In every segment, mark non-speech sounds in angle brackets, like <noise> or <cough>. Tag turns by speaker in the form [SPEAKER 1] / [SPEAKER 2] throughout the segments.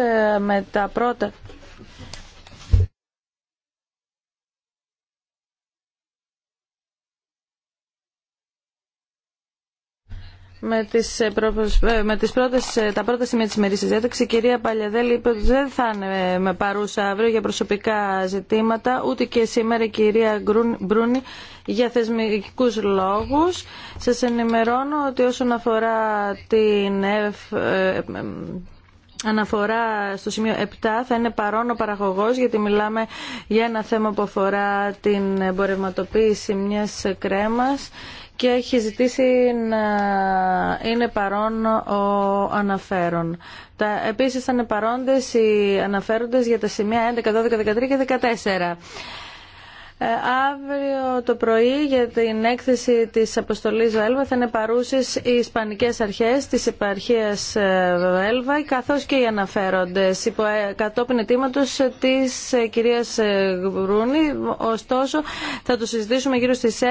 [SPEAKER 1] Ε, με τα πρώτα με τις, ε, ε, πρώτες, τα πρώτα σημεία της ημερήσης Η κυρία Παλιαδέλη είπε ότι δεν θα είναι με παρούσα αύριο για προσωπικά ζητήματα, ούτε και σήμερα η κυρία Μπρούνη για θεσμικούς λόγους. Σας ενημερώνω ότι όσον αφορά την αναφορά στο σημείο 7 θα είναι παρόν ο παραγωγός γιατί μιλάμε για ένα θέμα που αφορά την εμπορευματοποίηση μιας κρέμας και έχει ζητήσει να είναι παρόν ο αναφέρον. Τα, επίσης θα είναι παρόντες οι αναφέροντες για τα σημεία 11, 12, 13 και 14. Ε, αύριο το πρωί για την έκθεση της αποστολής ΒΕΛΒΑ θα είναι παρούσες οι Ισπανικές Αρχές της επαρχίας ε, ΒΕΛΒΑ καθώς και οι αναφέροντες υπό ε, κατόπιν ετήματος της κυρίας Γρούνη. Ωστόσο θα το συζητήσουμε γύρω στις 11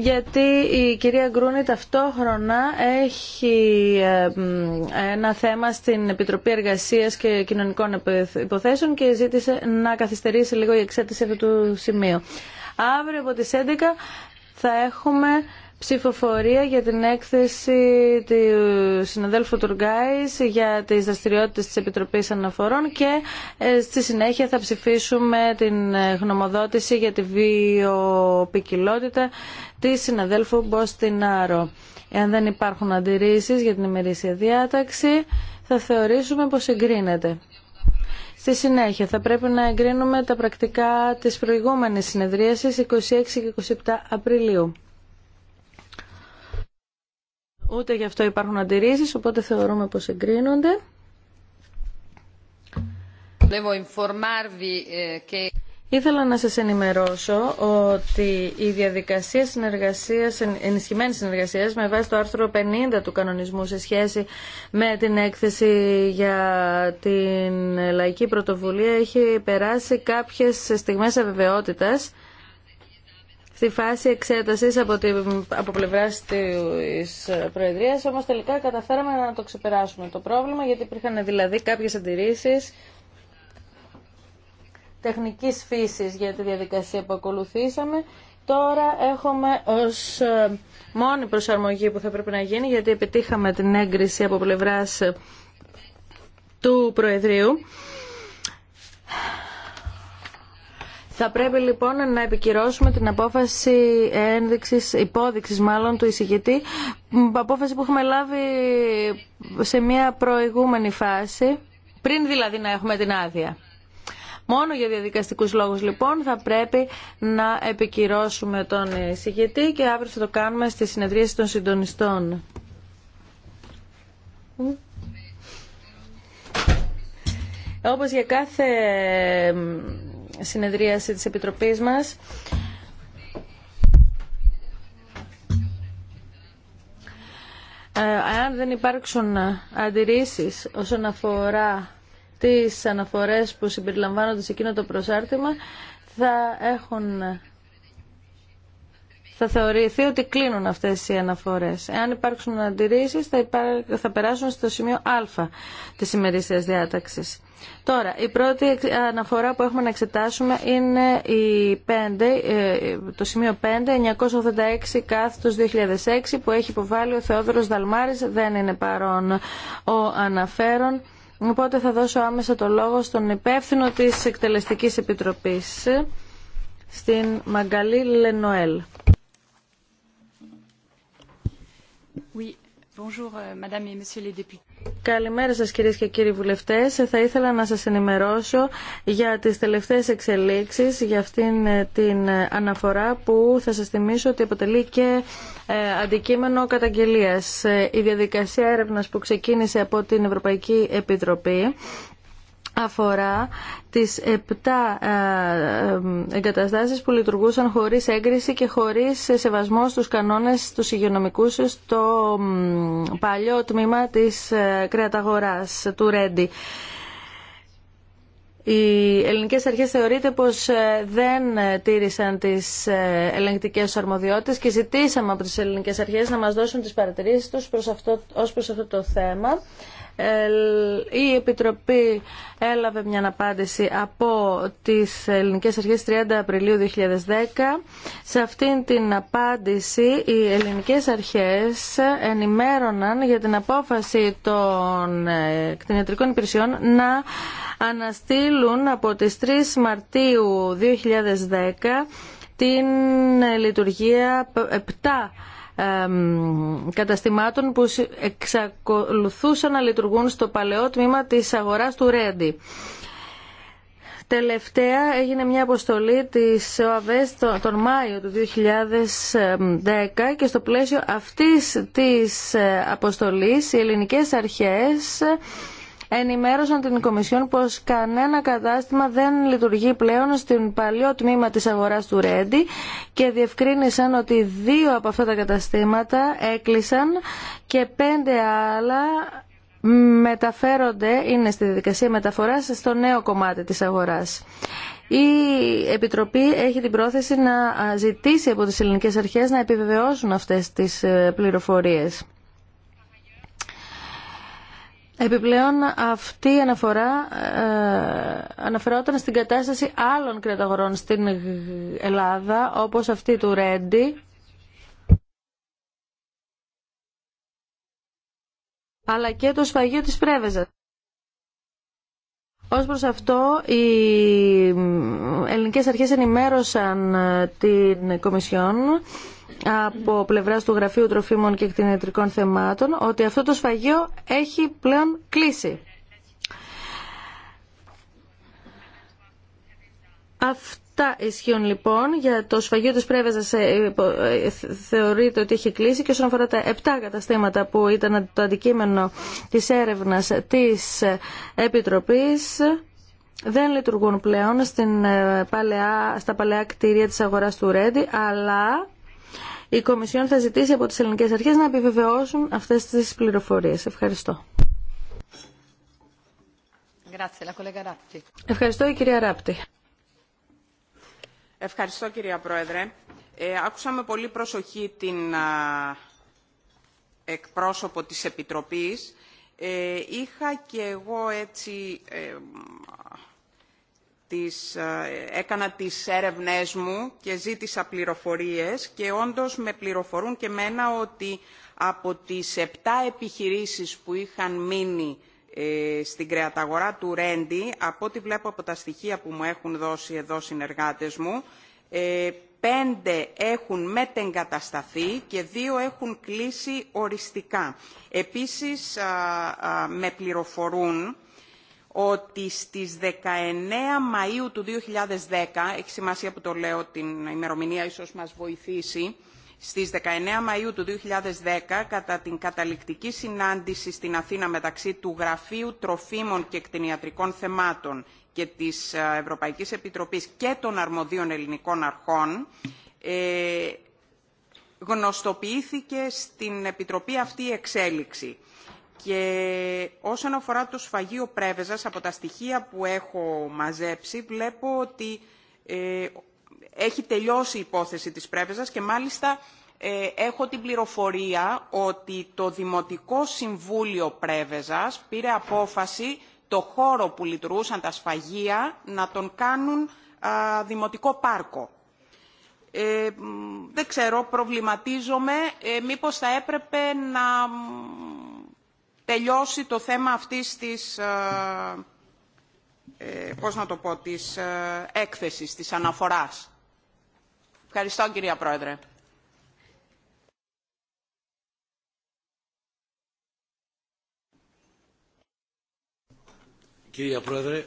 [SPEAKER 1] γιατί η κυρία Γκρούνη ταυτόχρονα έχει ε, ένα θέμα στην Επιτροπή Εργασίας και Κοινωνικών Υποθέσεων και ζήτησε να καθυστερήσει λίγο η εξέταση αυτού του σημείου. Αύριο από τις 11 θα έχουμε ψηφοφορία για την έκθεση του συναδέλφου Τουργκάης για τις δραστηριότητες της Επιτροπής Αναφορών και ε, στη συνέχεια θα ψηφίσουμε την ε, γνωμοδότηση για τη βιοπικιλότητα της συναδέλφου Μποστινάρο. Εάν δεν υπάρχουν αντιρρήσεις για την ημερήσια διάταξη θα θεωρήσουμε πως εγκρίνεται. Στη συνέχεια θα πρέπει να εγκρίνουμε τα πρακτικά της προηγούμενης συνεδρίασης 26 και 27 Απριλίου. Ούτε γι' αυτό υπάρχουν αντιρρήσεις, οπότε θεωρούμε πως εγκρίνονται. Ε, Ήθελα να σας ενημερώσω ότι η διαδικασία συνεργασίας, ενισχυμένης συνεργασίας με βάση το άρθρο 50 του κανονισμού σε σχέση με την έκθεση για την λαϊκή πρωτοβουλία έχει περάσει κάποιες στιγμές αβεβαιότητας στη φάση εξέτασης από, την, από πλευράς της Προεδρίας, όμως τελικά καταφέραμε να το ξεπεράσουμε το πρόβλημα, γιατί υπήρχαν δηλαδή κάποιες αντιρρήσεις τεχνικής φύσης για τη διαδικασία που ακολουθήσαμε. Τώρα έχουμε ως ε, μόνη προσαρμογή που θα πρέπει να γίνει, γιατί επιτύχαμε την έγκριση από πλευράς του Προεδρίου θα πρέπει λοιπόν να επικυρώσουμε την απόφαση ένδειξης, υπόδειξης μάλλον του εισηγητή, απόφαση που έχουμε λάβει σε μια προηγούμενη φάση, πριν δηλαδή να έχουμε την άδεια. Μόνο για διαδικαστικούς λόγους λοιπόν θα πρέπει να επικυρώσουμε τον εισηγητή και αύριο θα το κάνουμε στη συνεδρίαση των συντονιστών. Όπως για κάθε συνεδρίαση της Επιτροπής μας. Ε, αν δεν υπάρξουν αντιρρήσεις όσον αφορά τις αναφορές που συμπεριλαμβάνονται σε εκείνο το προσάρτημα, θα έχουν θα θεωρηθεί ότι κλείνουν αυτές οι αναφορές. Εάν υπάρξουν αντιρρήσεις θα, θα περάσουν στο σημείο α της ημερήσιας διάταξης. Τώρα, η πρώτη αναφορά που έχουμε να εξετάσουμε είναι η 5, ε, το σημείο 5, 986 κάθετος 2006 που έχει υποβάλει ο Θεόδωρος Δαλμάρης, δεν είναι παρόν ο αναφέρον. Οπότε θα δώσω άμεσα το λόγο στον υπεύθυνο της Εκτελεστικής Επιτροπής, στην Μαγκαλή Λενοέλ.
[SPEAKER 2] Oui. Bonjour, euh, madame et monsieur les députés.
[SPEAKER 1] Καλημέρα σας κυρίες και κύριοι βουλευτές. Θα ήθελα να σας ενημερώσω για τις τελευταίες εξελίξεις, για αυτήν ε, την ε, αναφορά που θα σας θυμίσω ότι αποτελεί και ε, αντικείμενο καταγγελίας. Η διαδικασία έρευνας που ξεκίνησε από την Ευρωπαϊκή Επιτροπή αφορά τις επτά ε, ε, εγκαταστάσεις που λειτουργούσαν χωρίς έγκριση και χωρίς σεβασμό στους κανόνες του υγειονομικούς στο παλιό τμήμα της ε, κρεαταγοράς του Ρέντι. Οι ελληνικές αρχές θεωρείται πως δεν τήρησαν τις ελεγκτικές αρμοδιότητες και ζητήσαμε από τις ελληνικές αρχές να μας δώσουν τις παρατηρήσεις τους προς αυτό, ως προς αυτό το θέμα η Επιτροπή έλαβε μια απάντηση από τις ελληνικές αρχές 30 Απριλίου 2010. Σε αυτήν την απάντηση οι ελληνικές αρχές ενημέρωναν για την απόφαση των ε, κτηνιατρικών υπηρεσιών να αναστήλουν από τις 3 Μαρτίου 2010 την λειτουργία 7 καταστημάτων που εξακολουθούσαν να λειτουργούν στο παλαιό τμήμα της αγοράς του Ρέντι. Τελευταία έγινε μια αποστολή της ΟΑΒΕΣ τον Μάιο του 2010 και στο πλαίσιο αυτής της ε, αποστολής οι ελληνικές αρχές ενημέρωσαν την Κομισιόν πως κανένα κατάστημα δεν λειτουργεί πλέον στην παλιό τμήμα της αγοράς του Ρέντι και διευκρίνησαν ότι δύο από αυτά τα καταστήματα έκλεισαν και πέντε άλλα μεταφέρονται, είναι στη διαδικασία μεταφοράς στο νέο κομμάτι της αγοράς. Η Επιτροπή έχει την πρόθεση να ζητήσει από τις ελληνικές αρχές να επιβεβαιώσουν αυτές τις ε, πληροφορίες. Επιπλέον αυτή η αναφορά ε, αναφερόταν στην κατάσταση άλλων κρεταγορών στην Ελλάδα όπως αυτή του Ρέντι αλλά και το σφαγείο της Πρέβεζας. Ως προς αυτό, οι ελληνικές αρχές ενημέρωσαν ε, την Κομισιόν από πλευρά του Γραφείου Τροφίμων και Κτηνιατρικών Θεμάτων ότι αυτό το σφαγείο έχει πλέον κλείσει. Αυτά ισχύουν λοιπόν για το σφαγείο της Πρέβεζας ε, ε, θεωρείται ότι έχει κλείσει και όσον αφορά τα επτά καταστήματα που ήταν το αντικείμενο της έρευνας της Επιτροπής δεν λειτουργούν πλέον στην ε, παλαιά, στα παλαιά κτίρια της αγοράς του Ρέντι αλλά η Κομισιόν θα ζητήσει από τις ελληνικές αρχές να επιβεβαιώσουν αυτές τις πληροφορίες. Ευχαριστώ. Ευχαριστώ η
[SPEAKER 3] κυρία Ράπτη.
[SPEAKER 4] Ευχαριστώ κυρία Πρόεδρε. Ε, άκουσα με πολύ προσοχή την εκπρόσωπο της Επιτροπής. Ε, είχα και εγώ έτσι ε, ε, έκανα τις έρευνές μου και ζήτησα πληροφορίες και όντως με πληροφορούν και μένα ότι από τις 7 επιχειρήσεις που είχαν μείνει ε, στην κρεαταγορά του Ρέντι, από ό,τι βλέπω από τα στοιχεία που μου έχουν δώσει εδώ συνεργάτες μου, ε, πέντε έχουν μετεγκατασταθεί και δύο έχουν κλείσει οριστικά. Επίσης, με πληροφορούν ότι στις 19 Μαΐου του 2010, έχει σημασία που το λέω την ημερομηνία, ίσως μας βοηθήσει, στις 19 Μαΐου του 2010, κατά την καταληκτική συνάντηση στην Αθήνα μεταξύ του Γραφείου Τροφίμων και Εκτινιατρικών Θεμάτων και της ε, Ευρωπαϊκής Επιτροπής και των αρμοδίων ελληνικών αρχών, ε, γνωστοποιήθηκε στην Επιτροπή αυτή η εξέλιξη. Και όσον αφορά το σφαγείο πρέβεζας, από τα στοιχεία που έχω μαζέψει, βλέπω ότι ε, έχει τελειώσει η υπόθεση της πρέβεζας και μάλιστα ε, έχω την πληροφορία ότι το Δημοτικό Συμβούλιο Πρέβεζας πήρε απόφαση το χώρο που λειτουργούσαν τα σφαγεία να τον κάνουν δημοτικό πάρκο. Ε, δεν ξέρω, προβληματίζομαι ε, μήπως θα έπρεπε να τελειώσει το θέμα αυτής της, ε, ε, πώς να το πω, της ε, έκθεσης, της αναφοράς. Ευχαριστώ κυρία Πρόεδρε.
[SPEAKER 2] Κυρία Πρόεδρε,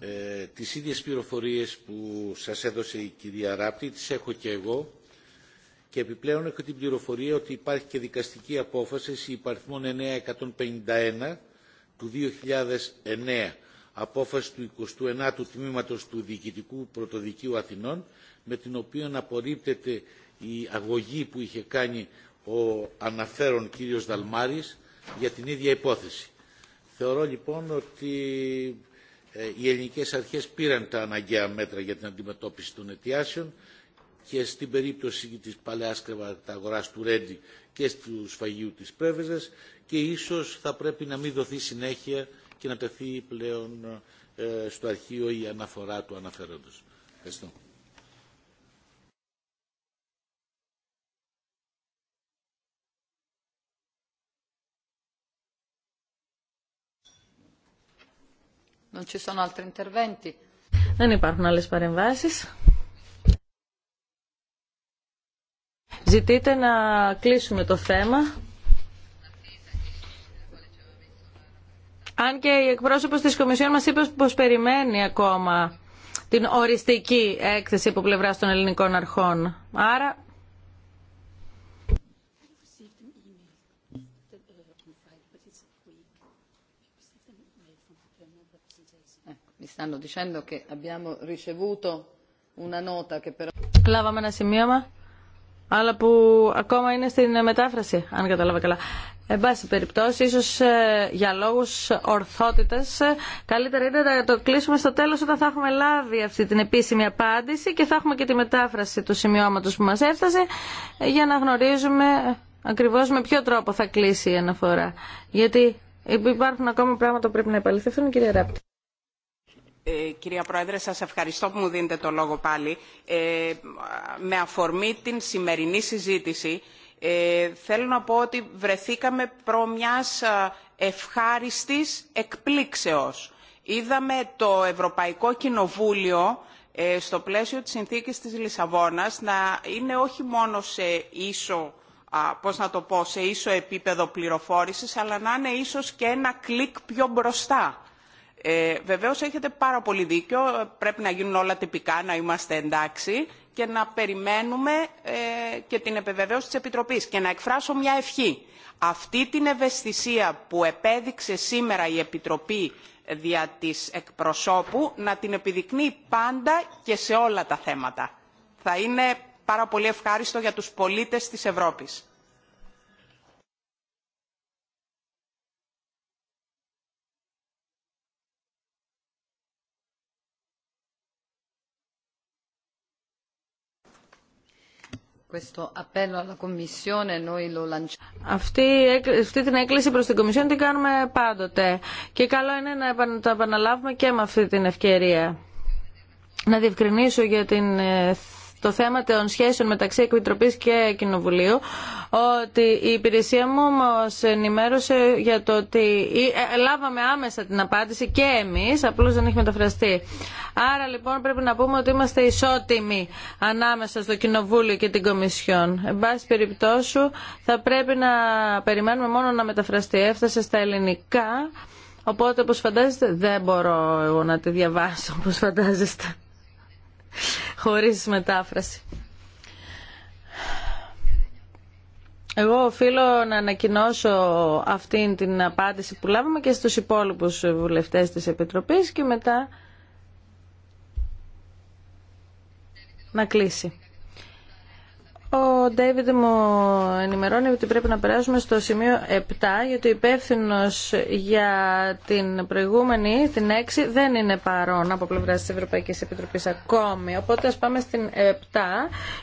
[SPEAKER 2] ε, τις ίδιες πληροφορίες που σας έδωσε η κυρία Ράπτη,
[SPEAKER 3] τις έχω και εγώ και επιπλέον έχω την πληροφορία ότι υπάρχει και δικαστική απόφαση υπαριθμόν 9151 του 2009 απόφαση του 29ου τμήματος του Διοικητικού Πρωτοδικείου Αθηνών με την οποία απορρίπτεται η αγωγή που είχε κάνει ο αναφέρον κύριος Δαλμάρης για την ίδια υπόθεση. Θεωρώ λοιπόν ότι ε, οι ελληνικές αρχές πήραν τα αναγκαία μέτρα για την αντιμετώπιση των αιτιάσεων και στην περίπτωση της παλαιάς κρεβαταγοράς του Ρέντι και του σφαγίου της Πρέβεζας και ίσως θα πρέπει να μην δοθεί συνέχεια και να τεθεί πλέον ε, στο αρχείο η αναφορά του αναφέροντος. Ευχαριστώ.
[SPEAKER 1] Δεν υπάρχουν άλλες παρεμβάσεις. Ζητείτε να κλείσουμε το θέμα. Αν και η εκπρόσωπος της Κομισιόν μας είπε πως περιμένει ακόμα την οριστική έκθεση από πλευρά των ελληνικών αρχών. Άρα... Λάβαμε ένα σημείωμα αλλά που ακόμα είναι στην μετάφραση, αν κατάλαβα καλά. Εν πάση περιπτώσει, ίσω ε, για λόγου ορθότητα, ε, καλύτερα είναι να το κλείσουμε στο τέλο όταν θα έχουμε λάβει αυτή την επίσημη απάντηση και θα έχουμε και τη μετάφραση του σημειώματο που μα έφτασε ε, για να γνωρίζουμε ακριβώ με ποιο τρόπο θα κλείσει η αναφορά. Γιατί υπάρχουν ακόμα πράγματα που πρέπει να επαληθευτούν, κύριε Ράπτη.
[SPEAKER 4] Ε, κυρία Πρόεδρε, σας ευχαριστώ που μου δίνετε το λόγο πάλι. Ε, με αφορμή την σημερινή συζήτηση, ε, θέλω να πω ότι βρεθήκαμε προ μιας ευχάριστης εκπλήξεως. Είδαμε το Ευρωπαϊκό Κοινοβούλιο στο πλαίσιο της συνθήκης της Λισαβόνας να είναι όχι μόνο σε ίσο πώς να το πω, σε ίσο επίπεδο πληροφόρησης, αλλά να είναι ίσως και ένα κλικ πιο μπροστά ε, βεβαίως έχετε πάρα πολύ δίκιο, πρέπει να γίνουν όλα τυπικά, να είμαστε εντάξει και να περιμένουμε ε, και την επιβεβαίωση της Επιτροπής και να εκφράσω μια ευχή. Αυτή την ευαισθησία που επέδειξε σήμερα η Επιτροπή ε, δια της εκπροσώπου να την επιδεικνύει πάντα και σε όλα τα θέματα. Θα είναι πάρα πολύ ευχάριστο για τους πολίτες της Ευρώπης.
[SPEAKER 1] Αυτή την έκκληση προς την Κομισιόν την κάνουμε πάντοτε και καλό είναι να το επαναλάβουμε και με αυτή την ευκαιρία. Να διευκρινίσω για την ε, το θέμα των σχέσεων μεταξύ Επιτροπή και Κοινοβουλίου ότι η υπηρεσία μου μας ενημέρωσε για το ότι ε, λάβαμε άμεσα την απάντηση και εμείς, απλώς δεν έχει μεταφραστεί. Άρα λοιπόν πρέπει να πούμε ότι είμαστε ισότιμοι ανάμεσα στο Κοινοβούλιο και την Κομισιόν. Εν πάση περιπτώσει θα πρέπει να περιμένουμε μόνο να μεταφραστεί. Έφτασε στα ελληνικά, οπότε όπως φαντάζεστε δεν μπορώ εγώ να τη διαβάσω όπως φαντάζεστε χωρίς μετάφραση. Εγώ οφείλω να ανακοινώσω αυτή την απάντηση που λάβαμε και στους υπόλοιπους βουλευτές της Επιτροπής και μετά να κλείσει. Ο Ντέιβιντ μου ενημερώνει ότι πρέπει να περάσουμε στο σημείο 7, γιατί ο υπεύθυνο για την προηγούμενη, την 6, δεν είναι παρόν από πλευρά τη Ευρωπαϊκή Επιτροπή ακόμη. Οπότε α πάμε στην 7.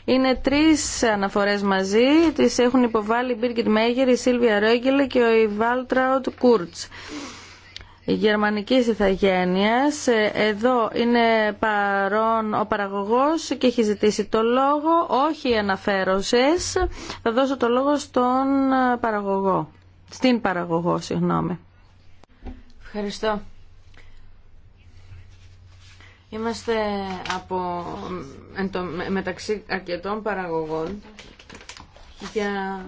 [SPEAKER 1] Είναι τρει αναφορέ μαζί. Τι έχουν υποβάλει η Μπίργκιτ Μέγερ, η Σίλβια Ρόγγελε και ο Ιβάλτραουτ Κούρτ γερμανικής ηθαγένειας. Ε, εδώ είναι παρόν ο παραγωγός και έχει ζητήσει το λόγο, όχι αναφέρωσες. Θα δώσω το λόγο στον ε, παραγωγό, στην παραγωγό, συγγνώμη. Ευχαριστώ. Είμαστε από, μεταξύ αρκετών παραγωγών για,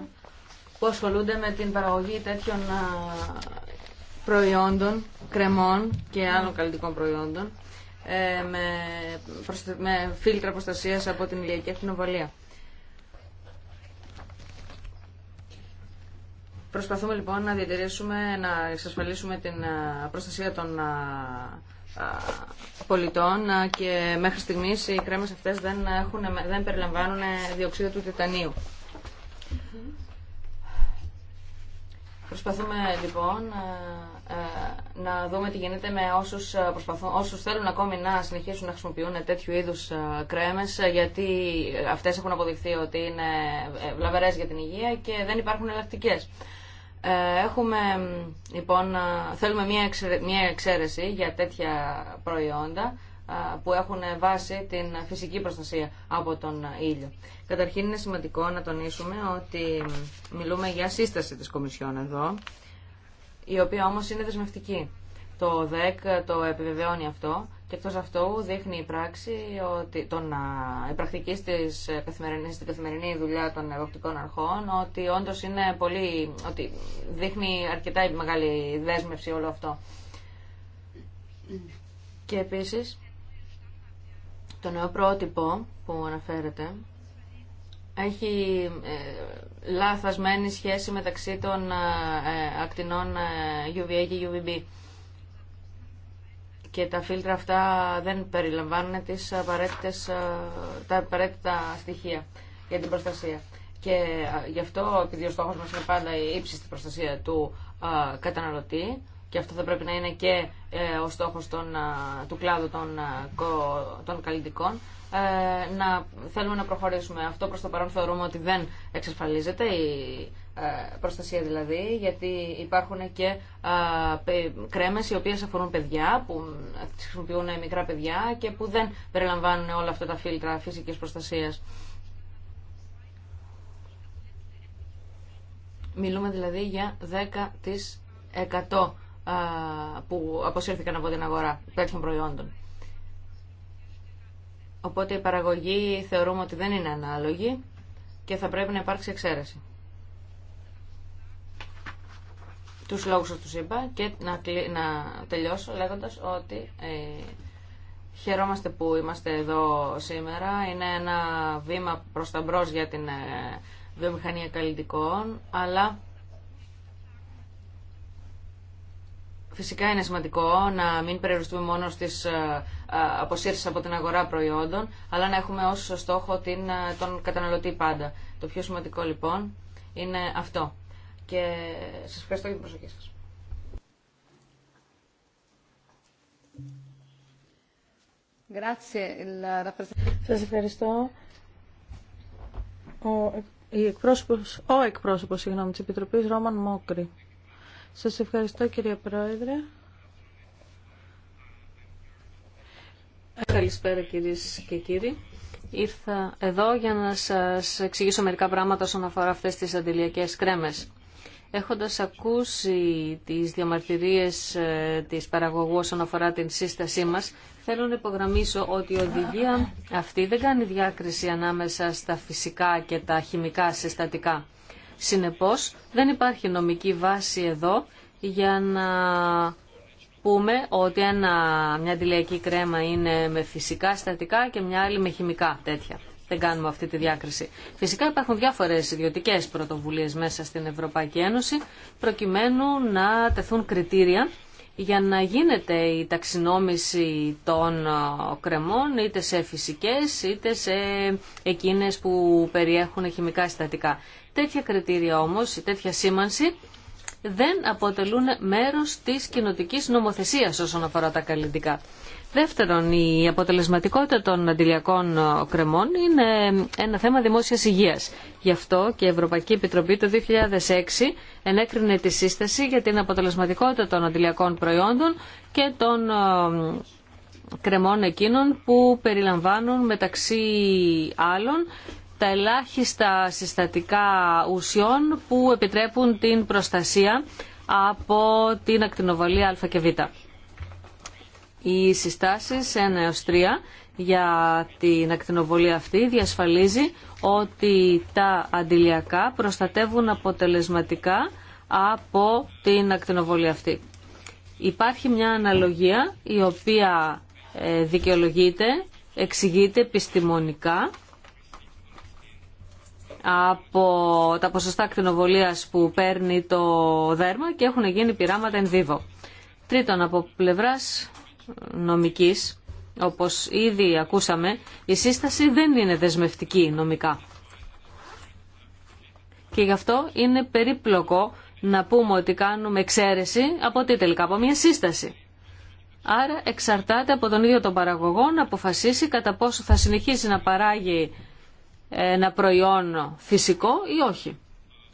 [SPEAKER 1] που ασχολούνται με την παραγωγή τέτοιων ε,
[SPEAKER 2] προϊόντων, κρεμών και άλλων καλλιτικών προϊόντων ε, με, με φίλτρα προστασίας από την ηλιακή ακτινοβολία. Προσπαθούμε λοιπόν να διατηρήσουμε, να εξασφαλίσουμε την ε, προστασία των ε, πολιτών και μέχρι στιγμής οι κρέμες αυτές δεν, έχουν, δεν περιλαμβάνουν διοξείδιο του τιτανίου. Προσπαθούμε λοιπόν ε, να δούμε τι γίνεται με όσους, ε, προσπαθούν, όσους θέλουν ακόμη να συνεχίσουν να χρησιμοποιούν τέτοιου είδους ε, κρέμες γιατί αυτές έχουν αποδειχθεί ότι είναι βλαβερές για την υγεία και δεν υπάρχουν Ε, Έχουμε, λοιπόν, θέλουμε μια, μια εξαίρεση για τέτοια προϊόντα που έχουν βάσει την φυσική προστασία από τον ήλιο. Καταρχήν είναι σημαντικό να τονίσουμε ότι μιλούμε για σύσταση της
[SPEAKER 3] Κομισιόν εδώ
[SPEAKER 2] η οποία όμως είναι δεσμευτική. Το ΔΕΚ το επιβεβαιώνει αυτό και εκτός αυτού δείχνει η πράξη ότι τον η πρακτική στις καθημερινή, στην καθημερινή δουλειά των ευρωπαϊκών αρχών ότι όντως είναι πολύ, ότι δείχνει αρκετά μεγάλη δέσμευση όλο αυτό. Και επίσης το νέο πρότυπο που αναφέρεται έχει ε, λαθασμένη σχέση μεταξύ των ε, ε, ακτινών ε, UVA και UVB. Και τα φίλτρα αυτά δεν περιλαμβάνουν τις απαραίτητες, τα απαραίτητα στοιχεία για την προστασία. Και γι' αυτό, επειδή ο στόχος μας είναι πάντα η ύψιστη προστασία του καταναλωτή, και αυτό θα πρέπει να είναι και ο στόχος των, του κλάδου των, των καλλιτικών, ε, να θέλουμε να προχωρήσουμε. Αυτό προς το παρόν θεωρούμε ότι δεν εξασφαλίζεται η ε, προστασία δηλαδή, γιατί υπάρχουν και ε, κρέμες οι οποίες αφορούν παιδιά, που τις χρησιμοποιούν μικρά παιδιά και που δεν περιλαμβάνουν όλα αυτά τα φίλτρα φυσικής προστασίας. Μιλούμε δηλαδή για 10% που αποσύρθηκαν από την αγορά τέτοιων προϊόντων. Οπότε η παραγωγή θεωρούμε ότι δεν είναι ανάλογη και θα πρέπει να υπάρξει εξαίρεση. Τους λόγους τους είπα και να, να τελειώσω λέγοντας ότι ε, χαιρόμαστε που είμαστε εδώ σήμερα. Είναι ένα βήμα προς τα μπρος για την ε, βιομηχανία καλλιτικών, αλλά Φυσικά είναι σημαντικό να μην περιοριστούμε μόνο στις ε, ε, αποσύρσεις από την αγορά προϊόντων, αλλά να έχουμε ως στόχο την, ε, τον καταναλωτή πάντα. Το πιο σημαντικό λοιπόν είναι αυτό. Και
[SPEAKER 3] σας ευχαριστώ για την προσοχή σας. Σας ευχαριστώ.
[SPEAKER 1] Ο, η εκπρόσωπος, ο της Ρόμαν Μόκρη. Σας ευχαριστώ κύριε Πρόεδρε.
[SPEAKER 2] Καλησπέρα κύριε και κύριοι.
[SPEAKER 1] Ήρθα εδώ
[SPEAKER 2] για να σας εξηγήσω μερικά πράγματα όσον αφορά αυτές τις αντιλιακές κρέμες. Έχοντας ακούσει τις διαμαρτυρίες ε, της παραγωγού όσον αφορά την σύστασή μας, θέλω να υπογραμμίσω ότι η οδηγία αυτή δεν κάνει διάκριση ανάμεσα στα φυσικά και τα χημικά συστατικά. Συνεπώς δεν υπάρχει νομική βάση εδώ για να πούμε ότι ένα, μια αντιλιακή κρέμα είναι με φυσικά συστατικά και μια άλλη με χημικά τέτοια. Δεν κάνουμε αυτή τη διάκριση. Φυσικά υπάρχουν διάφορες ιδιωτικέ πρωτοβουλίες μέσα στην Ευρωπαϊκή Ένωση προκειμένου να τεθούν κριτήρια για να γίνεται η ταξινόμηση των ε, κρεμών είτε σε φυσικές είτε σε εκείνες που περιέχουν χημικά συστατικά. Τέτοια κριτήρια όμως, τέτοια σήμανση δεν αποτελούν μέρος της κοινοτικής νομοθεσίας όσον αφορά τα καλλιντικά. Δεύτερον, η αποτελεσματικότητα των αντιλιακών κρεμών είναι ένα θέμα δημόσιας υγείας. Γι' αυτό και η Ευρωπαϊκή Επιτροπή το 2006 ενέκρινε τη σύσταση για την αποτελεσματικότητα των αντιλιακών προϊόντων και των ε, κρεμών εκείνων που περιλαμβάνουν μεταξύ άλλων τα ελάχιστα συστατικά ουσιών που επιτρέπουν την προστασία από την ακτινοβολία α και β. Οι συστάσεις 1 3 για την ακτινοβολία αυτή διασφαλίζει ότι τα αντιλιακά προστατεύουν αποτελεσματικά από την ακτινοβολία αυτή. Υπάρχει μια αναλογία η οποία ε, δικαιολογείται, εξηγείται επιστημονικά από τα ποσοστά κτηνοβολίας που παίρνει το δέρμα και έχουν γίνει πειράματα εν vivo. Τρίτον, από πλευράς νομικής, όπως ήδη ακούσαμε, η σύσταση δεν είναι δεσμευτική νομικά. Και γι' αυτό είναι περίπλοκο να πούμε ότι κάνουμε εξαίρεση από τι τελικά, από μια σύσταση. Άρα εξαρτάται από τον ίδιο τον παραγωγό να αποφασίσει κατά πόσο θα συνεχίσει να παράγει ένα προϊόν φυσικό ή όχι.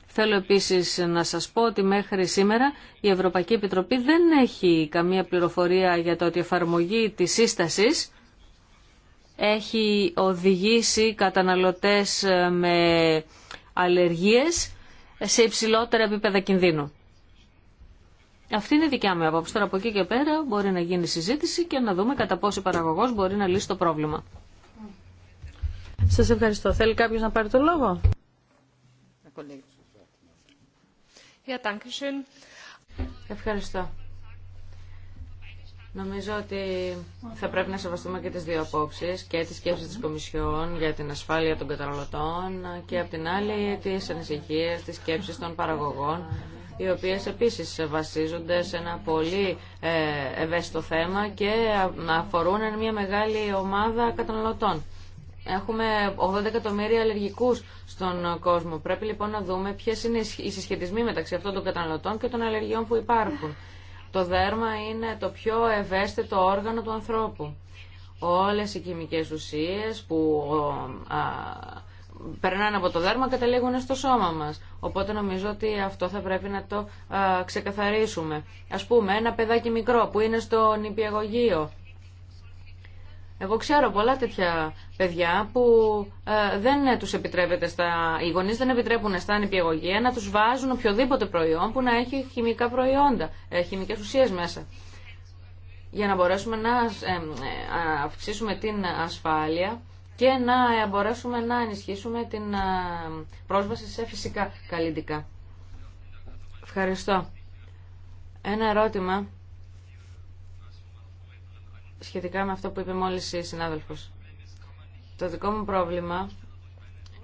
[SPEAKER 2] Θέλω επίσης να σας πω ότι μέχρι σήμερα η Ευρωπαϊκή Επιτροπή δεν έχει καμία πληροφορία για το ότι η εφαρμογή της σύστασης έχει οδηγήσει καταναλωτές ε, με αλλεργίες σε υψηλότερα επίπεδα κινδύνου. Αυτή είναι η δικιά μου απόψη. Τώρα από εκεί και πέρα μπορεί να γίνει συζήτηση και να δούμε κατά πόσο η παραγωγός μπορεί να λύσει το πρόβλημα. Σας ευχαριστώ.
[SPEAKER 1] Θέλει κάποιος να πάρει το λόγο. Ευχαριστώ. Νομίζω
[SPEAKER 2] ότι θα πρέπει να σεβαστούμε και τις δύο απόψεις και τις σκέψεις της Κομισιόν για την ασφάλεια των καταναλωτών και από την άλλη τις ανησυχίες, τις σκέψεις των παραγωγών οι οποίες επίσης βασίζονται σε ένα πολύ ε, ευαίσθητο θέμα και ε, αφορούν μια μεγάλη ομάδα καταναλωτών. Έχουμε 80 εκατομμύρια αλλεργικούς στον κόσμο. Πρέπει λοιπόν να δούμε ποιες είναι οι συσχετισμοί μεταξύ αυτών των καταναλωτών και των αλλεργιών που υπάρχουν. Το δέρμα είναι το πιο ευαίσθητο όργανο του ανθρώπου. Όλες οι χημικές ουσίες που α, περνάνε από το δέρμα καταλήγουν στο σώμα μας. Οπότε νομίζω ότι αυτό θα πρέπει να το α, ξεκαθαρίσουμε. Ας πούμε ένα παιδάκι μικρό που είναι στο νηπιαγωγείο εγώ ξέρω πολλά τέτοια παιδιά που ε, δεν τους επιτρέπεται στα... Οι γονείς δεν επιτρέπουν στα νηπιαγωγεία να τους βάζουν οποιοδήποτε προϊόν που να έχει χημικά προϊόντα, ε, χημικές ουσίες μέσα. Για να μπορέσουμε να ε, ε, αυξήσουμε την ασφάλεια και να μπορέσουμε να ενισχύσουμε την πρόσβαση σε φυσικά καλλιντικά. Ευχαριστώ. Ένα ερώτημα σχετικά με αυτό που είπε μόλις η συνάδελφος. Το δικό μου πρόβλημα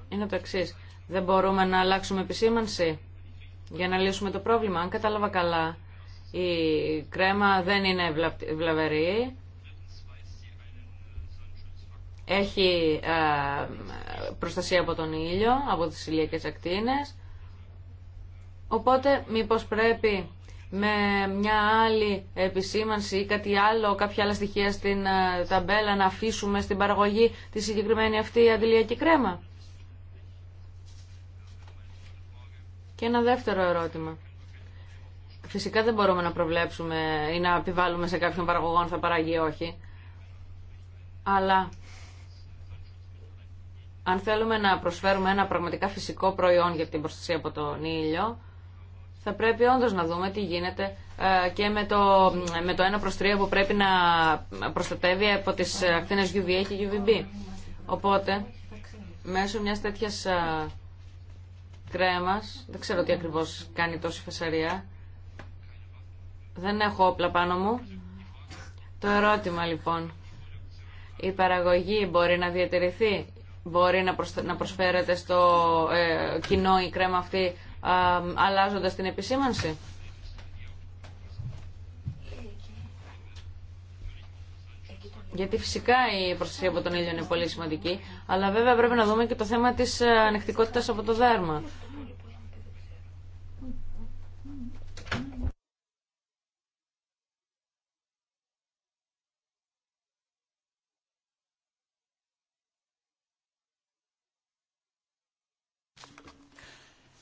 [SPEAKER 2] είναι το εξή. Δεν μπορούμε να αλλάξουμε επισήμανση για να λύσουμε το πρόβλημα. Αν κατάλαβα καλά, η κρέμα δεν είναι βλαβερή. Έχει προστασία από τον ήλιο, από τις ηλιακές ακτίνες. Οπότε, μήπως πρέπει με μια άλλη επισήμανση ή κάτι άλλο, κάποια άλλα στοιχεία στην ε, ταμπέλα να αφήσουμε στην παραγωγή τη συγκεκριμένη αυτή αντιλιακή κρέμα. Και ένα δεύτερο ερώτημα. Φυσικά δεν μπορούμε να προβλέψουμε ή να επιβάλλουμε σε κάποιον παραγωγό αν θα παράγει ή όχι. Αλλά αν θέλουμε να προσφέρουμε ένα πραγματικά φυσικό προϊόν για την προστασία από τον ήλιο, θα πρέπει όντω να δούμε τι γίνεται ε, και με το, με το 1 προ 3 που πρέπει να προστατεύει από τις ακτίνε UVA και UVB. Οπότε, μέσω μιας τέτοιας ε, κρέμας, δεν ξέρω τι ακριβώς κάνει τόση φασαρία, δεν έχω όπλα πάνω μου. Το ερώτημα λοιπόν, η παραγωγή μπορεί να διατηρηθεί, μπορεί να προσφέρεται στο ε, κοινό η κρέμα αυτή αλλάζοντας την επισήμανση. Γιατί φυσικά η προστασία από τον ήλιο είναι πολύ σημαντική, αλλά βέβαια πρέπει να δούμε και το θέμα της ε, ανεκτικότητας από το δέρμα.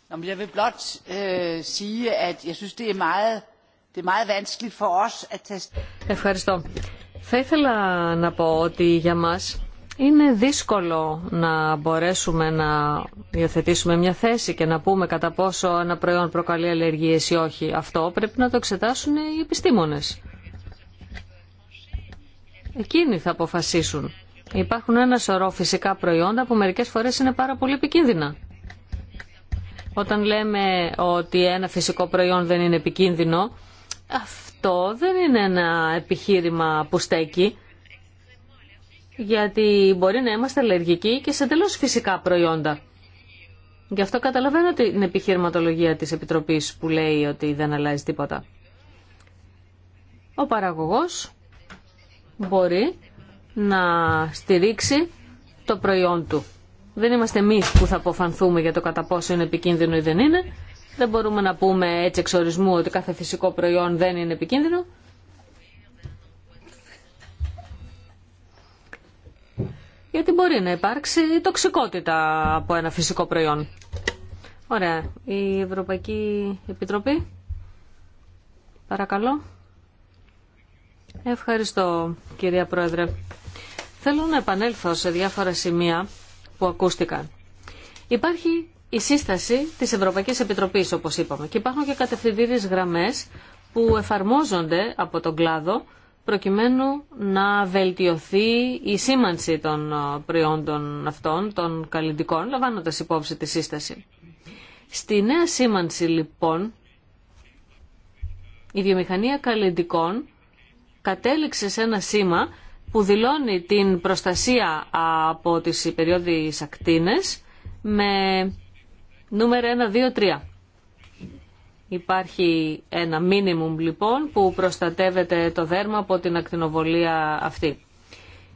[SPEAKER 4] Jeg øh, sige, at jeg synes, det er meget, det er meget vanskeligt for os at Ευχαριστώ.
[SPEAKER 2] Θα ήθελα να πω ότι για μας είναι δύσκολο να μπορέσουμε να υιοθετήσουμε μια θέση και να πούμε κατά πόσο ένα προϊόν προκαλεί αλλεργίες ή όχι. Αυτό πρέπει να το εξετάσουν οι επιστήμονες. Εκείνοι θα αποφασίσουν. Υπάρχουν ένα σωρό φυσικά προϊόντα που μερικές φορές είναι πάρα πολύ επικίνδυνα. Όταν λέμε ότι ένα φυσικό προϊόν δεν είναι επικίνδυνο, αυτό δεν είναι ένα επιχείρημα που στέκει. Γιατί μπορεί να είμαστε αλλεργικοί και σε τελώς φυσικά προϊόντα. Γι' αυτό καταλαβαίνω την επιχειρηματολογία της Επιτροπής που λέει ότι δεν αλλάζει τίποτα. Ο παραγωγός μπορεί να στηρίξει το προϊόν του. Δεν είμαστε εμεί που θα αποφανθούμε για το κατά πόσο είναι επικίνδυνο ή δεν είναι. Δεν μπορούμε να πούμε έτσι εξορισμού ότι κάθε φυσικό προϊόν δεν είναι επικίνδυνο. Γιατί μπορεί να υπάρξει τοξικότητα από ένα φυσικό προϊόν. Ωραία. Η Ευρωπαϊκή Επιτροπή. Παρακαλώ. Ευχαριστώ κυρία Πρόεδρε. Θέλω να επανέλθω σε διάφορα σημεία που ακούστηκαν. Υπάρχει η σύσταση της Ευρωπαϊκής Επιτροπής, όπως είπαμε, και υπάρχουν και κατευθυντήριες γραμμές που εφαρμόζονται από τον κλάδο προκειμένου να βελτιωθεί η σήμανση των ε, προϊόντων αυτών, των καλλιντικών, λαμβάνοντα υπόψη τη σύσταση. Στη νέα σήμανση λοιπόν, η βιομηχανία καλλιντικών κατέληξε σε ένα σήμα που δηλώνει την προστασία από τις υπεριόδιες ακτίνες με νούμερο 1, 2, 3. Υπάρχει ένα μίνιμουμ λοιπόν που προστατεύεται το δέρμα από την ακτινοβολία αυτή.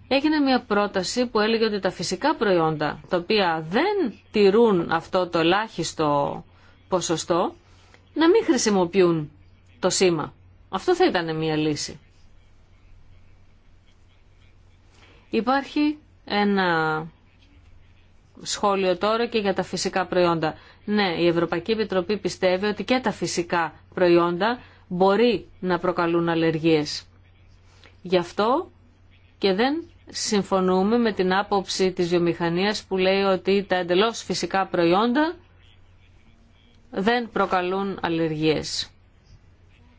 [SPEAKER 2] Έγινε μια πρόταση που έλεγε ότι τα φυσικά προϊόντα τα οποία δεν τηρούν αυτό το ελάχιστο ποσοστό να μην χρησιμοποιούν το σήμα. Αυτό θα ήταν μια λύση. Υπάρχει ένα σχόλιο τώρα και για τα φυσικά προϊόντα. Ναι, η Ευρωπαϊκή Επιτροπή πιστεύει ότι και τα φυσικά προϊόντα μπορεί να προκαλούν αλλεργίες. Γι' αυτό και δεν συμφωνούμε με την άποψη της βιομηχανίας που λέει ότι τα εντελώς φυσικά προϊόντα δεν προκαλούν αλλεργίες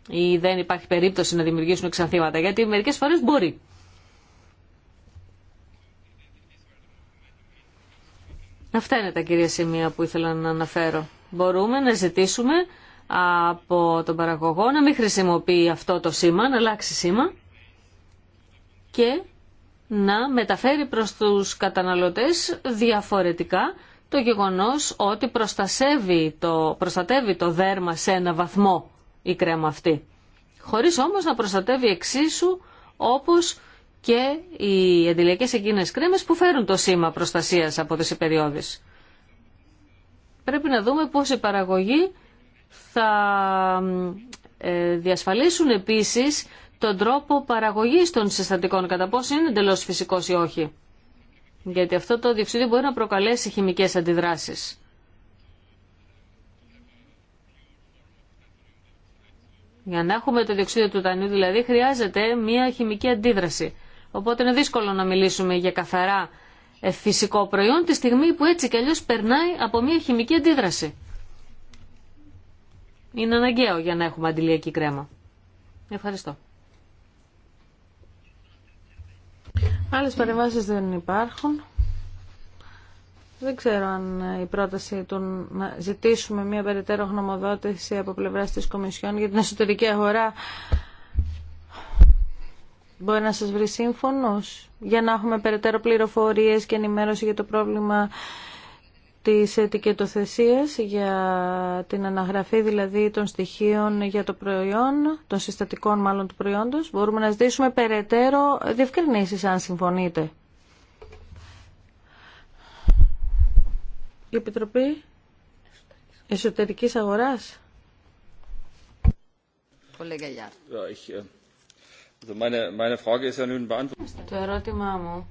[SPEAKER 2] ή δεν υπάρχει περίπτωση να δημιουργήσουν εξανθήματα, γιατί μερικές φορές μπορεί. Αυτά είναι τα κυρία σημεία που ήθελα να αναφέρω. Μπορούμε να ζητήσουμε από τον παραγωγό να μην χρησιμοποιεί αυτό το σήμα, να αλλάξει σήμα και να μεταφέρει προς τους καταναλωτές διαφορετικά το γεγονός ότι το, προστατεύει το δέρμα σε ένα βαθμό η κρέμα αυτή. Χωρίς όμως να προστατεύει εξίσου όπως και οι εντυλιακές εκείνες κρέμες που φέρουν το σήμα προστασίας από τις υπεριόδες. Πρέπει να δούμε πώς η παραγωγή θα ε, διασφαλίσουν επίσης τον τρόπο παραγωγής των συστατικών, κατά πόσο είναι εντελώς φυσικός ή όχι. Γιατί αυτό το διοξείδιο μπορεί να προκαλέσει χημικές αντιδράσεις. Για να έχουμε το διοξείδιο του τανίου δηλαδή χρειάζεται μια χημική αντίδραση. Οπότε είναι δύσκολο να μιλήσουμε για καθαρά ε, φυσικό προϊόν τη στιγμή που έτσι κι αλλιώς περνάει από μια χημική αντίδραση. Είναι αναγκαίο για να έχουμε αντιλιακή κρέμα. Ευχαριστώ.
[SPEAKER 1] Άλλες παρεμβάσεις δεν υπάρχουν. Δεν ξέρω αν η πρόταση του να ζητήσουμε μια περαιτέρω γνωμοδότηση από πλευρά τη Κομισιόν για την εσωτερική αγορά Μπορεί να σας βρει σύμφωνος για να έχουμε περαιτέρω πληροφορίες και ενημέρωση για το πρόβλημα της ετικετοθεσίας για την αναγραφή δηλαδή των στοιχείων για το προϊόν, των συστατικών μάλλον του προϊόντος. Μπορούμε να ζητήσουμε περαιτέρω διευκρινήσεις αν συμφωνείτε. Η Επιτροπή Εσωτερικής Αγοράς.
[SPEAKER 3] Το
[SPEAKER 2] ερώτημά μου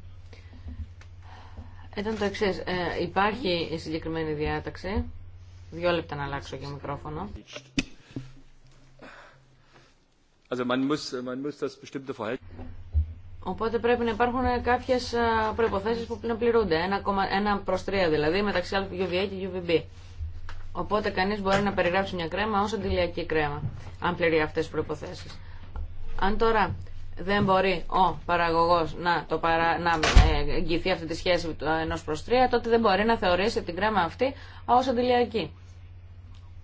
[SPEAKER 2] ήταν το εξή. Ε, υπάρχει η συγκεκριμένη διάταξη. Δύο λεπτά να αλλάξω και μικρόφωνο. Οπότε πρέπει να υπάρχουν κάποιε προποθέσει που να πληρούνται. Ένα, ένα προ τρία δηλαδή μεταξύ UVA και UVB. Οπότε κανεί μπορεί να περιγράψει μια κρέμα ω αντιλιακή κρέμα, αν πληρεί αυτέ τι προποθέσει. Αν τώρα δεν μπορεί ο παραγωγό να, το παρα... να ε, εγγυηθεί αυτή τη σχέση ενό προ τρία, τότε δεν μπορεί να θεωρήσει την κρέμα αυτή ω αντιλιακή.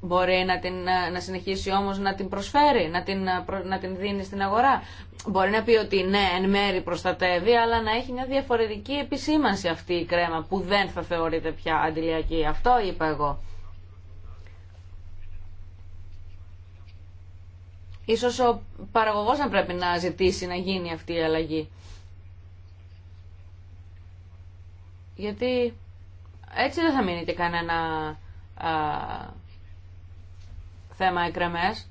[SPEAKER 2] Μπορεί να, την, ε, να συνεχίσει όμως να την προσφέρει, να την, ε, να την δίνει στην αγορά. Μπορεί να πει ότι ναι, εν μέρη προστατεύει, αλλά να έχει μια διαφορετική επισήμανση αυτή η κρέμα που δεν θα θεωρείται πια αντιλιακή. Αυτό είπα εγώ. Ίσως ο παραγωγός να πρέπει να ζητήσει να γίνει αυτή η αλλαγή. Γιατί έτσι δεν θα μείνει και κανένα α, θέμα εκρεμές.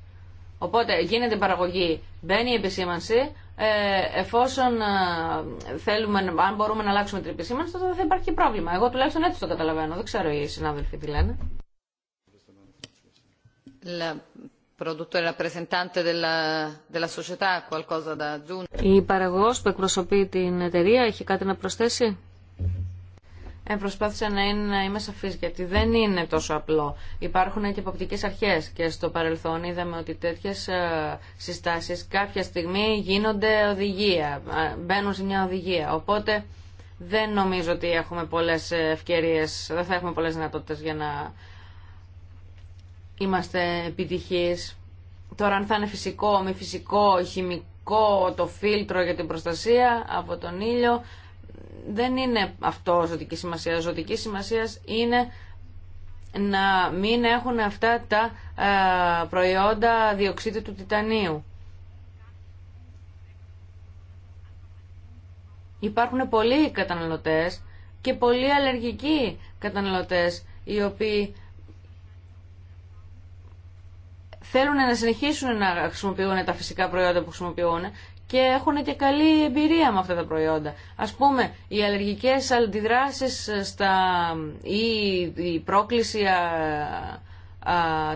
[SPEAKER 2] Οπότε γίνεται η παραγωγή, μπαίνει η επισήμανση, ε, εφόσον θέλουμε, αν μπορούμε να αλλάξουμε την επισήμανση, τότε δεν θα υπάρχει πρόβλημα. Εγώ τουλάχιστον έτσι το καταλαβαίνω. Δεν ξέρω οι συνάδελφοι τι λένε. E Η παραγωγό που εκπροσωπεί την εταιρεία έχει κάτι να προσθέσει.
[SPEAKER 3] Ε, προσπάθησα να, είναι, να
[SPEAKER 2] είμαι σαφής γιατί δεν είναι τόσο απλό. Υπάρχουν και υποπτικές αρχές και στο παρελθόν είδαμε ότι τέτοιες ε, συστάσεις κάποια στιγμή γίνονται οδηγία, ε, μπαίνουν σε μια οδηγία. Οπότε δεν νομίζω ότι έχουμε πολλές ε, ευκαιρίες, δεν θα έχουμε πολλές δυνατότητες για να είμαστε επιτυχείς. Τώρα αν θα είναι φυσικό, μη φυσικό, χημικό το φίλτρο για την προστασία από τον ήλιο, δεν είναι αυτό ζωτική σημασία. Ζωτική σημασία είναι να μην έχουν αυτά τα ε, προϊόντα διοξίτη του τιτανίου. Υπάρχουν πολλοί καταναλωτές και πολλοί αλλεργικοί καταναλωτές οι οποίοι θέλουν να συνεχίσουν να χρησιμοποιούν τα φυσικά προϊόντα που χρησιμοποιούν και έχουν και καλή εμπειρία με αυτά τα προϊόντα. Ας πούμε, οι αλλεργικές αντιδράσεις στα... ή η πρόκληση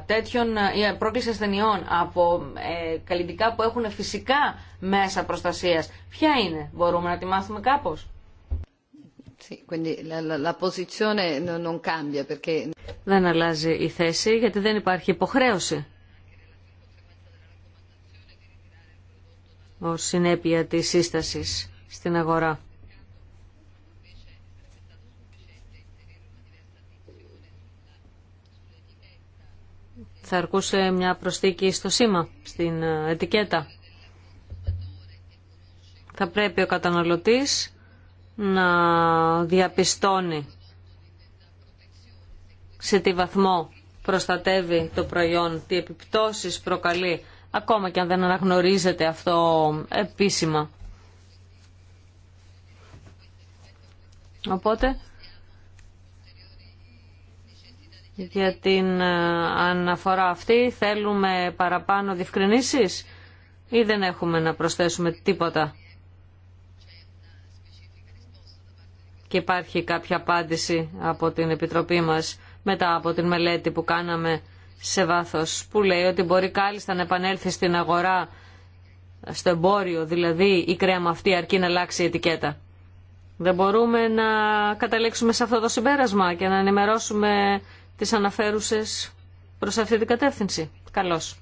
[SPEAKER 2] τέτοιων, η πρόκληση ασθενειών από ε, καλλιτικά που έχουν φυσικά μέσα προστασίας. Ποια είναι,
[SPEAKER 3] μπορούμε να τη μάθουμε κάπως.
[SPEAKER 2] Δεν αλλάζει η θέση γιατί δεν υπάρχει υποχρέωση. ως συνέπεια της σύστασης στην αγορά. Θα αρκούσε μια προσθήκη στο σήμα, στην ε, ετικέτα. Θα πρέπει ο καταναλωτής να διαπιστώνει σε τι βαθμό προστατεύει το προϊόν, τι επιπτώσεις προκαλεί ακόμα και αν δεν αναγνωρίζεται αυτό επίσημα. Οπότε, για την ε, αναφορά αυτή θέλουμε παραπάνω διευκρινήσεις ή δεν έχουμε να προσθέσουμε τίποτα. Και υπάρχει κάποια απάντηση από την Επιτροπή μας μετά από την μελέτη που κάναμε σε βάθος που λέει ότι μπορεί κάλλιστα να επανέλθει στην αγορά, στο εμπόριο δηλαδή η κρέμα αυτή αρκεί να αλλάξει η ετικέτα. Δεν μπορούμε να καταλήξουμε σε αυτό το συμπέρασμα και να ενημερώσουμε τις αναφέρουσες προ αυτή την κατεύθυνση. Καλώς.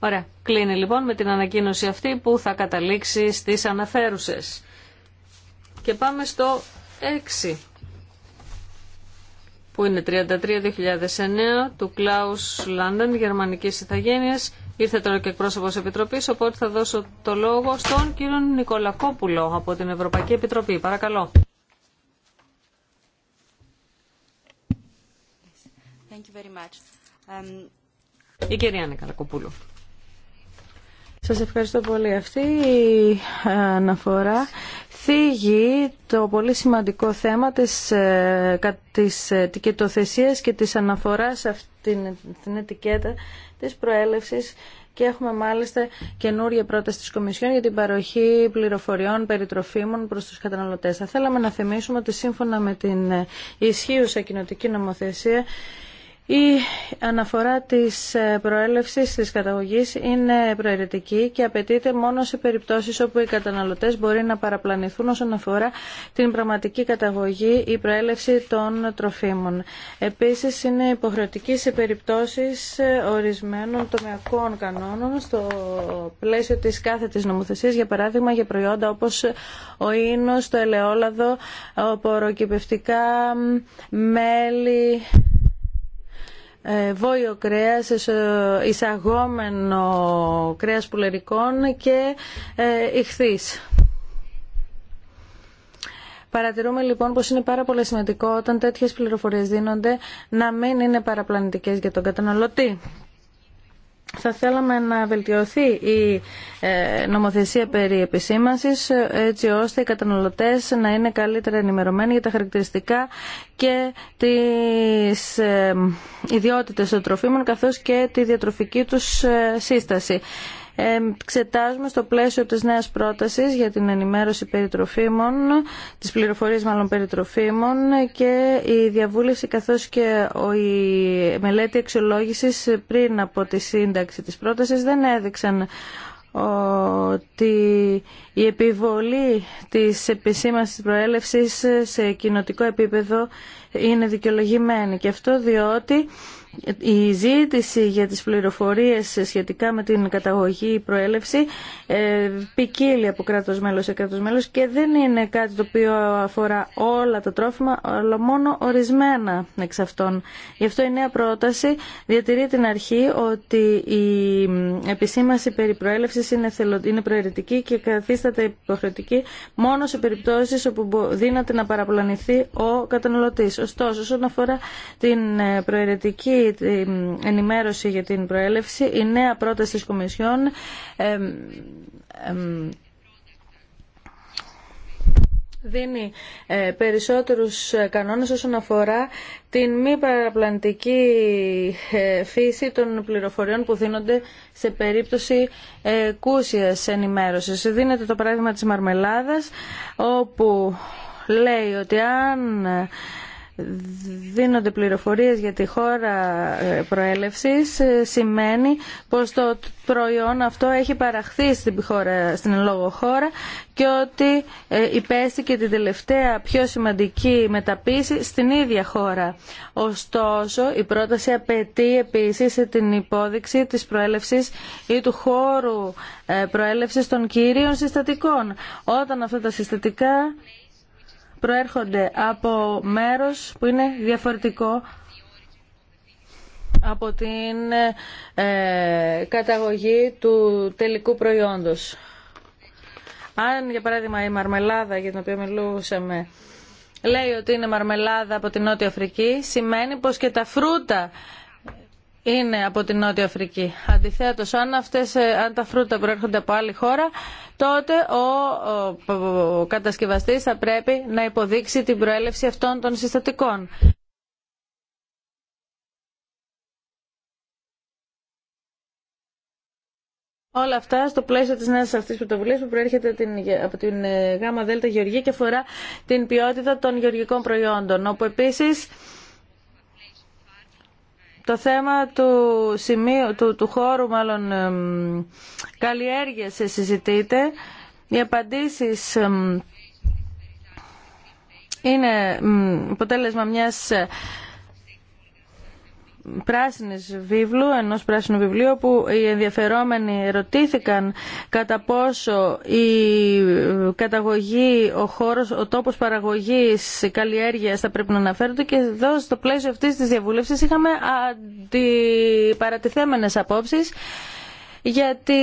[SPEAKER 2] Ωραία. Κλείνει λοιπόν με την ανακοίνωση αυτή που θα καταλήξει στις αναφέρουσες. Και πάμε στο 6 που είναι 33-2009 του Κλάους Λάνταν, γερμανικής ηθαγένειας. Ήρθε τώρα και εκπρόσωπος Επιτροπής, οπότε θα δώσω το λόγο στον κύριο Νικολακόπουλο από την Ευρωπαϊκή Επιτροπή. Παρακαλώ. Um, η κυρία Νικολακόπουλο.
[SPEAKER 1] Σας ευχαριστώ πολύ. Αυτή η αναφορά θίγει το πολύ σημαντικό θέμα της, ε, της και της αναφοράς αυτήν την ετικέτα της προέλευσης και έχουμε μάλιστα καινούργια πρόταση της Κομισιόν για την παροχή πληροφοριών περί τροφίμων προς τους καταναλωτές. Θα θέλαμε να θυμίσουμε ότι σύμφωνα με την ε, ισχύουσα κοινοτική νομοθεσία η αναφορά της ε, προέλευσης της καταγωγής είναι προαιρετική και απαιτείται μόνο σε περιπτώσεις όπου οι καταναλωτές μπορεί να παραπλανηθούν όσον αφορά την πραγματική καταγωγή ή προέλευση των τροφίμων. Επίσης είναι υποχρεωτική σε περιπτώσεις ε, ορισμένων τομεακών κανόνων στο πλαίσιο της κάθετης νομοθεσίας, για παράδειγμα για προϊόντα όπως ο ίνος, το ελαιόλαδο, ποροκυπευτικά, μέλι, ε, βόλιο κρέας, ε, εισαγόμενο κρέας πουλερικών και ε, ηχθείς. Παρατηρούμε λοιπόν πως είναι πάρα πολύ σημαντικό όταν τέτοιες πληροφορίες δίνονται να μην είναι παραπλανητικές για τον καταναλωτή θα θέλαμε να βελτιωθεί η ε, νομοθεσία περί επισήμανσης ε, έτσι ώστε οι καταναλωτές να είναι καλύτερα ενημερωμένοι για τα χαρακτηριστικά και τις ε, ιδιότητες των τροφίμων καθώς και τη διατροφική τους σύσταση. Ξετάζουμε στο πλαίσιο της νέας πρότασης για την ενημέρωση περιτροφίμων, τις πληροφορίες μάλλον περιτροφίμων και η διαβούλευση καθώς και η μελέτη αξιολόγησης πριν από τη σύνταξη της πρότασης δεν έδειξαν ότι η επιβολή της επισήμασης της προέλευσης σε κοινοτικό επίπεδο είναι δικαιολογημένη και αυτό διότι η ζήτηση για τις πληροφορίες σχετικά με την καταγωγή προέλευση ε, ποικίλει από κράτος μέλος σε μέλος και δεν είναι κάτι το οποίο αφορά όλα τα τρόφιμα, αλλά μόνο ορισμένα εξ αυτών. Γι' αυτό η νέα πρόταση διατηρεί την αρχή ότι η επισήμαση περί προέλευσης είναι, είναι προαιρετική και καθίσταται υποχρεωτική μόνο σε περιπτώσεις όπου δύναται να παραπλανηθεί ο καταναλωτής. Ωστόσο, όσον την ε, προαιρετική ενημέρωση για την προέλευση, η νέα πρόταση της Κομισιόν δίνει ε, περισσότερους ε, κανόνες όσον αφορά την μη παραπλανητική ε, φύση των πληροφοριών που δίνονται σε περίπτωση κούσιας ενημέρωσης. Δίνεται το παράδειγμα της Μαρμελάδας όπου λέει ότι αν δίνονται πληροφορίες για τη χώρα ε, προέλευσης ε, σημαίνει πως το προϊόν αυτό έχει παραχθεί στην, χώρα, στην λόγω χώρα και ότι ε, υπέστη και την τελευταία πιο σημαντική μεταπίση στην ίδια χώρα. Ωστόσο, η πρόταση απαιτεί επίσης την υπόδειξη της προέλευσης ή του χώρου προέλευσης των κυρίων συστατικών. Όταν αυτά τα συστατικά προέρχονται από μέρος που είναι διαφορετικό από την ε, καταγωγή του τελικού προϊόντος. Αν για παράδειγμα η μαρμελάδα για την οποία μιλούσαμε λέει ότι είναι μαρμελάδα από την Νότια Αφρική, σημαίνει πως και τα φρούτα είναι από την Νότια Αφρική. Αντιθέτω. αν, ε, αν τα φρούτα προέρχονται από άλλη χώρα, τότε ο, ο, κατασκευαστής θα πρέπει να υποδείξει την προέλευση αυτών των συστατικών. Όλα αυτά στο πλαίσιο της νέας αυτής πρωτοβουλίας που προέρχεται από την ε, ΓΔ Γεωργία και αφορά την ποιότητα των γεωργικών προϊόντων, όπου επίσης το θέμα του, σημείου, του, του χώρου μάλλον καλλιέργειας συζητείται. Οι απαντήσεις είναι αποτέλεσμα μιας πράσινης βίβλου, ενός πράσινου βιβλίου που οι ενδιαφερόμενοι ερωτήθηκαν κατά πόσο η καταγωγή, ο χώρος, ο τόπος παραγωγής, καλλιέργεια θα πρέπει να αναφέρονται και εδώ στο πλαίσιο αυτής της διαβούλευσης είχαμε αντιπαρατηθέμενες απόψεις γιατί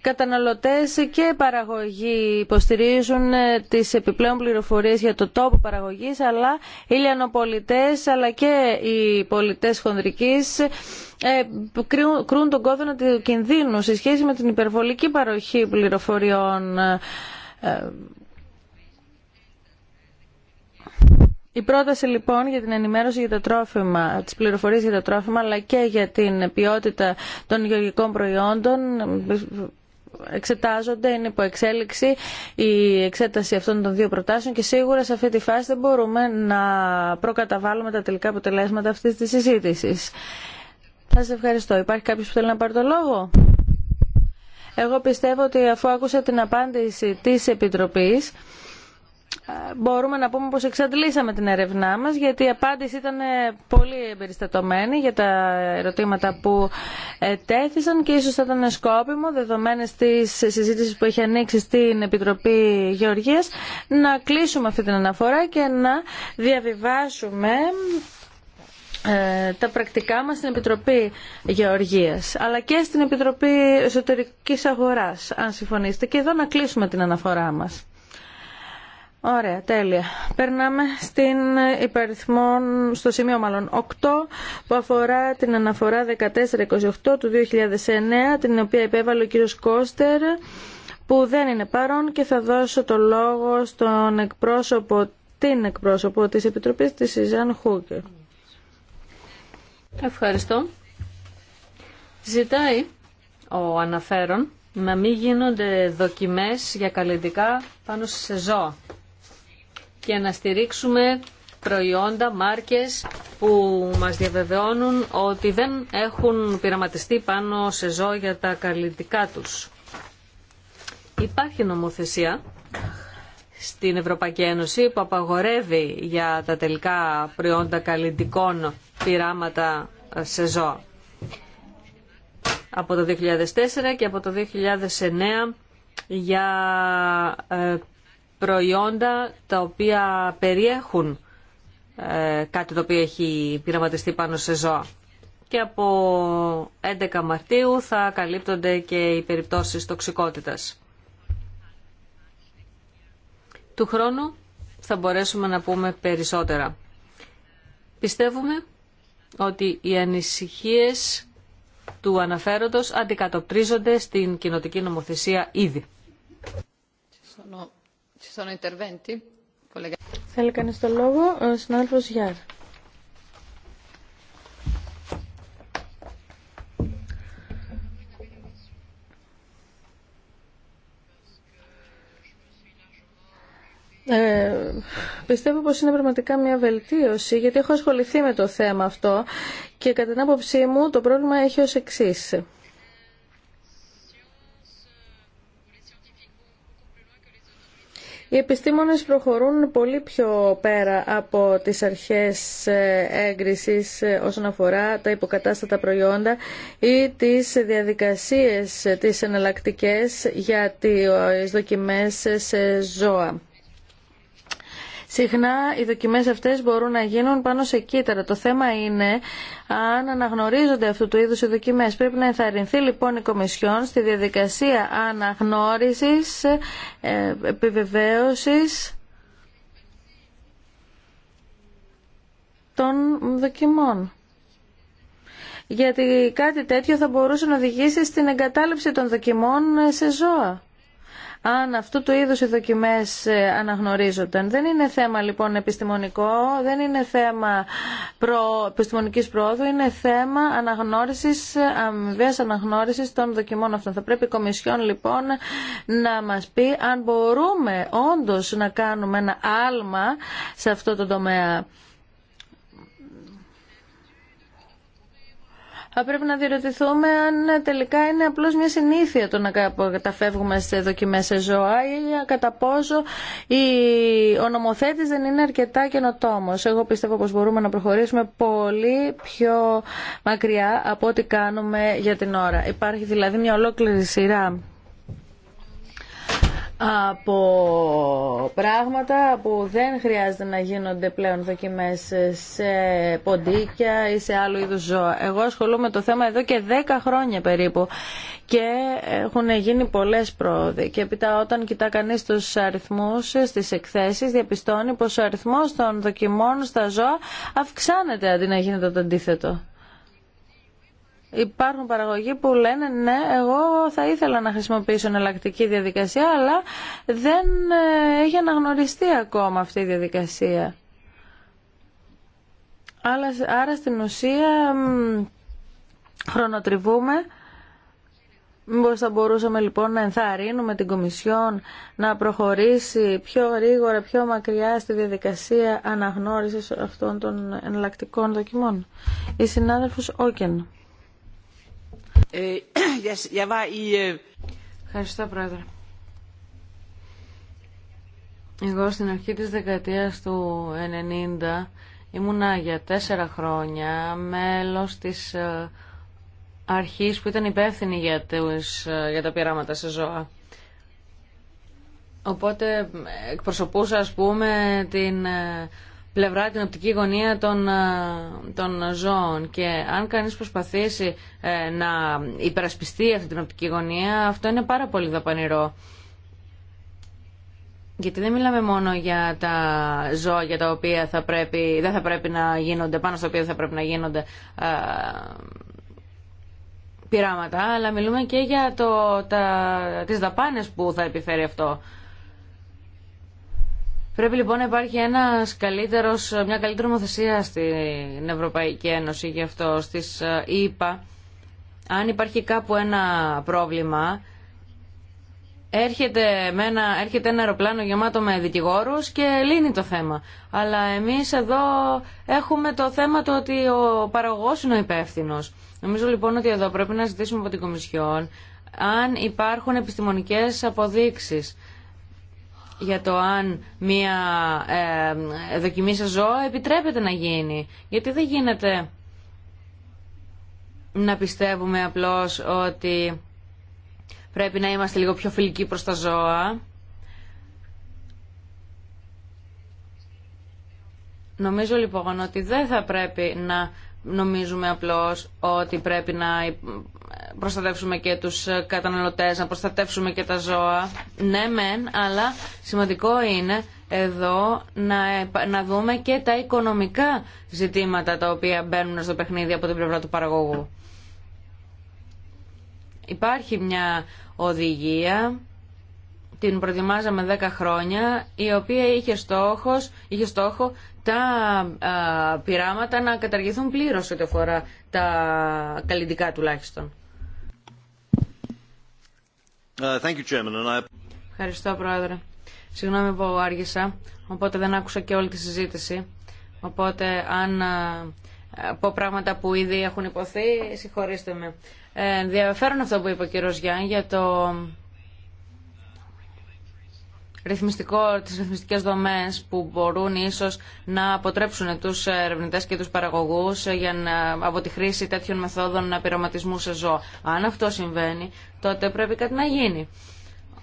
[SPEAKER 1] καταναλωτές και παραγωγοί υποστηρίζουν ε, τις επιπλέον πληροφορίες για το τόπο παραγωγής αλλά οι λιανοπολιτές αλλά και οι πολιτές χονδρικής ε, κρούν τον κόδωνα του κινδύνου σε σχέση με την υπερβολική παροχή πληροφοριών ε, Η πρόταση λοιπόν για την ενημέρωση για τα τρόφιμα, τις πληροφορίες για τα τρόφιμα, αλλά και για την ποιότητα των γεωργικών προϊόντων εξετάζονται, είναι υπό εξέλιξη η εξέταση αυτών των δύο προτάσεων και σίγουρα σε αυτή τη φάση δεν μπορούμε να προκαταβάλουμε τα τελικά αποτελέσματα αυτής της συζήτησης. Θα σας ευχαριστώ. Υπάρχει κάποιο που θέλει να πάρει το λόγο? Εγώ πιστεύω ότι αφού άκουσα την απάντηση της Επιτροπής, ε, μπορούμε να πούμε πως εξαντλήσαμε την ερευνά μας γιατί η απάντηση ήταν ε, πολύ εμπεριστατωμένη για τα ερωτήματα που ε, τέθησαν και ίσως θα ήταν σκόπιμο δεδομένες της συζήτηση που έχει ανοίξει στην Επιτροπή Γεωργίας να κλείσουμε αυτή την αναφορά και να διαβιβάσουμε τα πρακτικά μας στην Επιτροπή Γεωργίας αλλά και στην Επιτροπή Εσωτερικής Αγοράς αν συμφωνήσετε και εδώ να κλείσουμε την αναφορά μας. Ωραία, τέλεια. Περνάμε στην στο σημείο μάλλον 8 που αφορά την αναφορά 1428 του 2009 την οποία υπέβαλε ο κύριος Κώστερ που δεν είναι παρόν και θα δώσω το λόγο στον εκπρόσωπο, την εκπρόσωπο της Επιτροπής της Ιζάν Χούκερ.
[SPEAKER 2] Ευχαριστώ. Ζητάει ο αναφέρον να μην γίνονται δοκιμές για καλλιντικά πάνω σε ζώα και να στηρίξουμε προϊόντα, μάρκες που μας διαβεβαιώνουν ότι δεν έχουν πειραματιστεί πάνω σε ζώα για τα καλλιτικά τους. Υπάρχει νομοθεσία στην Ευρωπαϊκή Ένωση που απαγορεύει για τα τελικά προϊόντα καλλιτικών πειράματα σε ζώα. Από το 2004 και από το 2009 για ε, προϊόντα τα οποία περιέχουν ε, κάτι το οποίο έχει πειραματιστεί πάνω σε ζώα. Και από 11 Μαρτίου θα καλύπτονται και οι περιπτώσεις τοξικότητας. Του χρόνου θα μπορέσουμε να πούμε περισσότερα. Πιστεύουμε ότι οι ανησυχίες του αναφέροντος αντικατοπτρίζονται στην κοινοτική νομοθεσία ήδη.
[SPEAKER 1] Θέλει κάνει το λόγο. συνάδελφος ε, πιστεύω πως είναι πραγματικά μια βελτίωση γιατί έχω ασχοληθεί με το θέμα αυτό και κατά την άποψή μου το πρόβλημα έχει ως εξής. Οι επιστήμονες προχωρούν πολύ πιο πέρα από τις αρχές ε, έγκρισης ε, όσον αφορά τα υποκατάστατα προϊόντα ή τις διαδικασίες ε, τις εναλλακτικές για τις δοκιμές σε ζώα. Συχνά οι δοκιμές αυτές μπορούν να γίνουν πάνω σε κύτταρα. Το θέμα είναι αν αναγνωρίζονται αυτού του είδους οι δοκιμές. Πρέπει να ενθαρρυνθεί λοιπόν η Κομισιόν στη διαδικασία αναγνώρισης, ε, επιβεβαίωσης των δοκιμών γιατί κάτι τέτοιο θα μπορούσε να οδηγήσει στην εγκατάλειψη των δοκιμών ε, σε ζώα αν αυτού του είδους οι δοκιμές ε, αναγνωρίζονταν. Δεν είναι θέμα λοιπόν επιστημονικό, δεν είναι θέμα προ... επιστημονικής πρόοδου, είναι θέμα αναγνώρισης, αμοιβαίας αναγνώρισης των δοκιμών αυτών. Θα πρέπει η Κομισιόν λοιπόν να μας πει αν μπορούμε όντως να κάνουμε ένα άλμα σε αυτό το τομέα. θα πρέπει να διερωτηθούμε αν τελικά είναι απλώς μια συνήθεια το να καταφεύγουμε σε δοκιμές σε ζώα ή κατά πόσο η... ο δεν είναι αρκετά καινοτόμο. Εγώ πιστεύω πως μπορούμε να προχωρήσουμε πολύ πιο μακριά από ό,τι κάνουμε για την ώρα. Υπάρχει δηλαδή μια ολόκληρη σειρά από πράγματα που δεν χρειάζεται να γίνονται πλέον δοκιμές σε ποντίκια ή σε άλλου είδους ζώα. Εγώ ασχολούμαι το θέμα εδώ και 10 χρόνια περίπου και έχουν γίνει πολλές πρόοδοι. Και έπειτα όταν κοιτά κανείς τους αριθμούς στις εκθέσεις διαπιστώνει πως ο αριθμός των δοκιμών στα ζώα αυξάνεται αντί να γίνεται το αντίθετο. Υπάρχουν παραγωγοί που λένε ναι, εγώ θα ήθελα να χρησιμοποιήσω εναλλακτική διαδικασία, αλλά δεν ε, έχει αναγνωριστεί ακόμα αυτή η διαδικασία. Άρα στην ουσία χρονοτριβούμε. Μήπως θα μπορούσαμε λοιπόν να ενθαρρύνουμε την Κομισιόν να προχωρήσει πιο γρήγορα, πιο μακριά στη διαδικασία αναγνώρισης αυτών των εναλλακτικών δοκιμών. Η συνάδελφος Όκεν.
[SPEAKER 4] Øh, <clears throat> øh, Ευχαριστώ, Πρόεδρε.
[SPEAKER 2] Εγώ στην αρχή της δεκαετίας του 90 ήμουνα για τέσσερα χρόνια μέλος της ε, αρχής που ήταν υπεύθυνη για, τους, ε, για τα πειράματα σε ζώα. Οπότε ε, εκπροσωπούσα, ας πούμε, την πλευρά, την οπτική γωνία των, ε, των ζώων. Και αν κανείς προσπαθήσει ε, να υπερασπιστεί αυτή την οπτική γωνία, αυτό είναι πάρα πολύ δαπανηρό. Γιατί δεν μιλάμε μόνο για τα ζώα για τα οποία θα πρέπει, δεν θα πρέπει να γίνονται, πάνω στα οποία δεν θα πρέπει να γίνονται ε, πειράματα, αλλά μιλούμε και για το, τα, τις δαπάνες που θα επιφέρει αυτό Πρέπει λοιπόν να υπάρχει ένα μια καλύτερη νομοθεσία στην Ευρωπαϊκή Ένωση γι' αυτό, στις ε, ΗΠΑ. Αν υπάρχει κάπου ένα πρόβλημα, έρχεται, με ένα, έρχεται ένα αεροπλάνο γεμάτο με δικηγόρους και λύνει το θέμα. Αλλά εμείς εδώ έχουμε το θέμα το ότι ο παραγωγός είναι ο υπεύθυνο. Νομίζω λοιπόν ότι εδώ πρέπει να ζητήσουμε από την Κομισιόν αν υπάρχουν επιστημονικές αποδείξεις για το αν μία ε, δοκιμή σε ζώα επιτρέπεται να γίνει. Γιατί δεν γίνεται να πιστεύουμε απλώς ότι πρέπει να είμαστε λίγο πιο φιλικοί προς τα ζώα. Νομίζω λοιπόν ότι δεν θα πρέπει να νομίζουμε απλώς ότι πρέπει να προστατεύσουμε και τους ε, καταναλωτές, να προστατεύσουμε και τα ζώα. Ναι μεν, αλλά σημαντικό είναι εδώ να, να δούμε και τα οικονομικά ζητήματα τα οποία μπαίνουν στο παιχνίδι από την πλευρά του παραγωγού. Υπάρχει μια οδηγία, την προετοιμάζαμε 10 χρόνια, η οποία είχε, στόχος, είχε στόχο τα πειράματα να καταργηθούν πλήρως ό,τι αφορά τα καλλιντικά τουλάχιστον. Uh, Ευχαριστώ, Πρόεδρε. Συγγνώμη που άργησα, οπότε δεν άκουσα και όλη τη συζήτηση. Οπότε, αν πω πράγματα που ήδη έχουν υποθεί, συγχωρήστε με. Ε, αυτό που είπε ο κύριος Γιάννη για το ρυθμιστικό, τις ρυθμιστικές δομές που μπορούν ίσως να αποτρέψουν τους ερευνητές και τους παραγωγούς για να, από τη χρήση τέτοιων μεθόδων πειραματισμού σε ζώα. Αν αυτό συμβαίνει, τότε πρέπει κάτι να γίνει.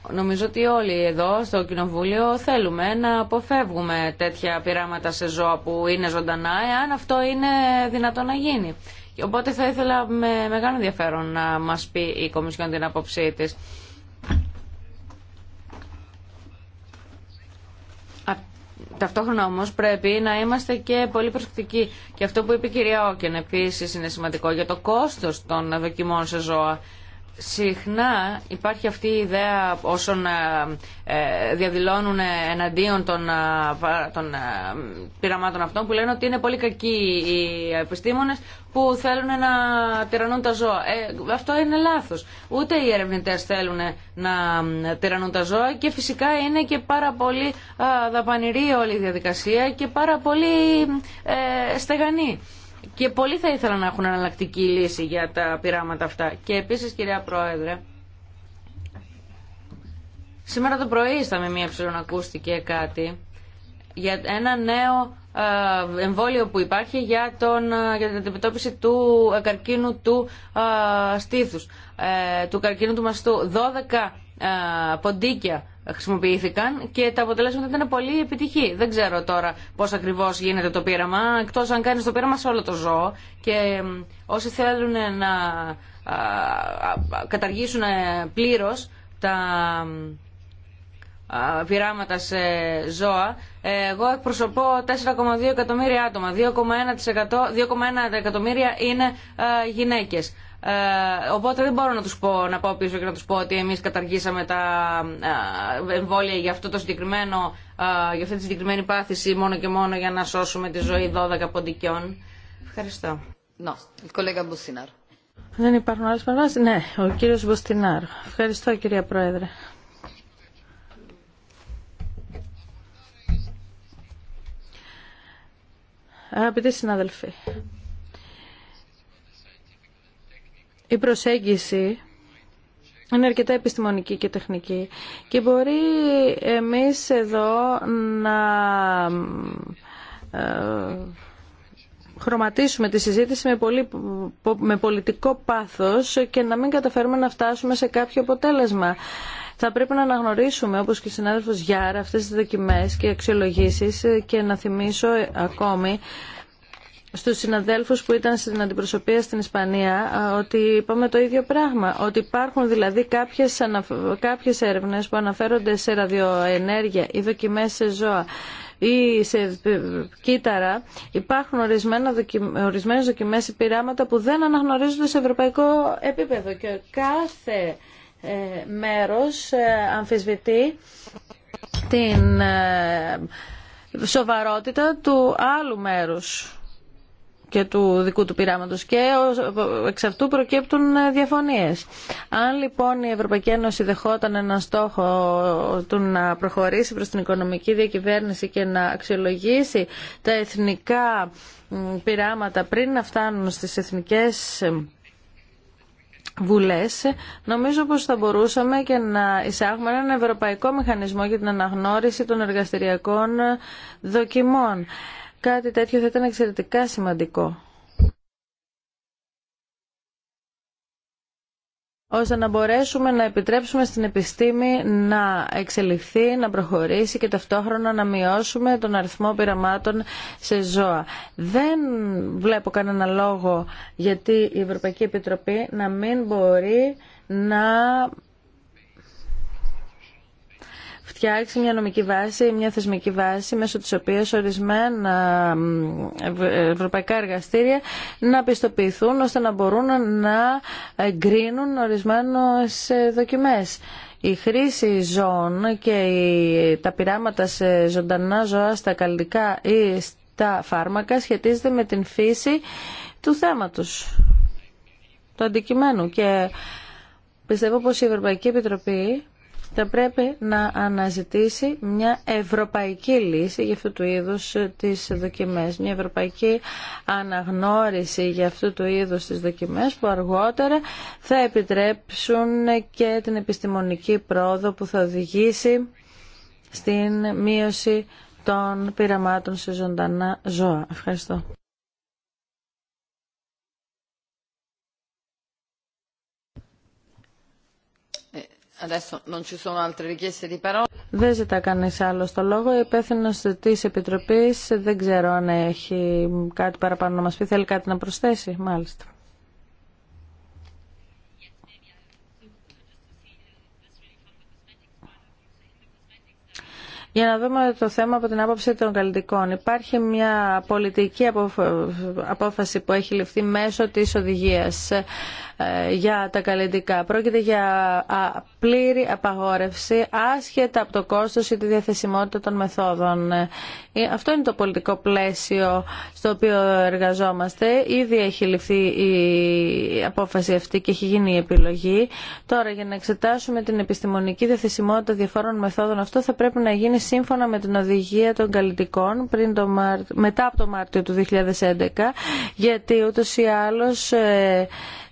[SPEAKER 2] Νομίζω ότι όλοι εδώ στο Κοινοβούλιο θέλουμε να αποφεύγουμε τέτοια πειράματα σε ζώα που είναι ζωντανά, εάν αυτό είναι δυνατό να γίνει. Οπότε θα ήθελα με μεγάλο ενδιαφέρον να μας πει η Κομισιόν την άποψή της. Ταυτόχρονα όμω πρέπει να είμαστε και πολύ προσεκτικοί. Και αυτό που είπε η κυρία Όκεν επίση είναι σημαντικό για το κόστος των δοκιμών σε ζώα. Συχνά υπάρχει αυτή η ιδέα όσων ε, ε, διαδηλώνουν εναντίον των, ε, των πειραμάτων αυτών που λένε ότι είναι πολύ κακοί οι επιστήμονες που θέλουν να τυραννούν τα ζώα. Ε, αυτό είναι λάθος. Ούτε οι ερευνητές θέλουν να τυραννούν τα ζώα και φυσικά είναι και πάρα πολύ δαπανηρή όλη η διαδικασία και πάρα πολύ ε, στεγανή και πολλοί θα ήθελαν να έχουν αναλλακτική λύση για τα πειράματα αυτά. Και επίσης κυρία Πρόεδρε, σήμερα το πρωί στα ΜΜΕ ακούστηκε κάτι για ένα νέο ε, εμβόλιο που υπάρχει για, τον, ε, για την αντιμετώπιση του ε, καρκίνου του στήθους, του καρκίνου του μαστού ποντίκια χρησιμοποιήθηκαν και τα αποτελέσματα ήταν πολύ επιτυχή. Δεν ξέρω τώρα πώς ακριβώς γίνεται το πείραμα, εκτός αν κάνεις το πείραμα σε όλο το ζώο και όσοι θέλουν να καταργήσουν ε, πλήρως τα πειράματα σε ζώα. Ε, εγώ εκπροσωπώ 4,2 εκατομμύρια άτομα. 2,1 εκατομμύρια είναι ε, γυναίκες. Ε, οπότε δεν μπορώ να τους πω, να πάω πίσω και να τους πω ότι εμείς καταργήσαμε τα ε, εμβόλια για, αυτό το συγκεκριμένο, ε, για αυτή τη συγκεκριμένη πάθηση μόνο και μόνο για να σώσουμε τη ζωή
[SPEAKER 3] 12 ποντικιών. Ευχαριστώ. No,
[SPEAKER 1] Δεν υπάρχουν άλλες παρεμβάσεις. Ναι, ο κύριος Μποστινάρ. Ευχαριστώ κυρία Πρόεδρε. Αγαπητοί συνάδελφοι, η προσέγγιση είναι αρκετά επιστημονική και τεχνική και μπορεί εμείς εδώ να ε, χρωματίσουμε τη συζήτηση με, με πολιτικό πάθος και να μην καταφέρουμε να φτάσουμε σε κάποιο αποτέλεσμα. Θα πρέπει να αναγνωρίσουμε, όπως και ο συνάδελφος Γιάρα, αυτές τις δοκιμές και αξιολογήσεις και να θυμίσω ακόμη στους συναδέλφους που ήταν στην αντιπροσωπεία στην Ισπανία ότι είπαμε το ίδιο πράγμα, ότι υπάρχουν δηλαδή κάποιες, κάποιες έρευνες που αναφέρονται σε ραδιοενέργεια ή δοκιμές σε ζώα ή σε ε, κύτταρα υπάρχουν ορισμένα δοκιμ... ορισμένες δοκιμές ή πειράματα που δεν αναγνωρίζονται σε ευρωπαϊκό επίπεδο και κάθε ε, μέρος ε, αμφισβητεί την ε, σοβαρότητα του άλλου μέρους και του δικού του πειράματος και εξ αυτού προκύπτουν ε, διαφωνίες. Αν λοιπόν η Ευρωπαϊκή Ένωση δεχόταν ένα στόχο του να προχωρήσει προς την οικονομική διακυβέρνηση και να αξιολογήσει τα εθνικά πειράματα πριν να φτάνουν στις εθνικές ε, βουλές, νομίζω πως θα μπορούσαμε και να εισάγουμε έναν ευρωπαϊκό μηχανισμό για την αναγνώριση των εργαστηριακών ε, δοκιμών. Κάτι τέτοιο θα ήταν εξαιρετικά σημαντικό. ώστε να μπορέσουμε να επιτρέψουμε στην επιστήμη να εξελιχθεί, να προχωρήσει και ταυτόχρονα να μειώσουμε τον αριθμό πειραμάτων σε ζώα. Δεν βλέπω κανένα λόγο γιατί η Ευρωπαϊκή Επιτροπή να μην μπορεί να φτιάξει μια νομική βάση, μια θεσμική βάση μέσω της οποίας ορισμένα ευρωπαϊκά εργαστήρια να πιστοποιηθούν ώστε να μπορούν να εγκρίνουν ορισμένες ε, δοκιμές. Η χρήση ζώων και τα πειράματα σε ζωντανά ζωά στα καλλιτικά ή στα φάρμακα σχετίζεται με την φύση του θέματος, του αντικειμένου. Και πιστεύω πως η Ευρωπαϊκή Επιτροπή θα πρέπει να αναζητήσει μια ευρωπαϊκή λύση για αυτού του είδους τις δοκιμές. Μια ευρωπαϊκή αναγνώριση για αυτού του είδους τις δοκιμές που αργότερα θα επιτρέψουν και την επιστημονική πρόοδο που θα οδηγήσει στην μείωση των πειραμάτων σε ζωντανά ζώα. Ευχαριστώ. Δεν ζητά κανεί άλλο το λόγο. Η υπεύθυνο τη Επιτροπή δεν ξέρω αν έχει κάτι παραπάνω να μα πει. Θέλει κάτι να προσθέσει, μάλιστα. Για να δούμε το θέμα από την άποψη των καλλιτικών. Υπάρχει μια πολιτική απόφαση που έχει ληφθεί μέσω της οδηγίας ε, για τα καλλιτικά. Πρόκειται για πλήρη απαγόρευση άσχετα από το κόστος ή τη διαθεσιμότητα των μεθόδων. Ε, ε, αυτό είναι το πολιτικό πλαίσιο στο οποίο εργαζόμαστε. Ήδη έχει ληφθεί η απόφαση αυτή και έχει γίνει η επιλογή. Τώρα για να εξετάσουμε την επιστημονική διαθεσιμότητα διαφόρων μεθόδων αυτό θα πρέπει να γίνει σύμφωνα με την οδηγία των καλλιτικών πριν μετά από το Μάρτιο του 2011 γιατί ούτως ή άλλως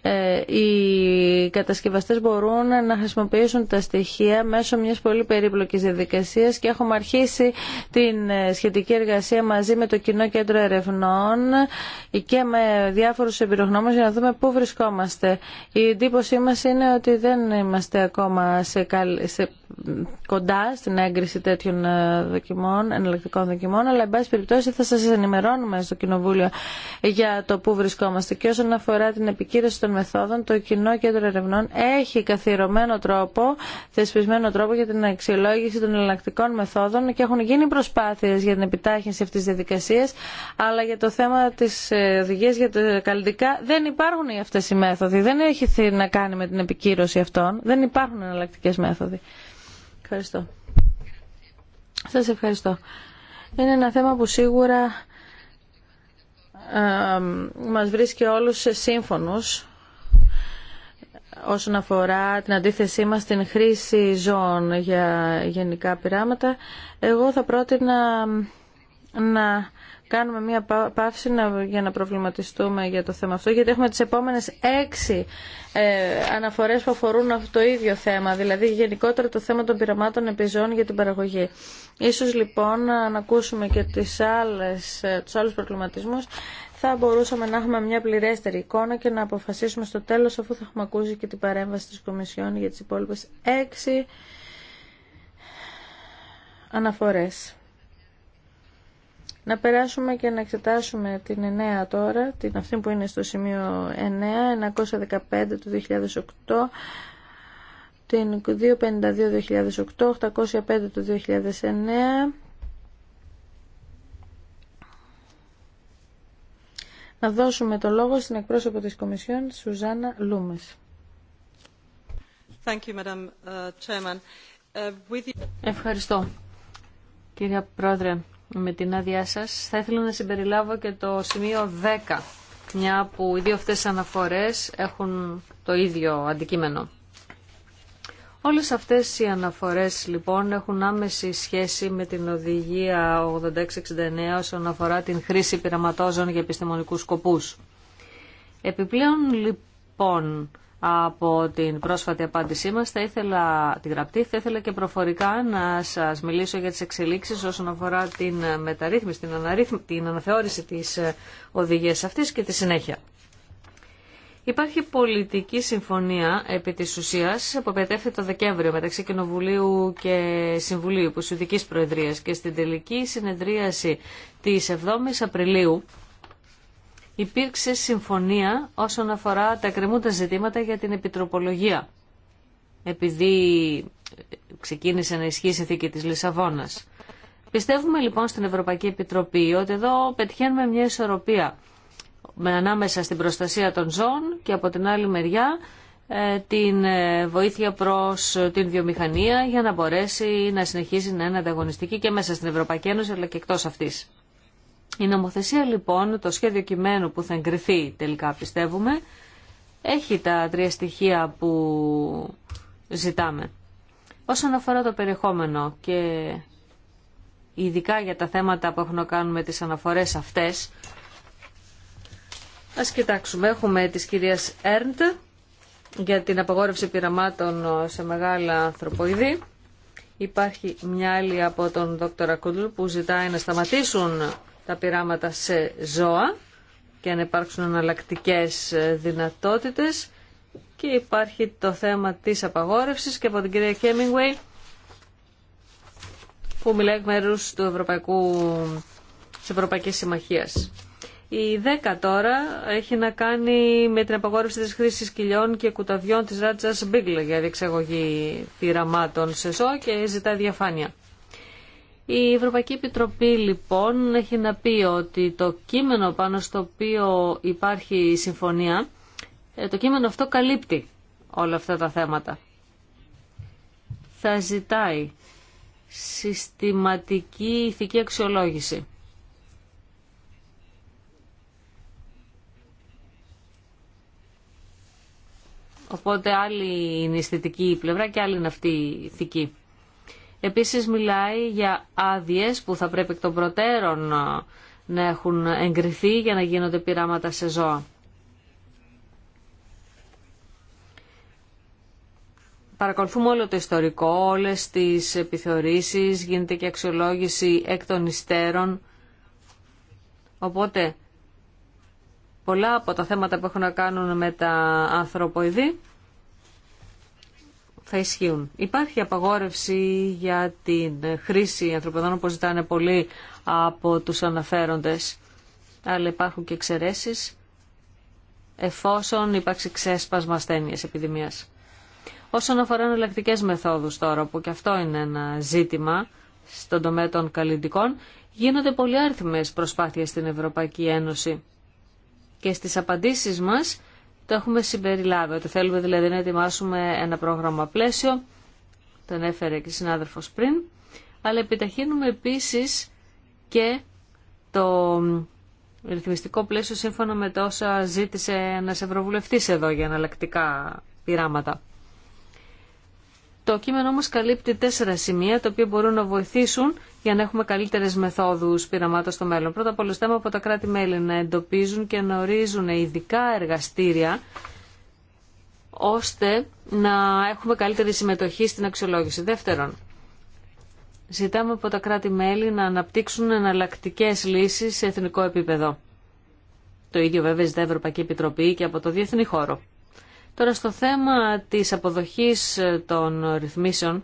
[SPEAKER 1] ε, οι κατασκευαστές μπορούν να χρησιμοποιήσουν τα στοιχεία μέσω μιας πολύ περίπλοκης διαδικασίας και έχουμε αρχίσει την ε, σχετική εργασία μαζί με το Κοινό Κέντρο Ερευνών και με διάφορους εμπειρογνώμους για να δούμε πού βρισκόμαστε. Η εντύπωσή μας είναι ότι δεν είμαστε ακόμα σε, κοντά στην έγκριση τέτοιων ε, δοκιμών, εναλλακτικών δοκιμών, αλλά εν πάση περιπτώσει θα σας ενημερώνουμε στο Κοινοβούλιο για το πού βρισκόμαστε. Και όσον αφορά την επικύρωση των μεθόδων, το Κοινό Κέντρο Ερευνών έχει καθιερωμένο τρόπο, θεσπισμένο τρόπο για την αξιολόγηση των εναλλακτικών μεθόδων και έχουν γίνει προσπάθειες για την επιτάχυνση αυτής της διαδικασίας, αλλά για το θέμα της ε, οδηγίας για τα καλλιτικά δεν υπάρχουν αυτές οι μέθοδοι. Δεν έχει να κάνει με την επικύρωση αυτών. Δεν υπάρχουν εναλλακτικέ μέθοδοι. Ευχαριστώ. Σας ευχαριστώ. Είναι ένα θέμα που σίγουρα ε, μας βρίσκει όλους σύμφωνους όσον αφορά την αντίθεσή μας στην χρήση ζώων για γενικά πειράματα. Εγώ θα πρότεινα να κάνουμε μία παύση για να προβληματιστούμε για το θέμα αυτό, γιατί έχουμε τις επόμενες έξι ε, αναφορές που αφορούν αυτό το ίδιο θέμα, δηλαδή γενικότερα το θέμα των πειραμάτων επιζών για την παραγωγή. Ίσως λοιπόν να ακούσουμε και τις άλλες, ε, τους άλλους προβληματισμούς, θα μπορούσαμε να έχουμε μια πληρέστερη εικόνα και να αποφασίσουμε στο τέλος, αφού θα έχουμε ακούσει και την παρέμβαση της Κομισιόν για τις υπόλοιπες έξι αναφορές. Να περάσουμε και να εξετάσουμε την 9 τώρα, την αυτή που είναι στο σημείο 9, 115 του 2008, την 252 2008, 805 του 2009. Να δώσουμε το λόγο στην εκπρόσωπο της Κομισιόν, Σουζάνα Λούμες. Uh, uh, Ευχαριστώ,
[SPEAKER 2] κυρία Πρόεδρε με την άδειά σα, θα ήθελα να συμπεριλάβω και το σημείο 10, μια που οι δύο αυτέ αναφορές έχουν το ίδιο αντικείμενο. Όλες αυτές οι αναφορές λοιπόν έχουν άμεση σχέση με την οδηγία 8669 όσον αφορά την χρήση πειραματόζων για επιστημονικούς σκοπούς. Επιπλέον λοιπόν από την πρόσφατη απάντησή μας. Θα ήθελα την γραπτή, θα ήθελα και προφορικά να σας μιλήσω για τις εξελίξεις όσον αφορά την μεταρρύθμιση, την, αναρρύθμι, την αναθεώρηση της οδηγίας αυτής και τη συνέχεια. Υπάρχει πολιτική συμφωνία επί της ουσίας που το Δεκέμβριο μεταξύ Κοινοβουλίου και Συμβουλίου Υποσουδικής Προεδρίας και στην τελική συνεδρίαση της 7ης Απριλίου υπήρξε συμφωνία όσον αφορά τα κρεμούντα ζητήματα για την επιτροπολογία, επειδή ξεκίνησε να ισχύει η συνθήκη της Λισαβόνας. Πιστεύουμε λοιπόν στην Ευρωπαϊκή Επιτροπή ότι εδώ πετυχαίνουμε μια ισορροπία με ανάμεσα στην προστασία των ζώων και από την άλλη μεριά ε, την ε, βοήθεια προς ε, την βιομηχανία για να μπορέσει να συνεχίσει να είναι ανταγωνιστική και μέσα στην Ευρωπαϊκή Ένωση αλλά και εκτός αυτής. Η νομοθεσία λοιπόν, το σχέδιο κειμένου που θα εγκριθεί τελικά πιστεύουμε, έχει τα τρία στοιχεία που ζητάμε. Όσον αφορά το περιεχόμενο και ειδικά για τα θέματα που έχουν να κάνουν με τις αναφορές αυτές, ας κοιτάξουμε. Έχουμε της κυρίας Έρντ για την απαγόρευση πειραμάτων σε μεγάλα ανθρωποειδή. Υπάρχει μια άλλη από τον δόκτωρα που ζητάει να σταματήσουν τα πειράματα σε ζώα και αν υπάρξουν αναλλακτικέ ε, δυνατότητες και υπάρχει το θέμα της απαγόρευσης και από την κυρία Χέμιγουέι που μιλάει εκ μέρου του Ευρωπαϊκού, της Ευρωπαϊκής Η δέκα τώρα έχει να κάνει με την απαγόρευση της χρήσης κοιλιών και κουταβιών της ράτσας Μπίγκλε για διεξαγωγή πειραμάτων σε ζώα και ζητά διαφάνεια. Η Ευρωπαϊκή Επιτροπή λοιπόν έχει να πει ότι το κείμενο πάνω στο οποίο υπάρχει συμφωνία, ε, το κείμενο αυτό καλύπτει όλα αυτά τα θέματα. Θα ζητάει συστηματική ηθική αξιολόγηση. Οπότε άλλη είναι η αισθητική πλευρά και άλλη είναι αυτή η ηθική. Επίσης μιλάει για άδειε που θα πρέπει εκ των προτέρων ε, να έχουν εγκριθεί για να γίνονται πειράματα σε ζώα. Παρακολουθούμε όλο το ιστορικό, όλες τις επιθεωρήσεις, γίνεται και αξιολόγηση εκ των υστέρων. Οπότε, πολλά από τα θέματα που έχουν να κάνουν με τα ανθρωποειδή θα ισχύουν. Υπάρχει απαγόρευση για την χρήση ανθρωπιδών που ζητάνε πολύ από τους αναφέροντες, αλλά υπάρχουν και εξαιρεσει εφόσον υπάρξει ξέσπασμα ασθένειας επιδημίας. Όσον αφορά εναλλακτικέ μεθόδους τώρα, που και αυτό είναι ένα ζήτημα στον τομέα των καλλιντικών, γίνονται πολλοί προσπάθειες στην Ευρωπαϊκή Ένωση. Και στις απαντήσεις μας το έχουμε συμπεριλάβει, ότι θέλουμε δηλαδή να ετοιμάσουμε ένα πρόγραμμα πλαίσιο, τον έφερε και συνάδελφος πριν, αλλά επιταχύνουμε επίσης και το ρυθμιστικό πλαίσιο σύμφωνα με τόσα ζήτησε ένας ευρωβουλευτής εδώ για εναλλακτικά πειράματα. Το κείμενο όμως καλύπτει τέσσερα σημεία τα οποία μπορούν να βοηθήσουν για να έχουμε καλύτερες μεθόδους πειραμάτων στο μέλλον. Πρώτα απ' όλα από τα κράτη-μέλη να εντοπίζουν και να ορίζουν ειδικά εργαστήρια ώστε να έχουμε καλύτερη συμμετοχή στην αξιολόγηση. Δεύτερον, ζητάμε από τα κράτη-μέλη να αναπτύξουν εναλλακτικέ λύσεις σε εθνικό επίπεδο. Το ίδιο βέβαια ζητά η Ευρωπαϊκή Επιτροπή και από το διεθνή χώρο. Τώρα στο θέμα της αποδοχής των ρυθμίσεων,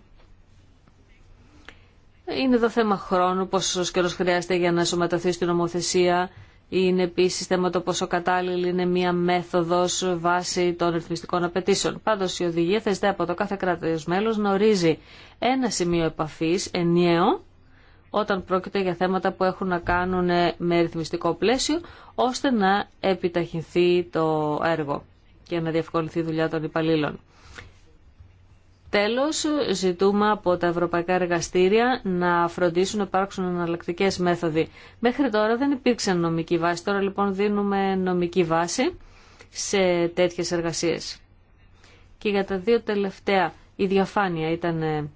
[SPEAKER 2] είναι εδώ θέμα χρόνου, πόσο καιρό χρειάζεται για να σωματωθεί στην νομοθεσία. Είναι επίση θέμα το πόσο κατάλληλη είναι μία μέθοδο βάσει των ρυθμιστικών απαιτήσεων. Πάντω, η οδηγία θεσπίζεται από το κάθε κράτο μέλο να ορίζει ένα σημείο επαφή ενιαίο όταν πρόκειται για θέματα που έχουν να κάνουν με ρυθμιστικό πλαίσιο, ώστε να επιταχυνθεί το έργο και να διευκολυνθεί η δουλειά των υπαλλήλων. Τέλος, ζητούμε από τα ευρωπαϊκά εργαστήρια να φροντίσουν να υπάρξουν εναλλακτικέ μέθοδοι. Μέχρι τώρα δεν υπήρξαν νομική βάση, τώρα λοιπόν δίνουμε νομική βάση σε τέτοιες εργασίες. Και για τα δύο τελευταία, η διαφάνεια ήταν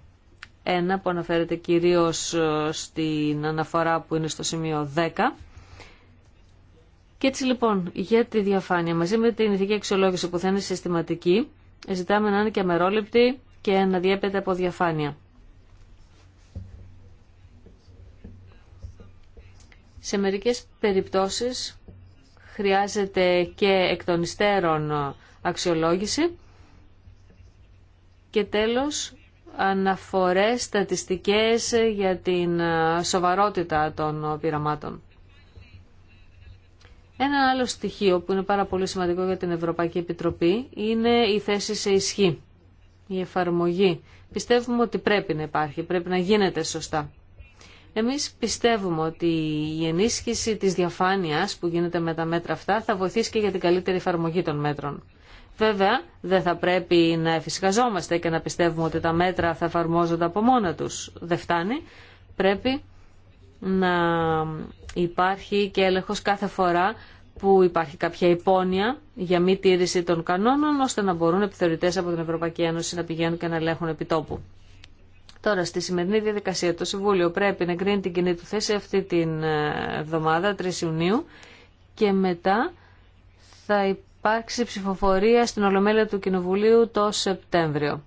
[SPEAKER 2] ένα που αναφέρεται κυρίως ε, στην αναφορά που είναι στο σημείο 10. Και έτσι λοιπόν, για τη διαφάνεια, μαζί με την ηθική αξιολόγηση που θα είναι συστηματική, ζητάμε να είναι και αμερόληπτη, και να διέπεται από διαφάνεια. Σε μερικές περιπτώσεις χρειάζεται και εκ των υστέρων αξιολόγηση και τέλος αναφορές στατιστικές για την σοβαρότητα των πειραμάτων. Ένα άλλο στοιχείο που είναι πάρα πολύ σημαντικό για την Ευρωπαϊκή Επιτροπή είναι η θέση σε ισχύ η εφαρμογή. Πιστεύουμε ότι πρέπει να υπάρχει, πρέπει να γίνεται σωστά. Εμείς πιστεύουμε ότι η ενίσχυση της διαφάνειας που γίνεται με τα μέτρα αυτά θα βοηθήσει και για την καλύτερη εφαρμογή των μέτρων. Βέβαια, δεν θα πρέπει να εφησυχαζόμαστε και να πιστεύουμε ότι τα μέτρα θα εφαρμόζονται από μόνα τους. Δεν φτάνει. Πρέπει να υπάρχει και έλεγχος κάθε φορά που υπάρχει κάποια υπόνοια για μη τήρηση των κανόνων, ώστε να μπορούν επιθεωρητές από την Ευρωπαϊκή Ένωση να πηγαίνουν και να ελέγχουν επιτόπου. Τώρα, στη σημερινή διαδικασία, το Συμβούλιο πρέπει να εγκρίνει την κοινή του θέση αυτή την ε, εβδομάδα, 3 Ιουνίου, και μετά θα υπάρξει ψηφοφορία στην Ολομέλεια του Κοινοβουλίου το Σεπτέμβριο.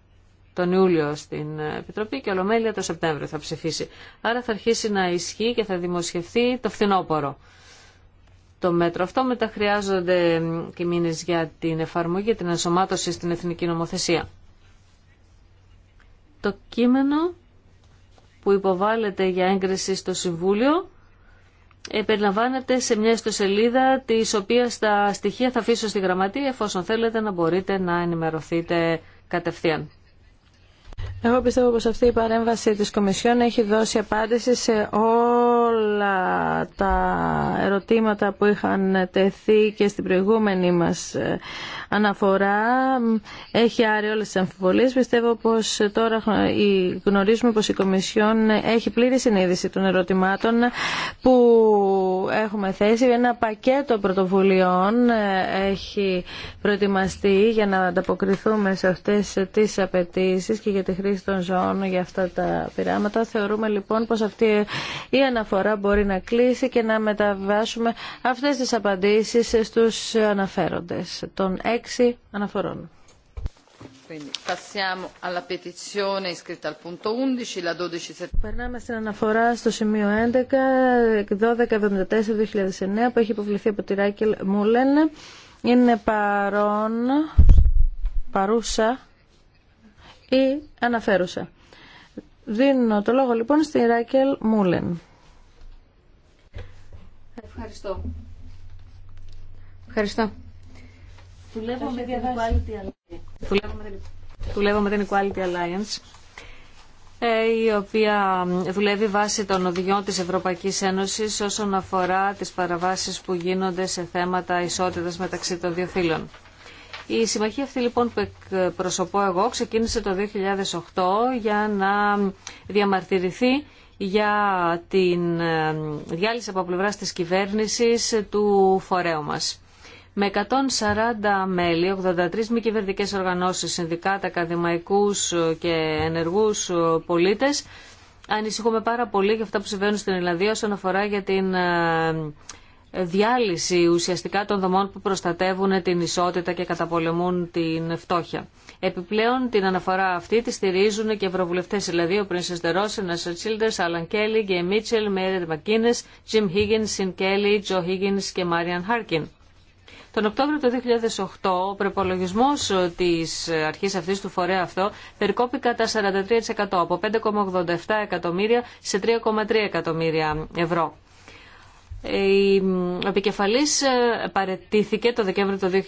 [SPEAKER 2] Τον Ιούλιο στην ε, Επιτροπή και Ολομέλεια το Σεπτέμβριο θα ψηφίσει. Άρα θα αρχίσει να ισχύει και θα δημοσιευθεί το φθινόπωρο το μέτρο αυτό. Μετά χρειάζονται και μήνες για την εφαρμογή, για την ενσωμάτωση στην εθνική νομοθεσία. Το κείμενο που υποβάλλεται για έγκριση στο Συμβούλιο ε, περιλαμβάνεται σε μια ιστοσελίδα της οποία τα στοιχεία θα αφήσω στη γραμματεία εφόσον θέλετε να μπορείτε να ενημερωθείτε κατευθείαν.
[SPEAKER 1] Εγώ πιστεύω πως αυτή η παρέμβαση της Κομισιόν έχει δώσει απάντηση σε όλα τα ερωτήματα που είχαν τεθεί και στην προηγούμενη μας ε, αναφορά. Έχει άρει όλες τις αμφιβολίες. Πιστεύω πως τώρα γνωρίζουμε πως η Κομισιόν έχει πλήρη συνείδηση των ερωτημάτων που έχουμε θέσει. Ένα πακέτο πρωτοβουλειών ε, έχει προετοιμαστεί για να ανταποκριθούμε σε αυτές τις απαιτήσει και για τη χρήση των ζώων για αυτά τα πειράματα. Θεωρούμε λοιπόν πως αυτή η αναφορά μπορεί να κλείσει και να μεταβάσουμε αυτές τις απαντήσεις στους αναφέροντες των έξι αναφορών. Περνάμε στην αναφορά στο σημείο 11, 12.74.2009 2009 που έχει υποβληθεί από τη Ράκελ Μούλεν. Είναι παρόν, παρούσα ή αναφέρουσα. Δίνω το λόγο λοιπόν στη Ράκελ Μούλεν. Ευχαριστώ. Ευχαριστώ.
[SPEAKER 2] Δουλεύω με, την Alliance. με την Equality Alliance ε, η οποία δουλεύει βάσει των οδηγιών της Ευρωπαϊκής Ένωσης όσον αφορά τις παραβάσεις που γίνονται σε θέματα ισότητας μεταξύ των δύο φύλων. Η συμμαχία αυτή λοιπόν που εκπροσωπώ εγώ ξεκίνησε το 2008 για να διαμαρτυρηθεί για την ε, διάλυση από πλευρά της κυβέρνησης του φορέου μας. Με 140 μέλη, 83 μη κυβερνητικές οργανώσεις, συνδικάτα, ακαδημαϊκούς και ενεργούς πολίτες, ανησυχούμε πάρα πολύ για αυτά που συμβαίνουν στην Ελλάδα όσον αφορά για την ε, διάλυση ουσιαστικά των δομών που προστατεύουν την ισότητα και καταπολεμούν την φτώχεια. Επιπλέον την αναφορά αυτή τη στηρίζουν και ευρωβουλευτέ, δηλαδή ο Πρίνσε Ντερόσε, Νέσο Τσίλντερ, Άλαν Κέλλη, Γκέι Μίτσελ, Μέριετ Μακίνε, Τζιμ Χίγγιν, Σιν Κέλλη, Τζο Χίγγιν και Μάριαν Χάρκιν. Τον Οκτώβριο του 2008 ο προπολογισμό τη αρχή αυτή του φορέα αυτό περικόπη κατά 43% από 5,87 εκατομμύρια σε 3,3 εκατομμύρια ευρώ. Η επικεφαλής ε, παρετήθηκε το Δεκέμβριο του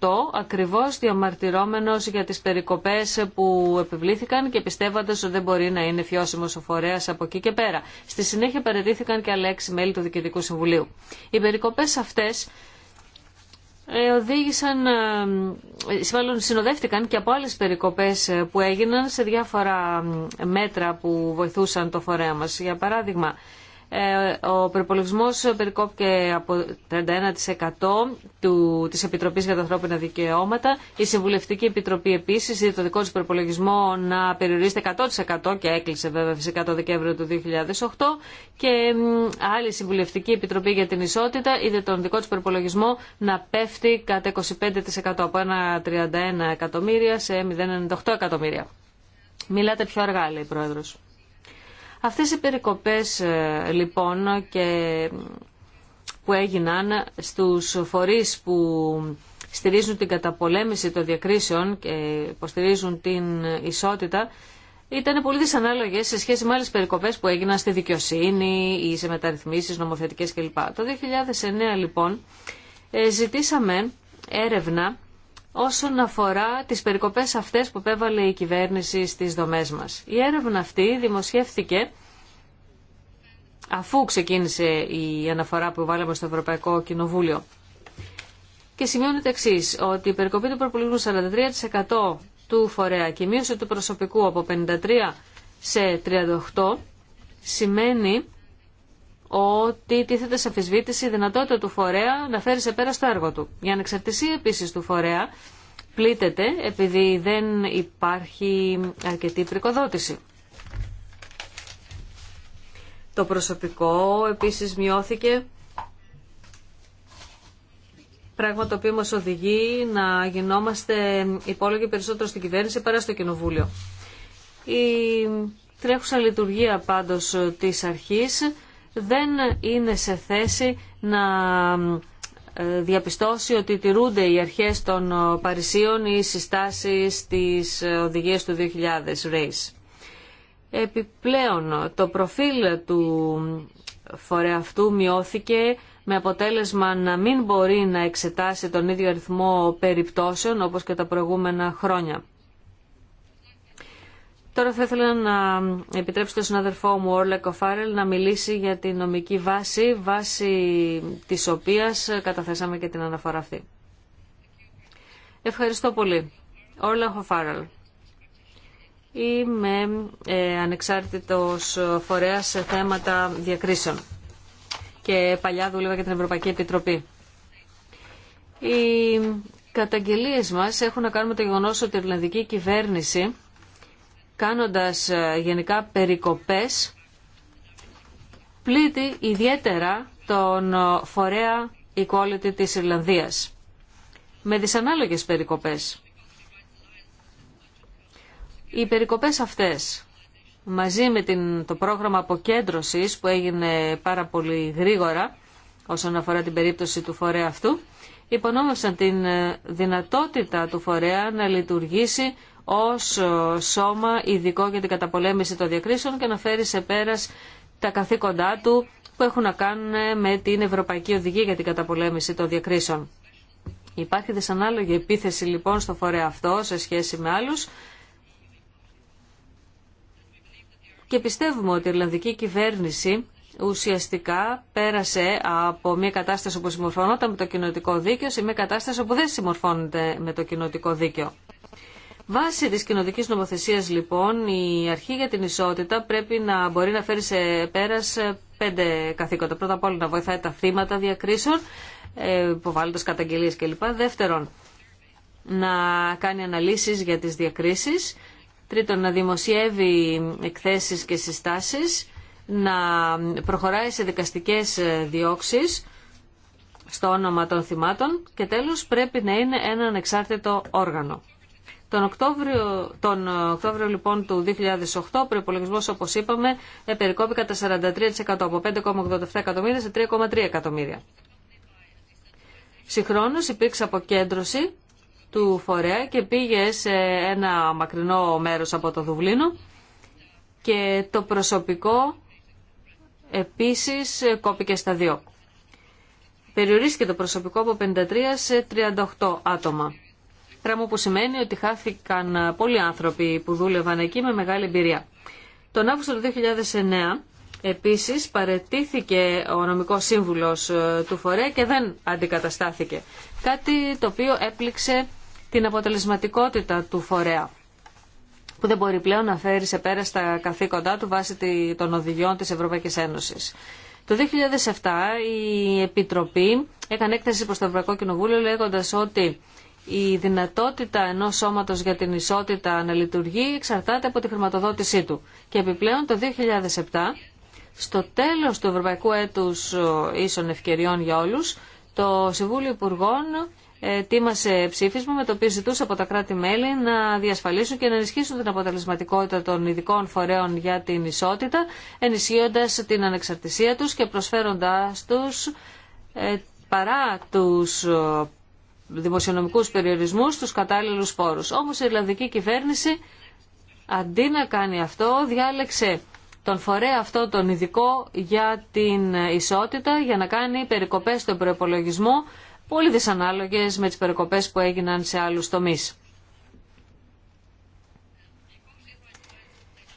[SPEAKER 2] 2008 ακριβώς διαμαρτυρόμενος για τις περικοπές που επιβλήθηκαν και πιστεύοντας ότι δεν μπορεί να είναι φιώσιμος ο φορέας από εκεί και πέρα. Στη συνέχεια παρετήθηκαν και άλλα έξι μέλη του Διοικητικού Συμβουλίου. Οι περικοπές αυτές ε, οδήγησαν, ε, συνοδεύτηκαν και από άλλες περικοπές που έγιναν σε διάφορα μέτρα που βοηθούσαν το φορέα μας. Για παράδειγμα, ε, ο προπολογισμό περικόπηκε από 31% τη της Επιτροπής για τα Ανθρώπινα Δικαιώματα. Η Συμβουλευτική Επιτροπή επίσης είδε το δικό της προπολογισμό να περιορίζεται 100% και έκλεισε βέβαια φυσικά το Δεκέμβριο του 2008 και άλλη Συμβουλευτική Επιτροπή για την Ισότητα είδε τον δικό της προπολογισμό να πέφτει κατά 25% από 1,31 εκατομμύρια σε 0,98 εκατομμύρια. Μιλάτε πιο αργά, λέει η Πρόεδρος. Αυτές οι περικοπές ε, λοιπόν και που έγιναν στους φορείς που στηρίζουν την καταπολέμηση των διακρίσεων και υποστηρίζουν την ισότητα ήταν πολύ δυσανάλογε σε σχέση με άλλε περικοπέ που έγιναν στη δικαιοσύνη ή σε μεταρρυθμίσει νομοθετικέ κλπ. Το 2009 λοιπόν ε, ζητήσαμε έρευνα όσον αφορά τις περικοπές αυτές που επέβαλε η κυβέρνηση στις δομές μας. Η έρευνα αυτή δημοσιεύθηκε αφού ξεκίνησε η αναφορά που βάλαμε στο Ευρωπαϊκό Κοινοβούλιο. Και σημειώνεται εξή ότι η περικοπή του προπολογισμού 43% του φορέα και η μείωση του προσωπικού από 53% σε 38% σημαίνει ότι τίθεται σε αφισβήτηση η δυνατότητα του φορέα να φέρει σε πέρα στο έργο του. Η ανεξαρτησία επίσης του φορέα πλήττεται επειδή δεν υπάρχει αρκετή πρικοδότηση. Το προσωπικό επίσης μειώθηκε, πράγμα το οποίο μας οδηγεί να γινόμαστε υπόλογοι περισσότερο στην κυβέρνηση παρά στο κοινοβούλιο. Η τρέχουσα λειτουργία πάντως της αρχής δεν είναι σε θέση να ε, διαπιστώσει ότι τηρούνται οι αρχές των ε, Παρισίων ή οι συστάσεις της ε, οδηγίας του 2000 RACE. Επιπλέον, το προφίλ του φορεαυτού μειώθηκε με αποτέλεσμα να μην μπορεί να εξετάσει τον ίδιο αριθμό περιπτώσεων όπως και τα προηγούμενα χρόνια. Τώρα θα ήθελα να επιτρέψω στον συναδελφό μου Όρλε Κοφάρελ να μιλήσει για την νομική βάση, βάση της οποίας καταθέσαμε και την αναφορά αυτή. Ευχαριστώ πολύ. Όρλε Κοφάρελ. Είμαι ε, ανεξάρτητος φορέας σε θέματα διακρίσεων και παλιά δούλευα για την Ευρωπαϊκή Επιτροπή. Οι καταγγελίες μας έχουν να κάνουν με το γεγονός ότι η Ιρλανδική κυβέρνηση κάνοντας ε, γενικά περικοπές πλήττει ιδιαίτερα τον ε, φορέα Equality της Ιρλανδίας με δυσανάλογες περικοπές. Οι περικοπές αυτές μαζί με την, το πρόγραμμα αποκέντρωσης που έγινε πάρα πολύ γρήγορα όσον αφορά την περίπτωση του φορέα αυτού υπονόμευσαν την ε, δυνατότητα του φορέα να λειτουργήσει ω σώμα ειδικό για την καταπολέμηση των διακρίσεων και να φέρει σε πέρα τα καθήκοντά του που έχουν να κάνουν με την Ευρωπαϊκή Οδηγία για την καταπολέμηση των διακρίσεων. Υπάρχει δυσανάλογη επίθεση λοιπόν στο φορέα αυτό σε σχέση με άλλους και πιστεύουμε ότι η Ιρλανδική κυβέρνηση ουσιαστικά πέρασε από μια κατάσταση που συμμορφωνόταν με το κοινοτικό δίκαιο σε μια κατάσταση που δεν συμμορφώνεται με το κοινοτικό δίκαιο. Βάσει τη κοινοτική νομοθεσία, λοιπόν η αρχή για την ισότητα πρέπει να μπορεί να φέρει σε πέρας ε, πέντε καθήκοντα. Πρώτα απ' όλα να βοηθάει τα θύματα διακρίσεων, ε, υποβάλλοντα καταγγελίε κλπ. Δεύτερον, να κάνει αναλύσει για τι διακρίσεις. Τρίτον, να δημοσιεύει εκθέσεις και συστάσεις. Να προχωράει σε δικαστικές ε, διώξεις στο όνομα των θυμάτων. Και τέλος, πρέπει να είναι ένα ανεξάρτητο όργανο. Τον Οκτώβριο, τον ε, Οκτώβριο λοιπόν του 2008 ο προπολογισμό, όπως είπαμε ε, περικόπη κατά 43% από 5,87 εκατομμύρια σε 3,3 εκατομμύρια. Συγχρόνως υπήρξε αποκέντρωση του φορέα και πήγε σε ένα μακρινό μέρος από το Δουβλίνο και το προσωπικό επίσης ε, κόπηκε στα δύο. Περιορίστηκε το προσωπικό από 53 σε 38 άτομα που σημαίνει ότι χάθηκαν πολλοί άνθρωποι που δούλευαν εκεί με μεγάλη εμπειρία. Τον Αύγουστο του 2009 επίσης παρετήθηκε ο νομικός σύμβουλος ε, του Φορέα και δεν αντικαταστάθηκε. Κάτι το οποίο έπληξε την αποτελεσματικότητα του Φορέα που δεν μπορεί πλέον να φέρει σε πέρα στα καθήκοντά του βάσει των οδηγιών της Ευρωπαϊκής Ένωσης. Το 2007 η Επιτροπή έκανε έκθεση προς το Ευρωπαϊκό Κοινοβούλιο λέγοντας ότι η δυνατότητα ενός σώματος για την ισότητα να λειτουργεί εξαρτάται από τη χρηματοδότησή του. Και επιπλέον το 2007, στο τέλος του Ευρωπαϊκού Έτους ε, Ίσων Ευκαιριών για Όλους, το Συμβούλιο Υπουργών ε, ετοίμασε ψήφισμα με το οποίο ζητούσε από τα κράτη-μέλη να διασφαλίσουν και να ενισχύσουν την αποτελεσματικότητα των ειδικών φορέων για την ισότητα, ενισχύοντας την ανεξαρτησία τους και προσφέροντάς τους ε, παρά τους Δημοσιονομικού περιορισμού, στου κατάλληλου πόρου. Όμως η Ιρλανδική κυβέρνηση αντί να κάνει αυτό διάλεξε τον φορέα αυτό τον ειδικό για την ισότητα για να κάνει περικοπές στον προπολογισμό πολύ δυσανάλογε με τις περικοπές που έγιναν σε άλλους τομεί.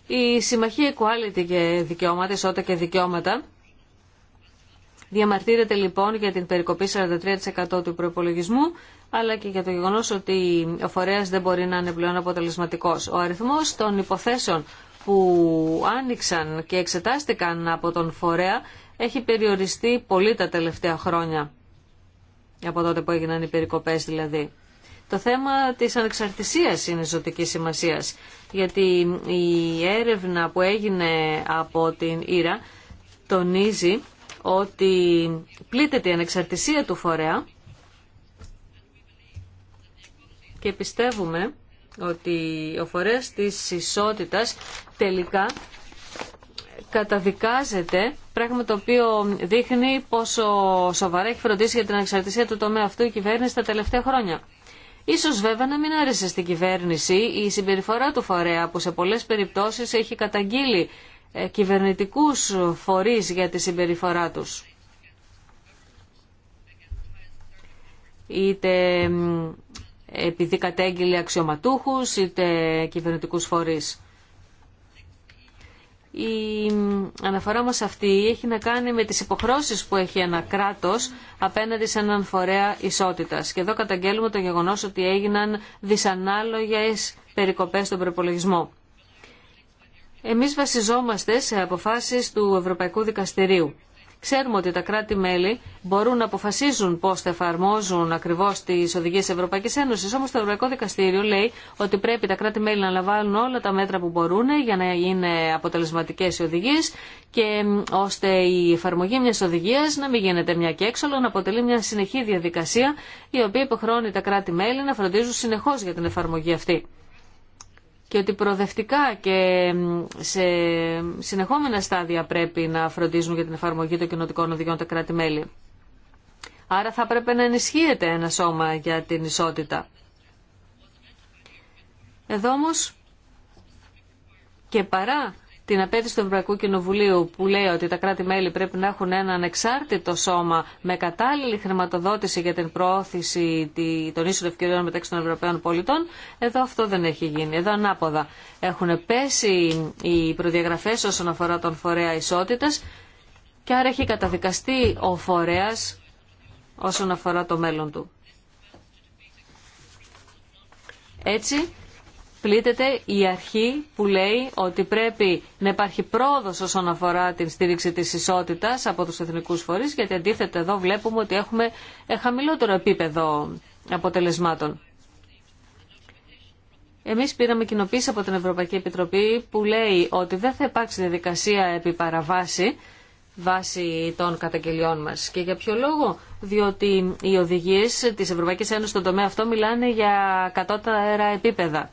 [SPEAKER 2] Η Συμμαχία Equality και Δικαιώματα, Ισότητα και Δικαιώματα Διαμαρτύρεται λοιπόν για την περικοπή 43% του προπολογισμού, αλλά και για το γεγονό ότι ο φορέα δεν μπορεί να είναι πλέον αποτελεσματικό. Ο αριθμό των υποθέσεων που άνοιξαν και εξετάστηκαν από τον φορέα έχει περιοριστεί πολύ τα τελευταία χρόνια. Από τότε που έγιναν οι περικοπές δηλαδή. Το θέμα της ανεξαρτησίας είναι ζωτική σημασία γιατί η έρευνα που έγινε από την Ήρα τονίζει ότι πλήττεται η ανεξαρτησία του φορέα και πιστεύουμε ότι ο φορέας της ισότητας τελικά καταδικάζεται, πράγμα το οποίο δείχνει πόσο σοβαρά έχει φροντίσει για την ανεξαρτησία του τομέα αυτού η κυβέρνηση τα τελευταία χρόνια. Ίσως βέβαια να μην άρεσε στην κυβέρνηση η συμπεριφορά του φορέα που σε πολλές περιπτώσεις έχει καταγγείλει ε, κυβερνητικούς φορείς για τη συμπεριφορά τους. Είτε επειδή κατέγγειλε αξιωματούχους, είτε κυβερνητικούς φορείς. Η αναφορά μας αυτή έχει να κάνει με τις υποχρώσεις που έχει ένα κράτος απέναντι σε έναν φορέα ισότητας. Και εδώ καταγγέλουμε το γεγονός ότι έγιναν δυσανάλογες περικοπές στον προπολογισμό. Εμείς βασιζόμαστε σε αποφάσεις του Ευρωπαϊκού Δικαστηρίου. Ξέρουμε ότι τα κράτη-μέλη μπορούν να αποφασίζουν πώ θα εφαρμόζουν ακριβώ τι οδηγίε Ευρωπαϊκή Ένωση. Όμω το Ευρωπαϊκό Δικαστήριο λέει ότι πρέπει τα κράτη-μέλη να λαμβάνουν όλα τα μέτρα που μπορούν για να είναι αποτελεσματικέ οι οδηγίε και ώστε η εφαρμογή μια οδηγία να μην γίνεται μια και έξω, αλλά να αποτελεί μια συνεχή διαδικασία η οποία υποχρώνει τα κράτη-μέλη να φροντίζουν συνεχώ για την εφαρμογή αυτή και ότι προοδευτικά και σε συνεχόμενα στάδια πρέπει να φροντίζουν για την εφαρμογή των κοινοτικών οδηγιών τα κράτη-μέλη. Άρα θα πρέπει να ενισχύεται ένα σώμα για την ισότητα. Εδώ όμως και παρά την απέτηση του Ευρωπαϊκού Κοινοβουλίου που λέει ότι τα κράτη-μέλη πρέπει να έχουν ένα ανεξάρτητο σώμα με κατάλληλη χρηματοδότηση για την προώθηση των ίσων ευκαιριών μεταξύ των Ευρωπαίων πολιτών, εδώ αυτό δεν έχει γίνει. Εδώ ανάποδα έχουν πέσει οι προδιαγραφές όσον αφορά τον φορέα ισότητας και άρα έχει καταδικαστεί ο φορέας όσον αφορά το μέλλον του. Έτσι, πλήττεται η αρχή που λέει ότι πρέπει να υπάρχει πρόοδος όσον αφορά την στήριξη της ισότητας από τους εθνικούς φορείς, γιατί αντίθετα εδώ βλέπουμε ότι έχουμε ε, χαμηλότερο επίπεδο αποτελεσμάτων. Εμείς πήραμε κοινοποίηση από την Ευρωπαϊκή Επιτροπή που λέει ότι δεν θα υπάρξει διαδικασία επί παραβάση βάσει των καταγγελιών μας. Και για ποιο λόγο, διότι οι οδηγίες της Ευρωπαϊκής Ένωσης στον τομέα αυτό μιλάνε για κατώτερα επίπεδα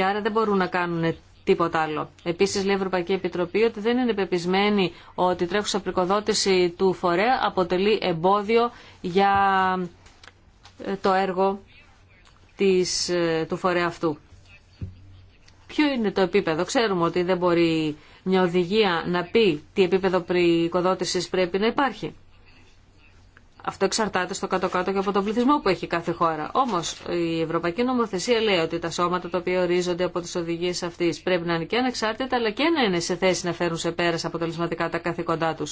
[SPEAKER 2] και άρα δεν μπορούν να κάνουν τίποτα άλλο. Επίσης λέει η Ευρωπαϊκή Επιτροπή ότι δεν είναι πεπισμένη ότι η τρέχουσα πρικοδότηση του φορέα αποτελεί εμπόδιο για ε, το έργο της, ε, του φορέα αυτού. Ποιο είναι το επίπεδο. Ξέρουμε ότι δεν μπορεί μια οδηγία να πει τι επίπεδο πρικοδότησης πρέπει να υπάρχει. Αυτό εξαρτάται στο κάτω-κάτω και από τον πληθυσμό που έχει κάθε χώρα. Όμω η Ευρωπαϊκή Νομοθεσία λέει ότι τα σώματα τα οποία ορίζονται από τι οδηγίε αυτή πρέπει να είναι και ανεξάρτητα αλλά και να είναι σε θέση να φέρουν σε πέρα αποτελεσματικά τα καθήκοντά του.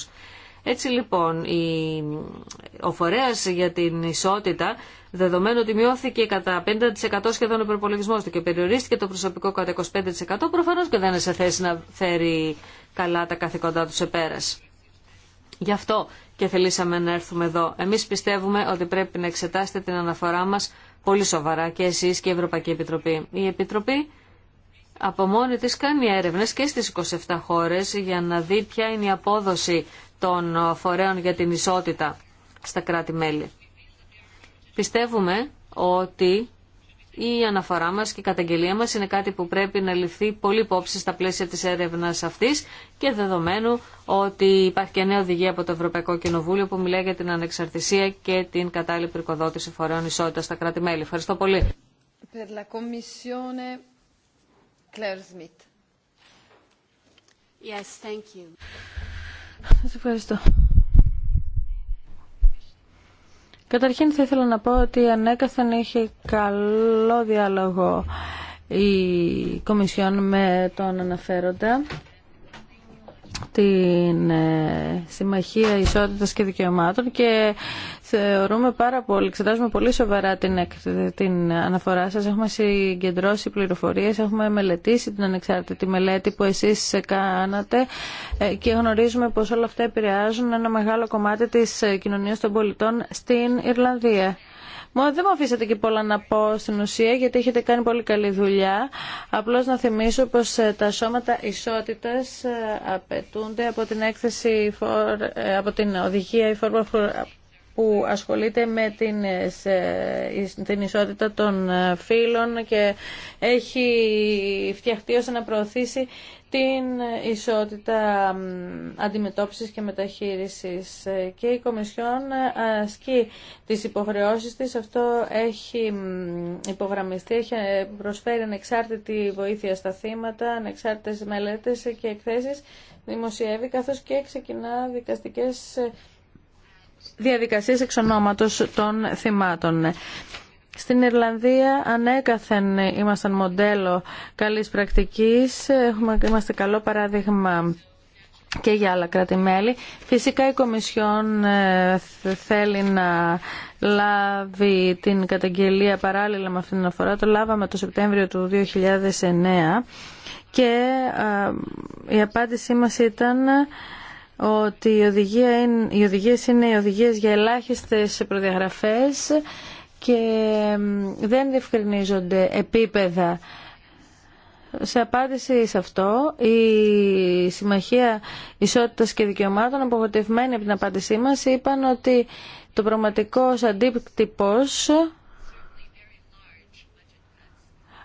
[SPEAKER 2] Έτσι λοιπόν, η... ο φορέα για την ισότητα, δεδομένου ότι μειώθηκε κατά 50% σχεδόν ο προπολογισμό του και περιορίστηκε το προσωπικό κατά 25%, προφανώ και δεν είναι σε θέση να φέρει καλά τα καθήκοντά του σε πέρα. Γι' αυτό και θελήσαμε να έρθουμε εδώ. Εμείς πιστεύουμε ότι πρέπει να εξετάσετε την αναφορά μας πολύ σοβαρά και εσείς και η Ευρωπαϊκή Επιτροπή. Η Επιτροπή από μόνη της κάνει έρευνες και στις 27 χώρες για να δει ποια είναι η απόδοση των φορέων για την ισότητα στα κράτη-μέλη. Πιστεύουμε ότι η αναφορά μας και η καταγγελία μας είναι κάτι που πρέπει να ληφθεί πολύ υπόψη στα πλαίσια της έρευνας αυτής και δεδομένου ότι υπάρχει και νέα οδηγία από το Ευρωπαϊκό Κοινοβούλιο που μιλάει για την ανεξαρτησία και την κατάλληλη πρικοδότηση φορέων ισότητας στα κράτη-μέλη. Ευχαριστώ πολύ.
[SPEAKER 3] Yes, thank you.
[SPEAKER 1] Καταρχήν θα ήθελα να πω ότι ανέκαθεν είχε καλό διάλογο η Κομισιόν με τον αναφέροντα την ε, Συμμαχία Ισότητας και Δικαιωμάτων και Θεωρούμε πάρα πολύ, εξετάζουμε πολύ σοβαρά την, την αναφορά σας. Έχουμε συγκεντρώσει πληροφορίες, έχουμε μελετήσει την ανεξάρτητη μελέτη που εσείς κάνατε ε, και γνωρίζουμε πως όλα αυτά επηρεάζουν ένα μεγάλο κομμάτι της ε, κοινωνίας των πολιτών στην Ιρλανδία. Μόνο δεν μου αφήσατε και πολλά να πω στην ουσία γιατί έχετε κάνει πολύ καλή δουλειά. Απλώς να θυμίσω πως ε, τα σώματα ισότητας απαιτούνται από την έκθεση, από την οδηγία η που ασχολείται με την, την ισότητα των φύλων και έχει φτιαχτεί ώστε να προωθήσει την ισότητα αντιμετώπισης και μεταχείρισης και η Κομισιόν ασκεί τις υποχρεώσεις της. Αυτό έχει υπογραμμιστεί, έχει ε, προσφέρει ανεξάρτητη βοήθεια στα θύματα, ανεξάρτητες μελέτες και εκθέσεις, δημοσιεύει καθώς και ξεκινά δικαστικές διαδικασίες εξ των θυμάτων. Στην Ιρλανδία ανέκαθεν ήμασταν μοντέλο καλής πρακτικής, είμαστε καλό παράδειγμα και για άλλα κράτη-μέλη. Φυσικά η Κομισιόν ε, θέλει να λάβει την καταγγελία παράλληλα με αυτήν την αφορά. Το λάβαμε το Σεπτέμβριο του 2009 και η απάντησή μας ήταν ότι οι οδηγίες είναι οι οδηγίες για ελάχιστες προδιαγραφές και δεν διευκρινίζονται επίπεδα. Σε απάντηση σε αυτό, η Συμμαχία Ισότητας και Δικαιωμάτων, απογοητευμένη από την απάντησή μας, είπαν ότι το πραγματικό αντίπτυπος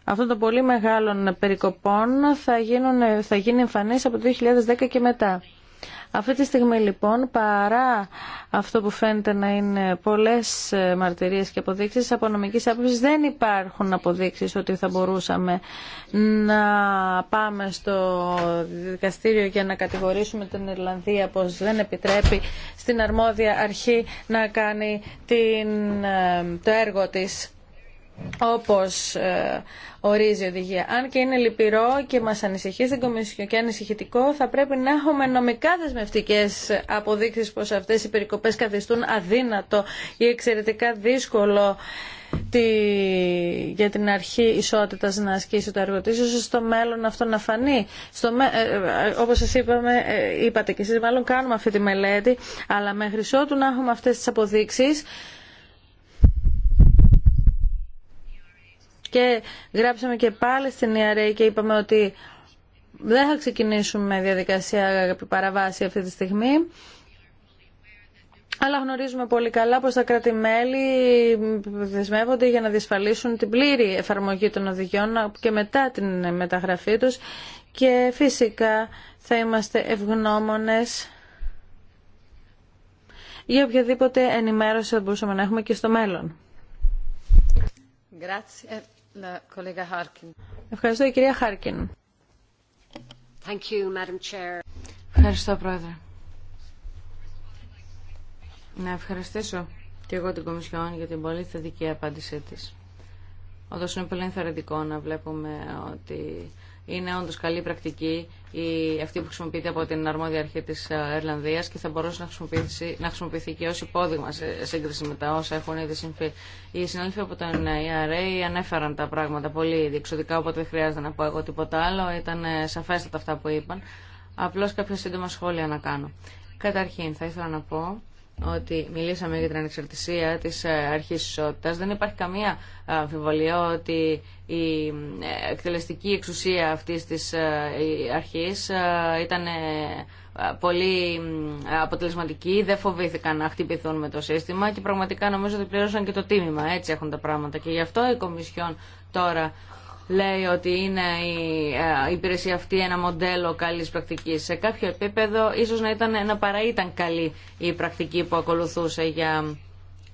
[SPEAKER 1] αυτών των πολύ μεγάλων περικοπών θα, γίνουν, θα γίνει εμφανής από το 2010 και μετά. Αυτή τη στιγμή λοιπόν παρά αυτό που φαίνεται να είναι πολλές ε, μαρτυρίες και αποδείξεις από νομικής άποψης δεν υπάρχουν αποδείξεις ότι θα μπορούσαμε να πάμε στο δικαστήριο και να κατηγορήσουμε την Ιρλανδία πως δεν επιτρέπει στην αρμόδια αρχή να κάνει την, ε, το έργο της όπως ε, ορίζει η οδηγία. Αν και είναι λυπηρό και μας ανησυχεί στην Κομισιόν και ανησυχητικό, θα πρέπει να έχουμε νομικά δεσμευτικές αποδείξεις πως αυτές οι περικοπές καθιστούν αδύνατο ή εξαιρετικά δύσκολο τη... για την αρχή ισότητας να ασκήσει το έργο της. Ίσως στο μέλλον αυτό να φανεί. Στο σα ε, ε, όπως σας είπαμε, είπατε και εσείς, μάλλον κάνουμε αυτή τη μελέτη, αλλά μέχρι ότου να έχουμε αυτές τις αποδείξεις, και γράψαμε και πάλι στην ΙΑΡΕΙ e και είπαμε ότι δεν θα ξεκινήσουμε διαδικασία παραβάση αυτή τη στιγμή. Αλλά γνωρίζουμε πολύ καλά πως τα κράτη-μέλη δεσμεύονται για να διασφαλίσουν την πλήρη εφαρμογή των οδηγιών και μετά την μεταγραφή τους και φυσικά θα είμαστε ευγνώμονες για οποιαδήποτε ενημέρωση θα μπορούσαμε να έχουμε και στο μέλλον. Ναι, Ευχαριστώ, κυρία Χάρκιν.
[SPEAKER 3] Thank you, Madam Chair.
[SPEAKER 1] Ευχαριστώ, Πρόεδρε. Να ευχαριστήσω και εγώ την Κομισιόν
[SPEAKER 2] για την πολύ θετική απάντησή της. Όντως είναι πολύ ενθαρρυντικό να βλέπουμε ότι είναι όντω καλή πρακτική η, αυτή που χρησιμοποιείται από την αρμόδια αρχή τη ε, Ιρλανδία και θα μπορούσε να χρησιμοποιηθεί, να χρησιμοποιηθεί και ω υπόδειγμα σε σύγκριση με τα όσα έχουν ήδη συμφεί. Οι συνάδελφοι από τον ΙΑΡΕΙ e ανέφεραν τα πράγματα πολύ διεξοδικά, οπότε δεν χρειάζεται να πω εγώ τίποτα άλλο. Ήταν ε, σαφέστατα αυτά που είπαν. Απλώ κάποια σύντομα σχόλια να κάνω. Καταρχήν, θα ήθελα να πω ότι μιλήσαμε για την ανεξαρτησία της ε, αρχής ισότητα. Δεν υπάρχει καμία ε, αμφιβολία ότι η ε, εκτελεστική εξουσία αυτής της αρχής ήταν πολύ αποτελεσματική, δεν φοβήθηκαν να χτυπηθούν με το σύστημα και πραγματικά νομίζω ότι πλήρωσαν και το τίμημα. Έτσι έχουν τα πράγματα και γι' αυτό η Κομισιόν τώρα λέει ότι είναι ε, η υπηρεσία αυτή ένα μοντέλο καλής πρακτικής. Σε κάποιο επίπεδο ίσως να, ήταν, να παρά ήταν καλή η πρακτική που ακολουθούσε για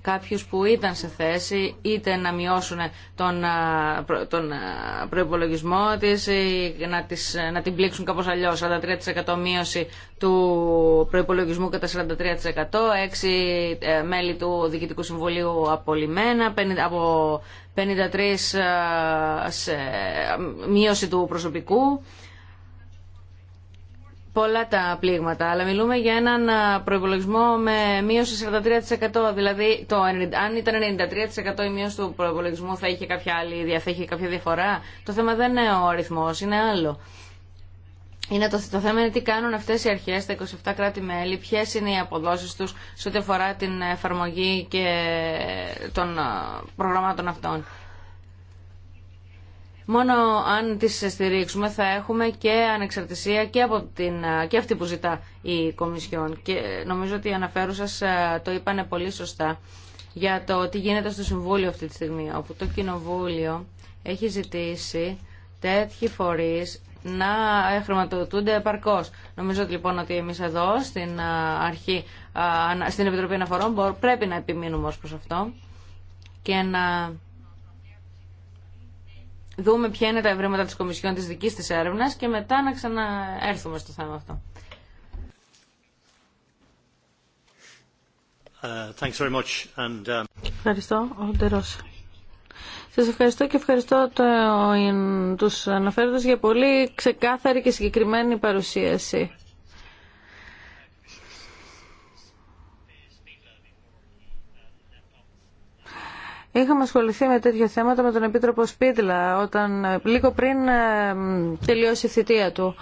[SPEAKER 2] κάποιους που ήταν σε θέση είτε να μειώσουν τον, τον προϋπολογισμό της ή να, τις, να την πλήξουν κάπως αλλιώς 43% μείωση του προϋπολογισμού κατά 43% 6 ε, μέλη του Διοικητικού Συμβουλίου απολυμμένα από 53% ε, σε μείωση του προσωπικού πολλά τα πλήγματα, αλλά μιλούμε για έναν προπολογισμό με μείωση 43%. Δηλαδή, το, αν ήταν 93% η μείωση του προπολογισμού, θα είχε κάποια άλλη θα κάποια διαφορά. Το θέμα δεν είναι ο αριθμό, είναι άλλο. Είναι το, θέμα είναι τι κάνουν αυτέ οι αρχέ, τα 27 κράτη-μέλη, ποιε είναι οι αποδόσει του σε ό,τι αφορά την εφαρμογή και των προγραμμάτων αυτών. Μόνο αν τις στηρίξουμε θα έχουμε και ανεξαρτησία και, από την, και αυτή που ζητά η Κομισιόν. Και νομίζω ότι οι αναφέρουσες ε, το είπανε πολύ σωστά για το τι γίνεται στο Συμβούλιο αυτή τη στιγμή, όπου το Κοινοβούλιο έχει ζητήσει τέτοιοι φορείς να χρηματοδοτούνται επαρκώ. Νομίζω λοιπόν ότι εμείς εδώ στην ε, αρχή, ε, στην Επιτροπή Αναφορών πρέπει να επιμείνουμε ως προς αυτό και να δούμε ποια είναι τα ευρήματα της Κομισιόν της δικής της έρευνας και μετά να ξαναέρθουμε στο θέμα αυτό.
[SPEAKER 3] Uh, thanks very much. And, um,
[SPEAKER 1] Ευχαριστώ, Σας ευχαριστώ και ευχαριστώ το, τους αναφέροντες για πολύ ξεκάθαρη και συγκεκριμένη παρουσίαση. Είχαμε ασχοληθεί με τέτοια θέματα με τον Επίτροπο Σπίτλα όταν λίγο πριν ε, τελειώσει η θητεία του.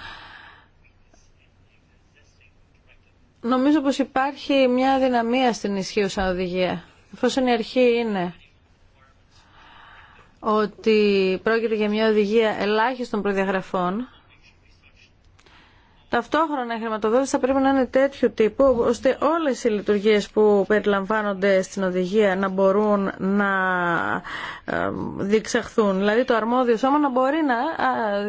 [SPEAKER 1] Νομίζω πως υπάρχει μια δυναμία στην ισχύουσα οδηγία. Εφόσον η αρχή είναι ότι πρόκειται για μια οδηγία ελάχιστων προδιαγραφών, Ταυτόχρονα η χρηματοδότηση θα πρέπει να είναι τέτοιου τύπου ώστε όλες οι λειτουργίες που περιλαμβάνονται στην οδηγία να μπορούν να ε, διεξαχθούν. Δηλαδή το αρμόδιο σώμα να μπορεί να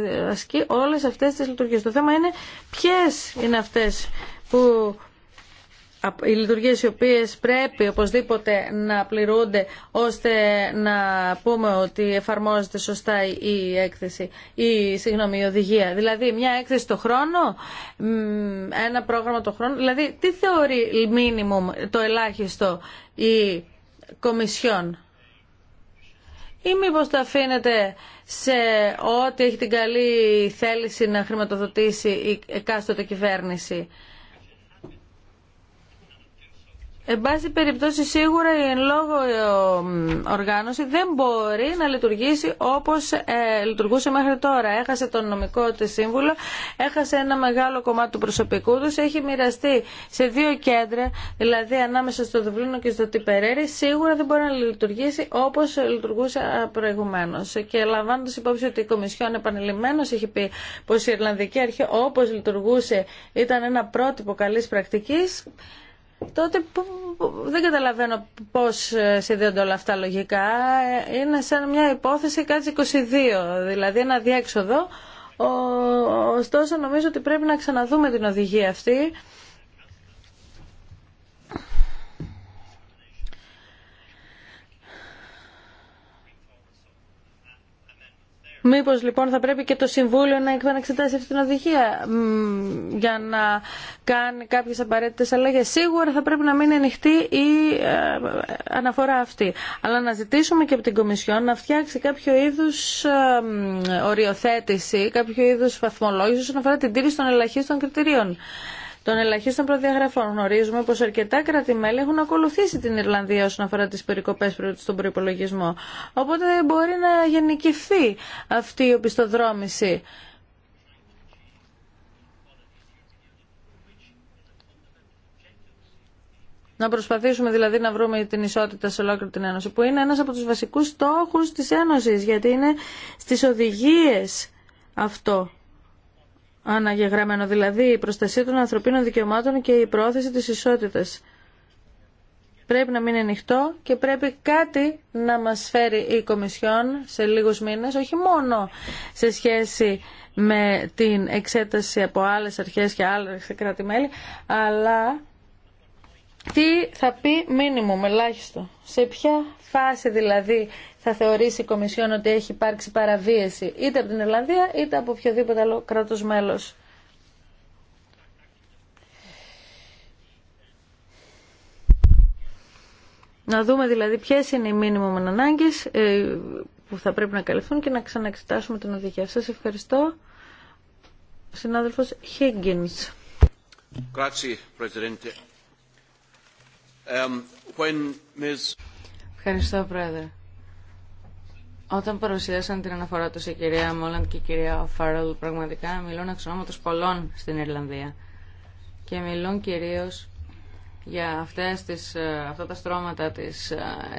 [SPEAKER 1] ε, ασκεί όλες αυτές τις λειτουργίες. Το θέμα είναι ποιες είναι αυτές που οι λειτουργίε οι οποίες πρέπει οπωσδήποτε να πληρούνται ώστε να πούμε ότι εφαρμόζεται σωστά η έκθεση ή συγγνώμη η οδηγία. Δηλαδή μια έκθεση το χρόνο, ένα πρόγραμμα το χρόνο. Δηλαδή τι θεωρεί μίνιμουμ το ελάχιστο Κομισιόν ή μήπως το αφήνεται σε ό,τι έχει την καλή να χρηματοδοτήσει η εκάστοτε κυβέρνηση. Εν πάση περιπτώσει σίγουρα η εν λόγω οργάνωση δεν μπορεί να λειτουργήσει όπως ε, λειτουργούσε μέχρι τώρα. Έχασε τον νομικό τη σύμβουλο, έχασε ένα μεγάλο κομμάτι του προσωπικού τους, έχει μοιραστεί σε δύο κέντρα, δηλαδή ανάμεσα στο Δουβλίνο και στο Τιπερέρι, σίγουρα δεν μπορεί να λειτουργήσει όπως λειτουργούσε προηγουμένως. Και λαμβάνοντας υπόψη ότι η Κομισιόν επανειλημμένως έχει πει πως η Ιρλανδική Αρχή όπως λειτουργούσε ήταν ένα πρότυπο καλή πρακτική τότε δεν καταλαβαίνω πώς ε, συνδέονται όλα αυτά λογικά. Ε, είναι σαν μια υπόθεση κάτσε 22, δηλαδή ένα διέξοδο. Ωστόσο νομίζω ότι πρέπει να ξαναδούμε την οδηγία αυτή Μήπω λοιπόν θα πρέπει και το Συμβούλιο να επαναξετάσει αυτή την οδηγία για να κάνει κάποιες απαραίτητε αλλαγές. Σίγουρα θα πρέπει να μείνει ανοιχτή η ε, αναφορά αυτή. Αλλά να ζητήσουμε και από την Κομισιόν να φτιάξει κάποιο είδους ε, οριοθέτηση, κάποιο είδους βαθμολόγηση όσον αφορά την τήρηση των ελαχίστων κριτηρίων των ελαχίστων προδιαγραφών. Γνωρίζουμε πω αρκετά κράτη-μέλη έχουν ακολουθήσει την Ιρλανδία όσον αφορά τι περικοπέ στον προπολογισμό. Οπότε μπορεί να γενικευθεί αυτή η οπισθοδρόμηση. Να προσπαθήσουμε δηλαδή να βρούμε την ισότητα σε ολόκληρη την Ένωση, που είναι ένας από τους βασικούς στόχους της Ένωσης, γιατί είναι στις οδηγίες αυτό αναγεγραμμένο, δηλαδή η προστασία των ανθρωπίνων δικαιωμάτων και η πρόθεση της ισότητας. Πρέπει να μείνει ανοιχτό και πρέπει κάτι να μας φέρει η Κομισιόν σε λίγους μήνες, όχι μόνο σε σχέση με την εξέταση από άλλες αρχές και άλλες κράτη-μέλη, αλλά τι θα πει μήνυμο, ελάχιστο. Σε ποια φάση δηλαδή θα θεωρήσει η Κομισιόν ότι έχει υπάρξει παραβίαση είτε από την Ιρλανδία είτε από οποιοδήποτε άλλο κράτος μέλος. Να δούμε δηλαδή ποιες είναι οι μήνυμα ανάγκες ε, που θα πρέπει να καλυφθούν και να ξαναεξετάσουμε την οδηγία. Σας ευχαριστώ. Συνάδελφος Higgins.
[SPEAKER 4] Um,
[SPEAKER 2] ευχαριστώ, Πρόεδρε. Όταν παρουσίασαν την αναφορά του η κυρία Μόλαντ και η κυρία Φάρελ πραγματικά μιλούν εξ ονόματο πολλών στην Ιρλανδία και μιλούν κυρίω για αυτές ε, αυτά τα στρώματα τη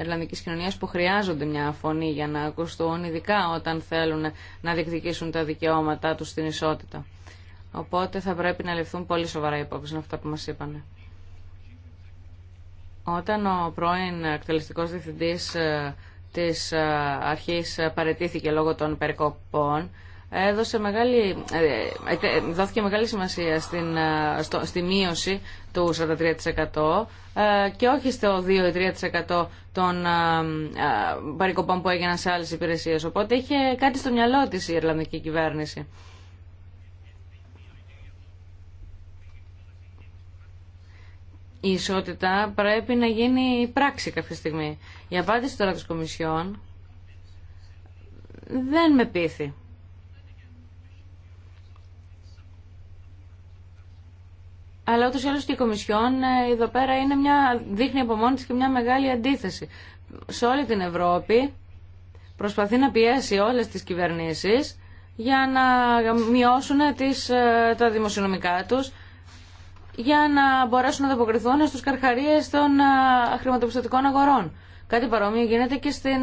[SPEAKER 2] ε, Ιρλανδική κοινωνία που χρειάζονται μια φωνή για να ακουστούν ειδικά όταν θέλουν να διεκδικήσουν τα δικαιώματά του στην ισότητα. Οπότε θα πρέπει να ληφθούν πολύ σοβαρά υπόψη αυτά που μα είπαν. Όταν ο πρώην εκτελεστικό διευθυντή ε, της ε, αρχής ε, παρετήθηκε λόγω των περικοπών έδωσε μεγάλη, ε, δόθηκε μεγάλη σημασία στην, στο, στη μείωση του 43% και όχι στο 2-3% των περικοπών που έγιναν σε άλλες υπηρεσίες. Οπότε είχε κάτι στο μυαλό της η Ιρλανδική κυβέρνηση. η ισότητα πρέπει να γίνει πράξη κάποια στιγμή. Η απάντηση τώρα της Κομισιόν δεν με πείθει. Αλλά ούτως ή άλλως και η Κομισιόν ε, εδώ πέρα είναι μια, δείχνει από μόνη της και μια μεγάλη αντίθεση. Σε όλη την Ευρώπη προσπαθεί να πιέσει όλες τις κυβερνήσεις για να μειώσουν τις, ε, τα δημοσιονομικά τους για να μπορέσουν να ανταποκριθούν στους καρχαρίες των χρηματοπιστωτικών αγορών. Κάτι παρόμοιο γίνεται και, στην,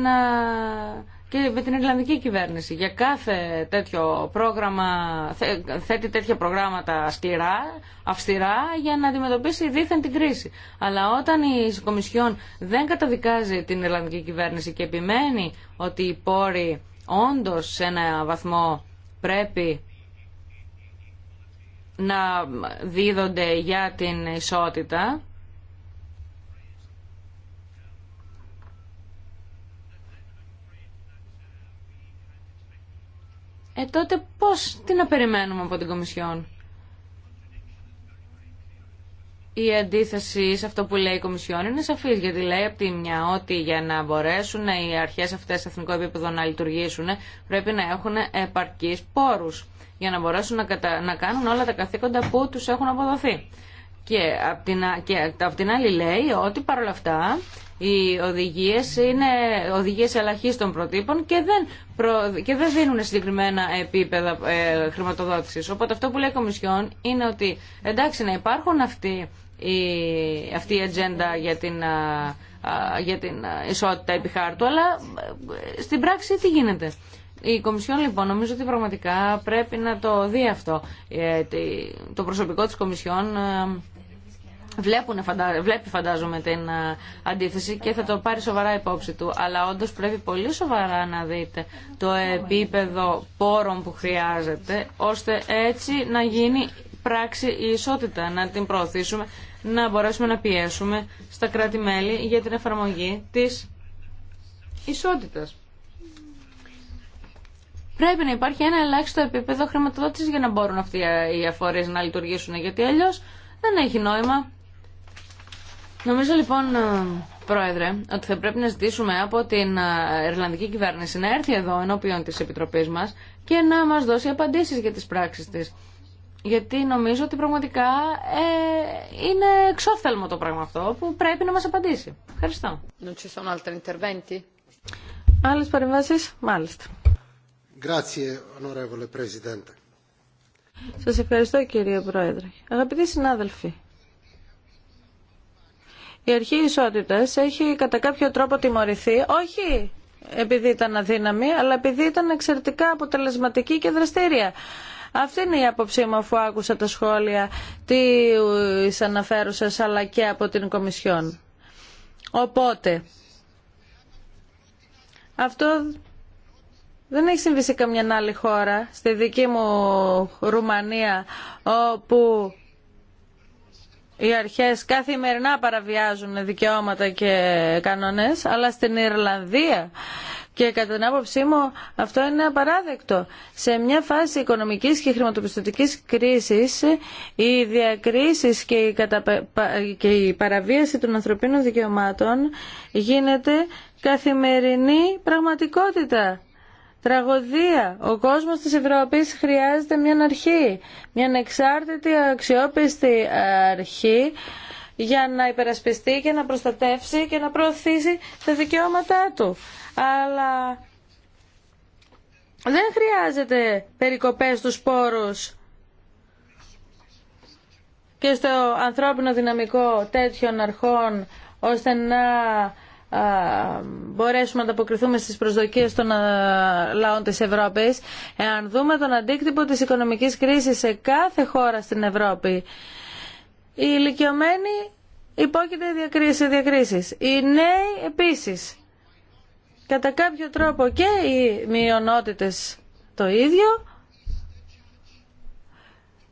[SPEAKER 2] και με την Ιρλανδική κυβέρνηση. Για κάθε τέτοιο πρόγραμμα θέτει τέτοια προγράμματα σκληρά, αυστηρά, για να αντιμετωπίσει δίθεν την κρίση. Αλλά όταν η Κομισιόν δεν καταδικάζει την Ιρλανδική κυβέρνηση και επιμένει ότι οι πόροι όντω σε ένα βαθμό πρέπει να δίδονται για την ισότητα. Ε, τότε πώς, τι να περιμένουμε από την Κομισιόν. Η αντίθεση σε αυτό που λέει η Κομισιόν είναι σαφή γιατί λέει από τη μια ότι για να μπορέσουν οι αρχές αυτές σε εθνικό επίπεδο να λειτουργήσουν πρέπει να έχουν επαρκείς πόρους για να μπορέσουν να, να κάνουν όλα τα καθήκοντα που τους έχουν αποδοθεί. Και από την, και την άλλη λέει ότι παρόλα αυτά οι οδηγίες είναι οδηγίες των προτύπων και δεν, και δεν δίνουν συγκεκριμένα επίπεδα ε, χρηματοδότησης. Οπότε αυτό που λέει η Κομισιόν είναι ότι εντάξει να υπάρχουν αυτοί η, αυτή η ατζέντα για την, για την ισότητα επί αλλά ε, στην πράξη τι γίνεται. Η Κομισιόν λοιπόν νομίζω ότι πραγματικά πρέπει να το δει αυτό. Ε, το προσωπικό της Κομισιόν ε, βλέπουν, βλέπει φαντάζομαι την ε, αντίθεση και θα το πάρει σοβαρά υπόψη του. Αλλά όντως, πρέπει πολύ σοβαρά να δείτε το επίπεδο πόρων που χρειάζεται, ώστε έτσι να γίνει πράξη η ισότητα, να την προωθήσουμε, να μπορέσουμε να πιέσουμε στα κράτη-μέλη για την εφαρμογή της ισότητας πρέπει να υπάρχει ένα ελάχιστο επίπεδο χρηματοδότηση για να μπορούν αυτοί οι αφορέ να λειτουργήσουν. Γιατί αλλιώ δεν έχει νόημα. Νομίζω λοιπόν, ε, Πρόεδρε, ότι θα πρέπει να ζητήσουμε από την ε, Ιρλανδική κυβέρνηση να έρθει εδώ ενώπιον τη Επιτροπή μα και να μα δώσει απαντήσει για τι πράξει τη. Γιατί νομίζω ότι πραγματικά ε, είναι εξόφθαλμο το πράγμα αυτό που πρέπει να μας απαντήσει. Ευχαριστώ.
[SPEAKER 1] Άλλες παρεμβάσεις, μάλιστα. Σας ευχαριστώ κύριε Πρόεδρε. Αγαπητοί συνάδελφοι, η αρχή ισότητας έχει κατά κάποιο τρόπο τιμωρηθεί, όχι επειδή ήταν αδύναμη, αλλά επειδή ήταν εξαιρετικά αποτελεσματική και δραστήρια. Αυτή είναι η άποψή μου αφού άκουσα τα σχόλια της αναφέρουσας αλλά και από την Κομισιόν. Οπότε, αυτό δεν έχει συμβεί σε καμιά άλλη χώρα, στη δική μου Ρουμανία, όπου οι αρχές καθημερινά παραβιάζουν δικαιώματα και κανόνες, αλλά στην Ιρλανδία και κατά την άποψή μου αυτό είναι απαράδεκτο. Σε μια φάση οικονομικής και χρηματοπιστωτικής κρίσης οι διακρίσεις και η, και η παραβίαση των ανθρωπίνων δικαιωμάτων γίνεται καθημερινή πραγματικότητα. Τραγωδία. Ο κόσμος της Ευρώπης χρειάζεται μια αρχή, μια ανεξάρτητη αξιόπιστη ε, αρχή για να υπερασπιστεί και να προστατεύσει και να προωθήσει τα δικαιώματά του. Αλλά δεν χρειάζεται περικοπές στους σπόρους και στο ανθρώπινο δυναμικό τέτοιων αρχών ώστε να μπορέσουμε να ανταποκριθούμε στις προσδοκίες των λαών της Ευρώπης, εάν δούμε τον αντίκτυπο της οικονομικής κρίσης σε κάθε χώρα στην Ευρώπη. Οι ηλικιωμένοι υπόκειται σε διακρίσεις. Οι νέοι επίσης. Κατά κάποιο τρόπο και οι μειονότητες το ίδιο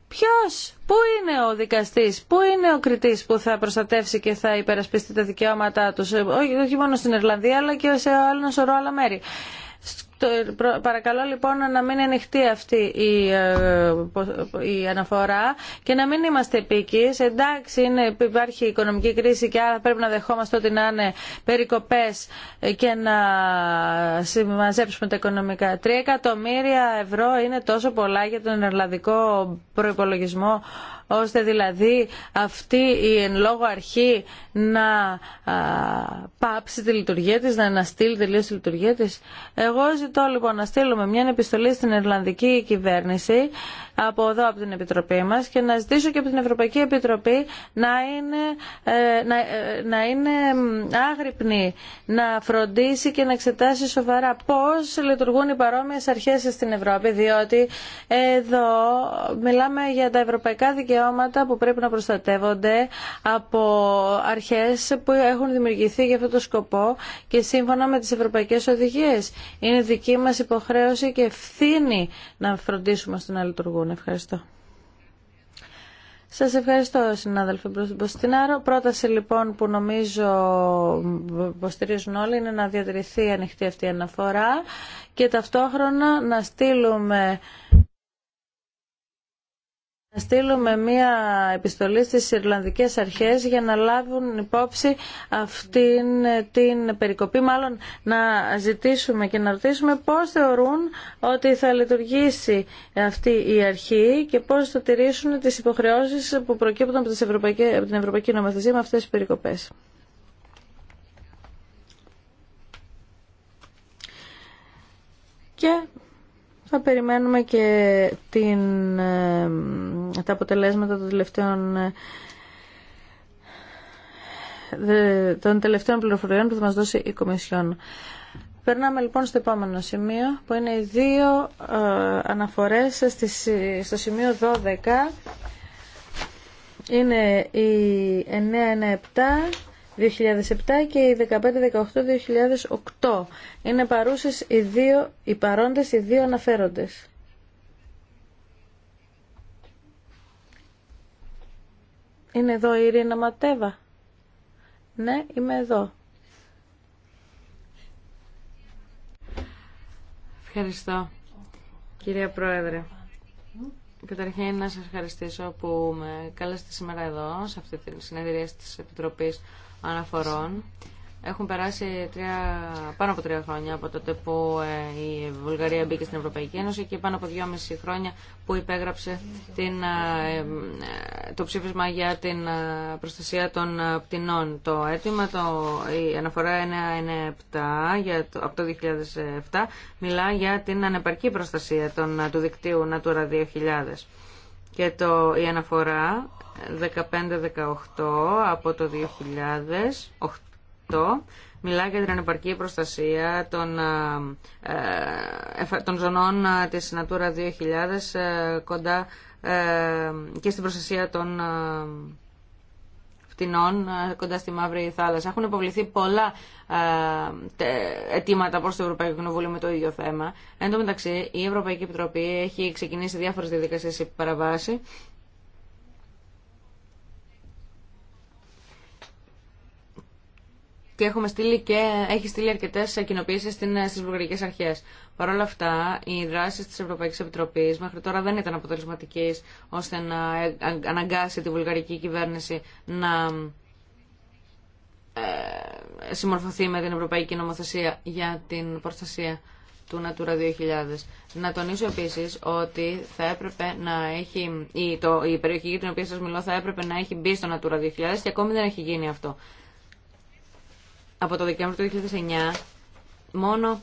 [SPEAKER 1] Ποιος, πού είναι ο δικαστής, πού είναι ο κριτής που θα προστατεύσει και θα υπερασπιστεί τα δικαιώματά τους, ε, όχι μόνο στην Ιρλανδία αλλά και σε άλλο σωρό άλλα μέρη. Παρακαλώ λοιπόν να μην ανοιχτεί αυτή ε, η αναφορά και να μην είμαστε επίκης. Εντάξει, είναι, υπάρχει οικονομική κρίση και άρα πρέπει να δεχόμαστε ότι να είναι περικοπές και να συμμαζέψουμε τα οικονομικά. Τρία εκατομμύρια ευρώ είναι τόσο πολλά για τον ελλαδικό προπολογισμό ώστε δηλαδή αυτή η εν λόγω αρχή να πάψει τη λειτουργία της, να αναστείλει τελείω τη λειτουργία της. Εγώ ζητώ λοιπόν να στείλουμε μια επιστολή στην Ιρλανδική κυβέρνηση από εδώ από την Επιτροπή μας και να ζητήσω και από την Ευρωπαϊκή Επιτροπή να είναι, ε, να, ε, να είναι άγρυπνη, να φροντίσει και να εξετάσει σοβαρά πώς λειτουργούν οι παρόμοιες αρχές στην Ευρώπη, διότι εδώ μιλάμε για τα ευρωπαϊκά δικαιώματα δικαιώματα που πρέπει να προστατεύονται από αρχές που έχουν δημιουργηθεί για αυτό το σκοπό και σύμφωνα με τις ευρωπαϊκές οδηγίες. Είναι δική μας υποχρέωση και ευθύνη να φροντίσουμε ώστε να λειτουργούν. Ευχαριστώ. Σας ευχαριστώ συνάδελφε Μποστινάρο. Πρόταση λοιπόν που νομίζω υποστηρίζουν όλοι είναι να διατηρηθεί ανοιχτή αυτή η αναφορά και ταυτόχρονα να στείλουμε στείλουμε μία επιστολή στις Ιρλανδικές Αρχές για να λάβουν υπόψη αυτήν την περικοπή. Μάλλον να ζητήσουμε και να ρωτήσουμε πώς θεωρούν ότι θα λειτουργήσει αυτή η αρχή και πώς θα τηρήσουν τις υποχρεώσεις που προκύπτουν από, από την Ευρωπαϊκή Νομοθεσία με αυτές τις περικοπές. Και θα περιμένουμε και την, ε, τα αποτελέσματα των τελευταίων ε, των τελευταίων πληροφοριών που θα μας δώσει η Κομισιόν. Περνάμε λοιπόν στο επόμενο σημείο που είναι οι δύο ε, αναφορές στο σημείο 12 είναι η 997 2007 και η 15-18-2008. Είναι παρούσες οι, δύο, οι παρόντες οι δύο αναφέροντες. Είναι εδώ η Ειρήνα Ματέβα. Ναι, είμαι εδώ. Ευχαριστώ, κυρία Πρόεδρε.
[SPEAKER 2] Καταρχήν να σας ευχαριστήσω που με κάλεστε σήμερα εδώ, σε αυτή τη συνεδρία της Επιτροπής αναφορών. Έχουν περάσει τρία, πάνω από τρία χρόνια από τότε που ε, η Βουλγαρία μπήκε στην Ευρωπαϊκή Ένωση και πάνω από δυόμιση χρόνια που υπέγραψε την, ε, ε, το ψήφισμα για την προστασία των πτηνών. Το αίτημα, το, η αναφορά 997 για το, από το 2007 μιλά για την ανεπαρκή προστασία των, του δικτύου Natura 2000. Και το, η αναφορά 15-18 από το 2008 μιλάει για την ανεπαρκή προστασία των, ε, ε των ζωνών ε, της Natura 2000 ε, κοντά και στην προστασία των φτηνών κοντά στη Μαύρη Θάλασσα. Έχουν υποβληθεί πολλά αιτήματα προς το Ευρωπαϊκό Κοινοβούλιο με το ίδιο θέμα. Εν τω μεταξύ, η Ευρωπαϊκή Επιτροπή έχει ξεκινήσει διάφορες διαδικασίες και έχουμε στείλει και έχει στείλει αρκετέ κοινοποίησει ε, στι βουλγαρικέ αρχέ. Παρ' όλα αυτά, οι δράσει τη Ευρωπαϊκή Επιτροπή μέχρι τώρα δεν ήταν αποτελεσματικέ ώστε να ε, αναγκάσει τη βουλγαρική κυβέρνηση να ε, συμμορφωθεί με την Ευρωπαϊκή Νομοθεσία για την προστασία του Natura 2000. Να τονίσω επίση ότι θα έπρεπε να έχει, η, το, η περιοχή για την οποία σα μιλώ θα έπρεπε να έχει μπει στο Natura 2000 και ακόμη δεν έχει γίνει αυτό από το Δεκέμβριο του 2009 μόνο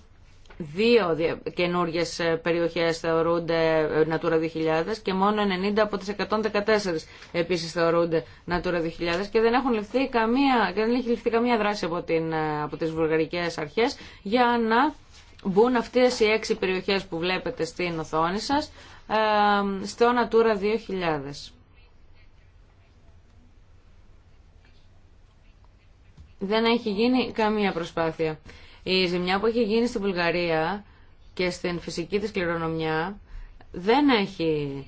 [SPEAKER 2] δύο καινούριε ε, περιοχές θεωρούνται ε, Natura 2000 και μόνο 90 από τις 114 επίσης θεωρούνται Natura 2000 και δεν, έχουν ληφθεί καμία, δεν έχει ληφθεί καμία δράση από, την, ε, από τις βουλγαρικές αρχές για να μπουν αυτές οι έξι περιοχές που βλέπετε στην οθόνη σας στο Natura 2000. δεν έχει γίνει καμία προσπάθεια. Η ζημιά που έχει γίνει στη Βουλγαρία και στην φυσική της κληρονομιά δεν έχει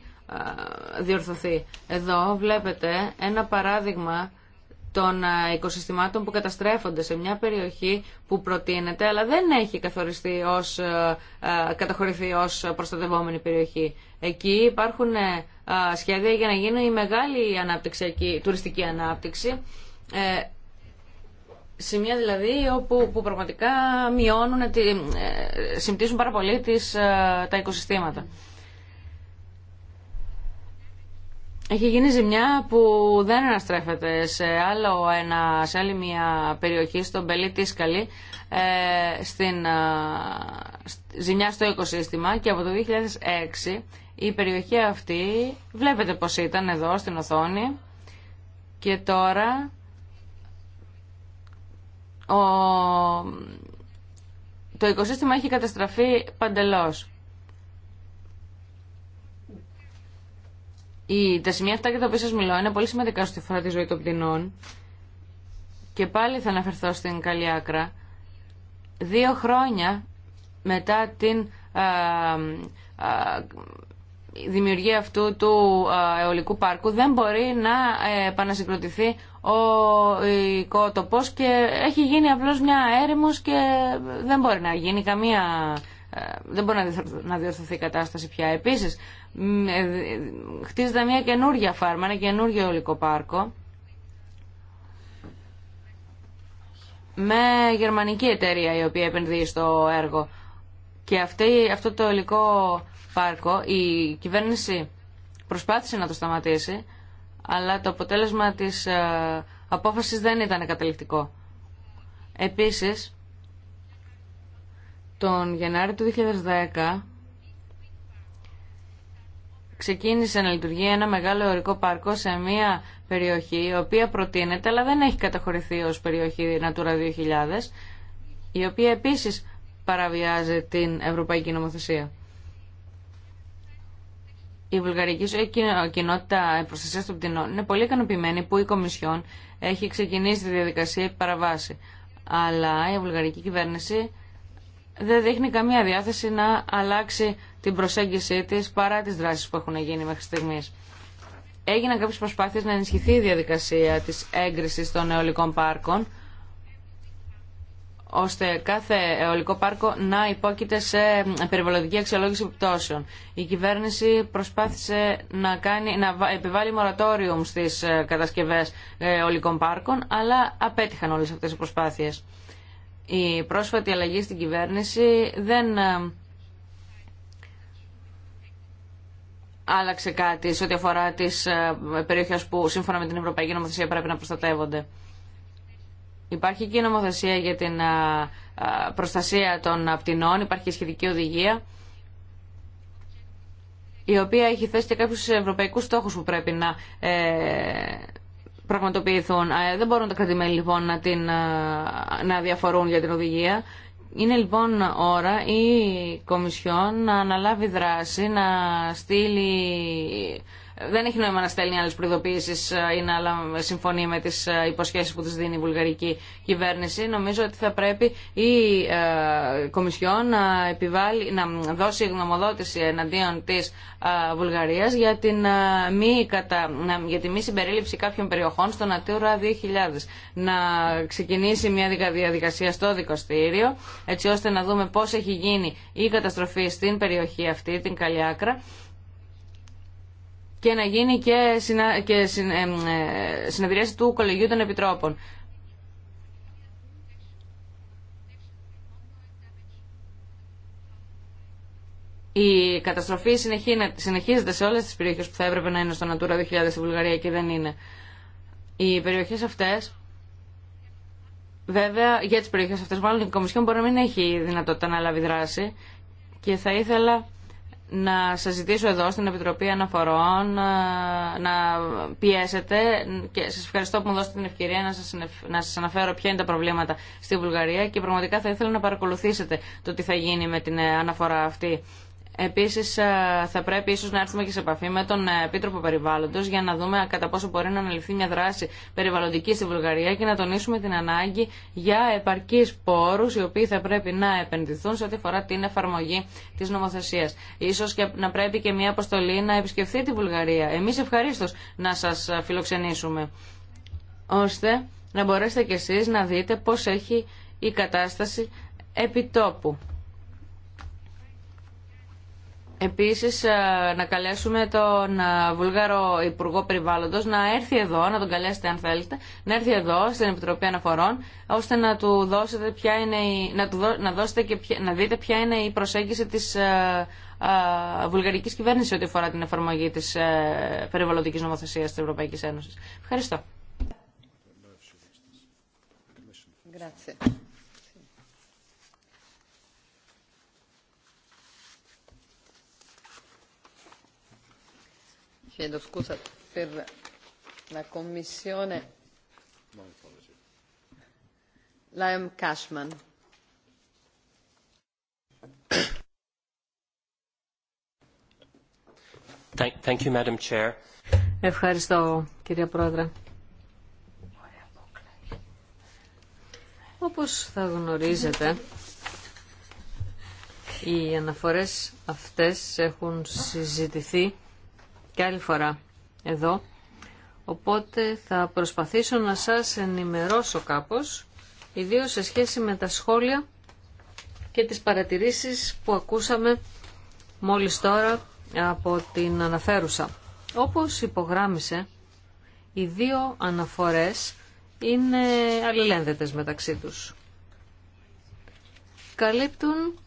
[SPEAKER 2] διορθωθεί. Εδώ βλέπετε ένα παράδειγμα των οικοσυστημάτων που καταστρέφονται σε μια περιοχή που προτείνεται αλλά δεν έχει καθοριστεί ως, καταχωρηθεί ως προστατευόμενη περιοχή. Εκεί υπάρχουν ε, σχέδια για να γίνει η μεγάλη ανάπτυξη, τουριστική ανάπτυξη ε, Σημεία δηλαδή όπου, που πραγματικά μειώνουν, ε, συμπτύσσουν πάρα πολύ τις, ε, τα οικοσυστήματα. Έχει γίνει ζημιά που δεν αναστρέφεται σε, άλλο ένα, σε άλλη μια περιοχή, στον Πελή Τίσκαλη, ε, στην ε, ζημιά στο οικοσύστημα και από το 2006 η περιοχή αυτή βλέπετε πως ήταν εδώ στην οθόνη και τώρα ο... το οικοσύστημα έχει καταστραφεί παντελώς. Η, τα σημεία αυτά για τα οποία σας μιλώ είναι πολύ σημαντικά στη φορά τη ζωή των πτηνών και πάλι θα αναφερθώ στην καλή άκρα. Δύο χρόνια μετά την δημιουργία αυτού του αεολικού πάρκου δεν μπορεί να ε, επανασυγκροτηθεί ο οικότοπος και έχει γίνει απλώς μια έρημος και δεν μπορεί να γίνει καμία ε, δεν μπορεί να διορθωθεί η κατάσταση πια. Επίσης, ε, χτίζεται μια καινούργια φάρμα, ένα καινούργιο ολικό πάρκο με γερμανική εταιρεία η οποία επενδύει στο έργο. Και αυτή, αυτό το ολικό πάρκο η κυβέρνηση προσπάθησε να το σταματήσει αλλά το αποτέλεσμα της ε, απόφασης δεν ήταν καταληκτικό. Επίσης, τον Γενάρη του 2010 ξεκίνησε να λειτουργεί ένα μεγάλο ορικό πάρκο σε μια περιοχή η οποία προτείνεται αλλά δεν έχει καταχωρηθεί ως περιοχή Natura 2000 η οποία επίσης παραβιάζει την Ευρωπαϊκή Νομοθεσία. Η βουλγαρική κοινότητα προστασία των πτηνών είναι πολύ ικανοποιημένη που η Κομισιόν έχει ξεκινήσει τη διαδικασία επί παραβάση. Αλλά η βουλγαρική κυβέρνηση δεν δείχνει καμία διάθεση να αλλάξει την προσέγγιση τη παρά τι δράσει που έχουν γίνει μέχρι στιγμή. Έγιναν κάποιε προσπάθειε να ενισχυθεί η διαδικασία τη έγκριση των νεολικών πάρκων ώστε κάθε ολικό πάρκο να υπόκειται σε περιβαλλοντική αξιολόγηση επιπτώσεων. Η κυβέρνηση προσπάθησε να, κάνει, να επιβάλλει μορατόριουμ στις ε, κατασκευές ολικών ε, πάρκων, αλλά απέτυχαν όλες αυτές οι προσπάθειες. Η πρόσφατη αλλαγή στην κυβέρνηση δεν ε, άλλαξε κάτι σε ό,τι αφορά τις περιοχές που σύμφωνα με την Ευρωπαϊκή Νομοθεσία πρέπει να προστατεύονται. Υπάρχει και η νομοθεσία για την προστασία των απτηνών, υπάρχει και σχετική οδηγία η οποία έχει θέσει και κάποιους ευρωπαϊκούς στόχους που πρέπει να ε, πραγματοποιηθούν. δεν μπορούν τα κρατημέλη λοιπόν να, την, να διαφορούν για την οδηγία. Είναι λοιπόν ώρα η Κομισιόν να αναλάβει δράση, να στείλει δεν έχει νόημα να στέλνει άλλε προειδοποίησει ε, ή να συμφωνεί με τι ε, υποσχέσει που τη δίνει η βουλγαρική κυβέρνηση. Νομίζω ότι θα πρέπει η ε, Κομισιόν να, επιβάλλει, να δώσει γνωμοδότηση εναντίον τη Βουλγαρία για, για τη μη συμπερίληψη κάποιων περιοχών στο Natura 2000. Να ξεκινήσει μια διαδικασία στο δικαστήριο, έτσι ώστε να δούμε πώ έχει γίνει η καταστροφή στην περιοχή αυτή, την Καλιάκρα και να γίνει και, συνα... και ε, συνεδρίαση του Κολεγίου των Επιτρόπων. Η καταστροφή συνεχίζεται σε όλες τις περιοχές που θα έπρεπε να είναι στο Natura 2000 στη Βουλγαρία και δεν είναι. Οι περιοχές αυτές, βέβαια για τις περιοχές αυτές μάλλον η Κομισιόν μπορεί να μην έχει δυνατότητα να λάβει δράση και θα ήθελα να σας ζητήσω εδώ στην Επιτροπή Αναφορών ε, να πιέσετε και σας ευχαριστώ που μου δώσετε την ευκαιρία να σας, να σας αναφέρω ποια είναι τα προβλήματα στη Βουλγαρία και πραγματικά θα ήθελα να παρακολουθήσετε το τι θα γίνει με την ε, αναφορά αυτή. Επίση, ε, θα πρέπει ίσω να έρθουμε και σε επαφή με τον ε, Επίτροπο περιβάλλοντο για να δούμε κατά πόσο μπορεί να αναλυθεί μια δράση περιβαλλοντική στη Βουλγαρία και να τονίσουμε την ανάγκη για επαρκείς πόρου οι οποίοι θα πρέπει να επενδυθούν σε ό,τι αφορά την εφαρμογή τη νομοθεσία. Ίσως και να πρέπει και μια αποστολή να επισκεφθεί τη Βουλγαρία. Εμεί ευχαρίστω να σα ε, φιλοξενήσουμε ώστε να μπορέσετε κι εσείς να δείτε πώς έχει η κατάσταση επιτόπου. Επίσης ε, να καλέσουμε τον ε, Βουλγαρό Υπουργό Περιβάλλοντος να έρθει εδώ, να τον καλέσετε αν θέλετε, να έρθει εδώ στην Επιτροπή Αναφορών, ώστε να του δώσετε ποια είναι η, να, του, να, δώσετε και να δείτε ποια είναι η προσέγγιση της α, ε, α, βουλγαρικής κυβέρνησης ό,τι αφορά την εφαρμογή της α, περιβαλλοντικής νομοθεσίας της Ευρωπαϊκής Ένωσης. Ευχαριστώ. Ευχαριστώ, κυρία Πρόεδρε. Όπως θα γνωρίζετε, οι αναφορές αυτές έχουν συζητηθεί και άλλη φορά εδώ. Οπότε θα προσπαθήσω να σας ενημερώσω κάπως, ιδίως σε σχέση με τα σχόλια και τις παρατηρήσεις που ακούσαμε μόλις τώρα από την αναφέρουσα. Όπως υπογράμισε, οι δύο αναφορές είναι αλληλένδετες μεταξύ τους. Καλύπτουν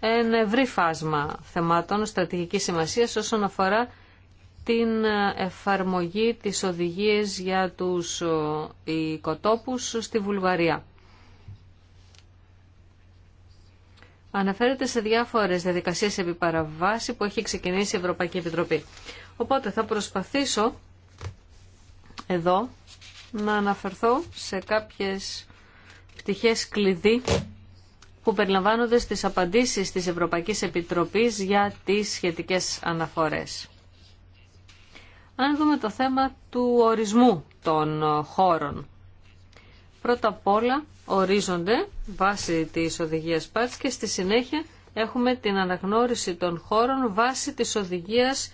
[SPEAKER 2] ένα ευρύ φάσμα θεμάτων στρατηγικής σημασίας όσον αφορά την εφαρμογή της οδηγίας για τους ε, οικοτόπους στη Βουλγαρία. Αναφέρεται σε διάφορες διαδικασίες επιπαραβάση που έχει ξεκινήσει η Ευρωπαϊκή Επιτροπή. Οπότε θα προσπαθήσω εδώ να αναφερθώ σε κάποιες πτυχές κλειδί που περιλαμβάνονται στις απαντήσεις της Ευρωπαϊκής Επιτροπής για τις σχετικές αναφορές. Αν δούμε το θέμα του ορισμού των ε, χώρων. Πρώτα απ' όλα ορίζονται βάσει της οδηγίας ΠΑΤΣ και στη συνέχεια έχουμε την αναγνώριση των χώρων βάσει της οδηγίας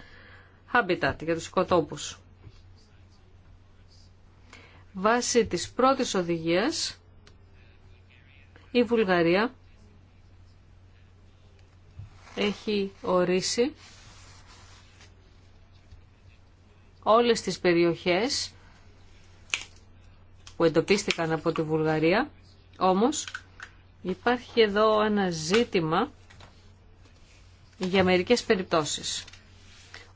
[SPEAKER 2] Habitat για τους οικοτόπους. Βάσει της πρώτης οδηγίας η Βουλγαρία έχει ορίσει όλες τις περιοχές που εντοπίστηκαν από τη Βουλγαρία. Όμως υπάρχει εδώ ένα ζήτημα για μερικές περιπτώσεις.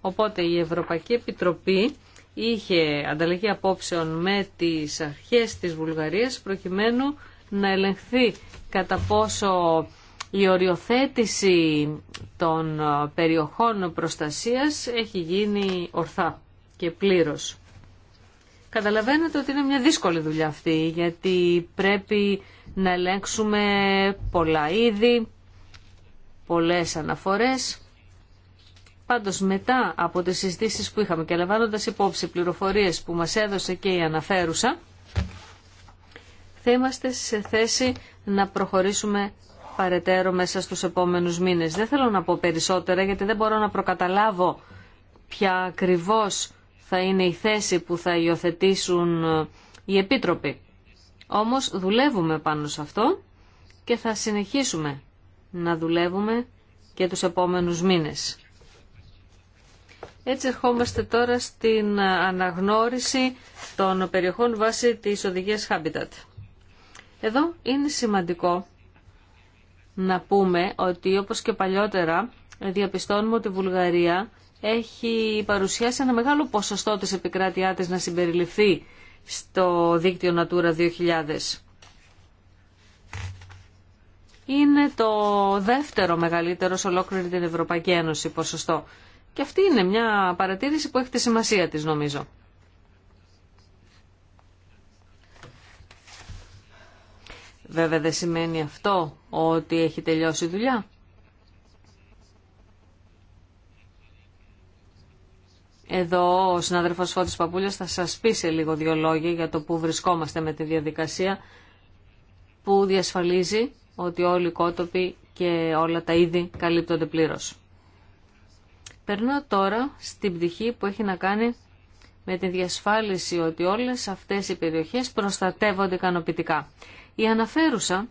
[SPEAKER 2] Οπότε η Ευρωπαϊκή Επιτροπή είχε ανταλλαγή απόψεων με τις αρχές της Βουλγαρίας προκειμένου να ελεγχθεί κατά πόσο η οριοθέτηση των περιοχών προστασίας έχει γίνει ορθά και πλήρως. Καταλαβαίνετε ότι είναι μια δύσκολη δουλειά αυτή, γιατί πρέπει να ελέγξουμε πολλά είδη, πολλές αναφορές. Πάντως μετά από τις συζητήσεις που είχαμε και λαμβάνοντα υπόψη πληροφορίες που μας έδωσε και η αναφέρουσα, θα είμαστε σε θέση να προχωρήσουμε παρετέρω μέσα στους επόμενους μήνες. Δεν θέλω να πω περισσότερα γιατί δεν μπορώ να προκαταλάβω ποια ακριβώς θα είναι η θέση που θα υιοθετήσουν ε, οι επίτροποι. Όμως δουλεύουμε πάνω σε αυτό και θα συνεχίσουμε να δουλεύουμε και τους επόμενους μήνες. Έτσι ερχόμαστε τώρα στην ε, αναγνώριση των περιοχών βάσει της οδηγίας Habitat. Εδώ είναι σημαντικό να πούμε ότι όπως και παλιότερα διαπιστώνουμε ότι η Βουλγαρία έχει παρουσιάσει ένα μεγάλο ποσοστό της επικράτειά της να συμπεριληφθεί στο δίκτυο Natura 2000. Είναι το δεύτερο μεγαλύτερο σε ολόκληρη την Ευρωπαϊκή Ένωση ποσοστό. Και αυτή είναι μια παρατήρηση που έχει τη σημασία της νομίζω. Βέβαια δεν σημαίνει αυτό ότι έχει τελειώσει η δουλειά. Εδώ ο συνάδελφος Φώτης Παπούλιας θα σας πει σε λίγο δύο λόγια για το που βρισκόμαστε με τη διαδικασία που διασφαλίζει ότι όλοι οι κότοποι και όλα τα είδη καλύπτονται πλήρως. Περνώ τώρα στην πτυχή που έχει να κάνει με τη διασφάλιση ότι όλες αυτές οι περιοχές προστατεύονται ικανοποιητικά. Η αναφέρουσα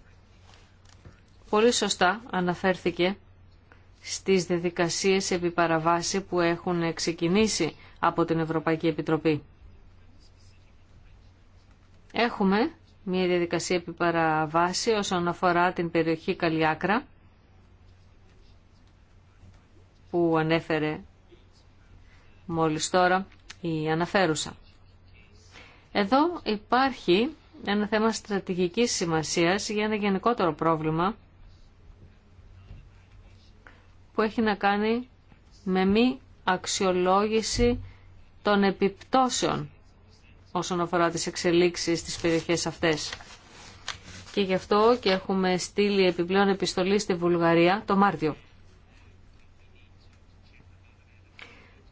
[SPEAKER 2] πολύ σωστά αναφέρθηκε στις διαδικασίες επί που έχουν ξεκινήσει από την Ευρωπαϊκή Επιτροπή. Έχουμε μια διαδικασία επί παραβάση όσον αφορά την περιοχή Καλιάκρα που ανέφερε μόλις τώρα η αναφέρουσα. Εδώ υπάρχει ένα θέμα στρατηγικής σημασίας για ένα γενικότερο πρόβλημα που έχει να κάνει με μη αξιολόγηση των επιπτώσεων όσον αφορά τις εξελίξεις στις περιοχές αυτές. Και γι' αυτό και έχουμε στείλει επιπλέον επιστολή στη Βουλγαρία το Μάρτιο.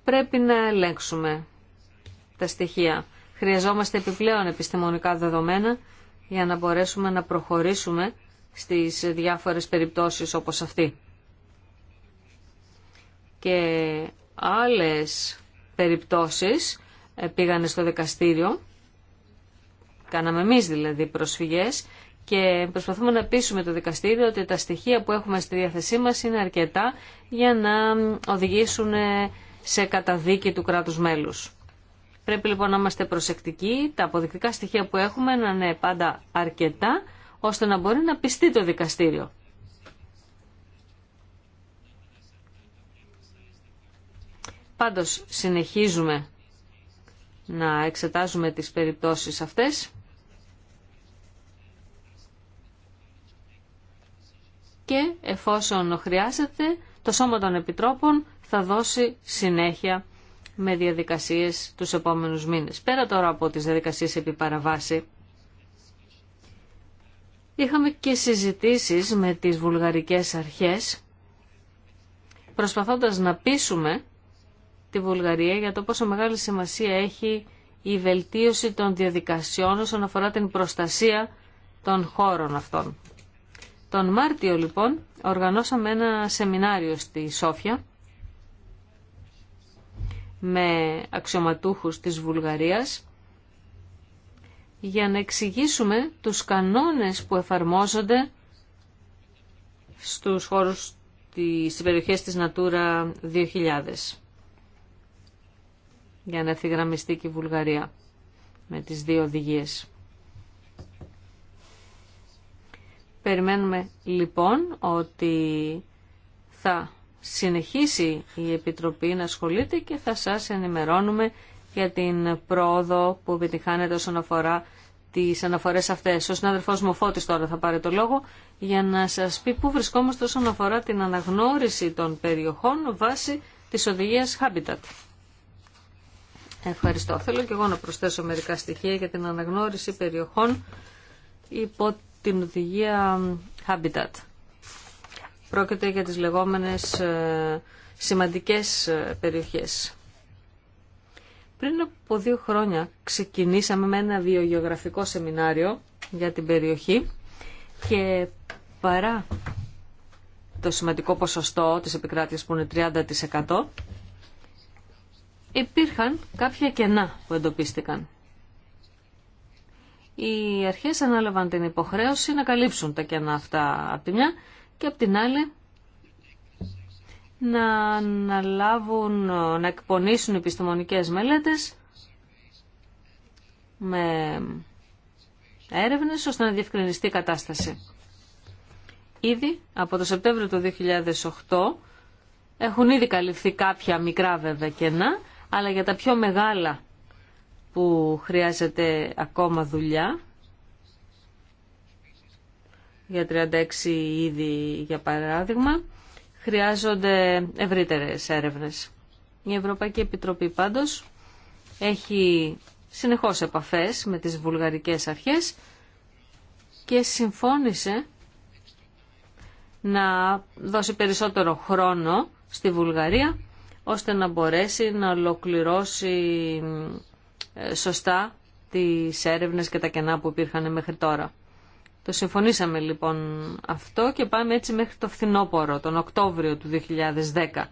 [SPEAKER 2] Πρέπει να ελέγξουμε τα στοιχεία. Χρειαζόμαστε επιπλέον επιστημονικά δεδομένα για να μπορέσουμε να προχωρήσουμε στις διάφορες περιπτώσεις όπως αυτή και άλλες περιπτώσεις ε, πήγανε στο δικαστήριο. Κάναμε εμείς δηλαδή προσφυγές και προσπαθούμε να πείσουμε το δικαστήριο ότι τα στοιχεία που έχουμε στη διάθεσή μας είναι αρκετά για να οδηγήσουν ε, σε καταδίκη του κράτους μέλους. Πρέπει λοιπόν να είμαστε προσεκτικοί, τα αποδεικτικά στοιχεία που έχουμε να είναι πάντα αρκετά, ώστε να μπορεί να πιστεί το δικαστήριο. Πάντως συνεχίζουμε να εξετάζουμε τις περιπτώσεις αυτές και εφόσον χρειάζεται το Σώμα των Επιτρόπων θα δώσει συνέχεια με διαδικασίες τους επόμενους μήνες. Πέρα τώρα από τις διαδικασίες επί παραβάση, είχαμε και συζητήσεις με τις βουλγαρικές αρχές, προσπαθώντας να πείσουμε τη Βουλγαρία για το πόσο μεγάλη σημασία έχει η βελτίωση των διαδικασιών όσον αφορά την προστασία των χώρων αυτών. Τον Μάρτιο λοιπόν οργανώσαμε ένα σεμινάριο στη Σόφια με αξιωματούχους της Βουλγαρίας για να εξηγήσουμε τους κανόνες που εφαρμόζονται στους χώρους, της περιοχές της Natura 2000 για να ευθυγραμμιστεί και η Βουλγαρία με τις δύο οδηγίε. Περιμένουμε λοιπόν ότι θα συνεχίσει η Επιτροπή να ασχολείται και θα σας ενημερώνουμε για την πρόοδο που επιτυχάνεται όσον αφορά τις αναφορές αυτές. Ο συνάδελφός μου Φώτης τώρα θα πάρει το λόγο για να σας πει πού βρισκόμαστε όσον αφορά την αναγνώριση των περιοχών βάσει της οδηγίας Habitat. Ευχαριστώ. Θέλω και εγώ να προσθέσω μερικά στοιχεία για την αναγνώριση περιοχών υπό την οδηγία Habitat. Πρόκειται για τις λεγόμενες ε, σημαντικές ε, περιοχές. Πριν από δύο χρόνια ξεκινήσαμε με ένα βιογεωγραφικό σεμινάριο για την περιοχή και παρά το σημαντικό ποσοστό της επικράτειας που είναι 30% υπήρχαν κάποια κενά που εντοπίστηκαν. Οι αρχές ανάλαβαν την υποχρέωση να καλύψουν τα κενά αυτά από τη μια και από την άλλη να αναλάβουν, να εκπονήσουν επιστημονικές μελέτες με έρευνες ώστε να διευκρινιστεί η κατάσταση. Ήδη από το Σεπτέμβριο του 2008 έχουν ήδη καλυφθεί κάποια μικρά βέβαια κενά αλλά για τα πιο μεγάλα που χρειάζεται ακόμα δουλειά, για 36 ήδη για παράδειγμα, χρειάζονται ευρύτερες έρευνες. Η Ευρωπαϊκή Επιτροπή πάντως έχει συνεχώς επαφές με τις βουλγαρικές αρχές και συμφώνησε να δώσει περισσότερο χρόνο στη Βουλγαρία ώστε να μπορέσει να ολοκληρώσει ε, σωστά τις έρευνες και τα κενά που υπήρχαν μέχρι τώρα. Το συμφωνήσαμε λοιπόν αυτό και πάμε έτσι μέχρι το φθινόπωρο, τον Οκτώβριο του 2010.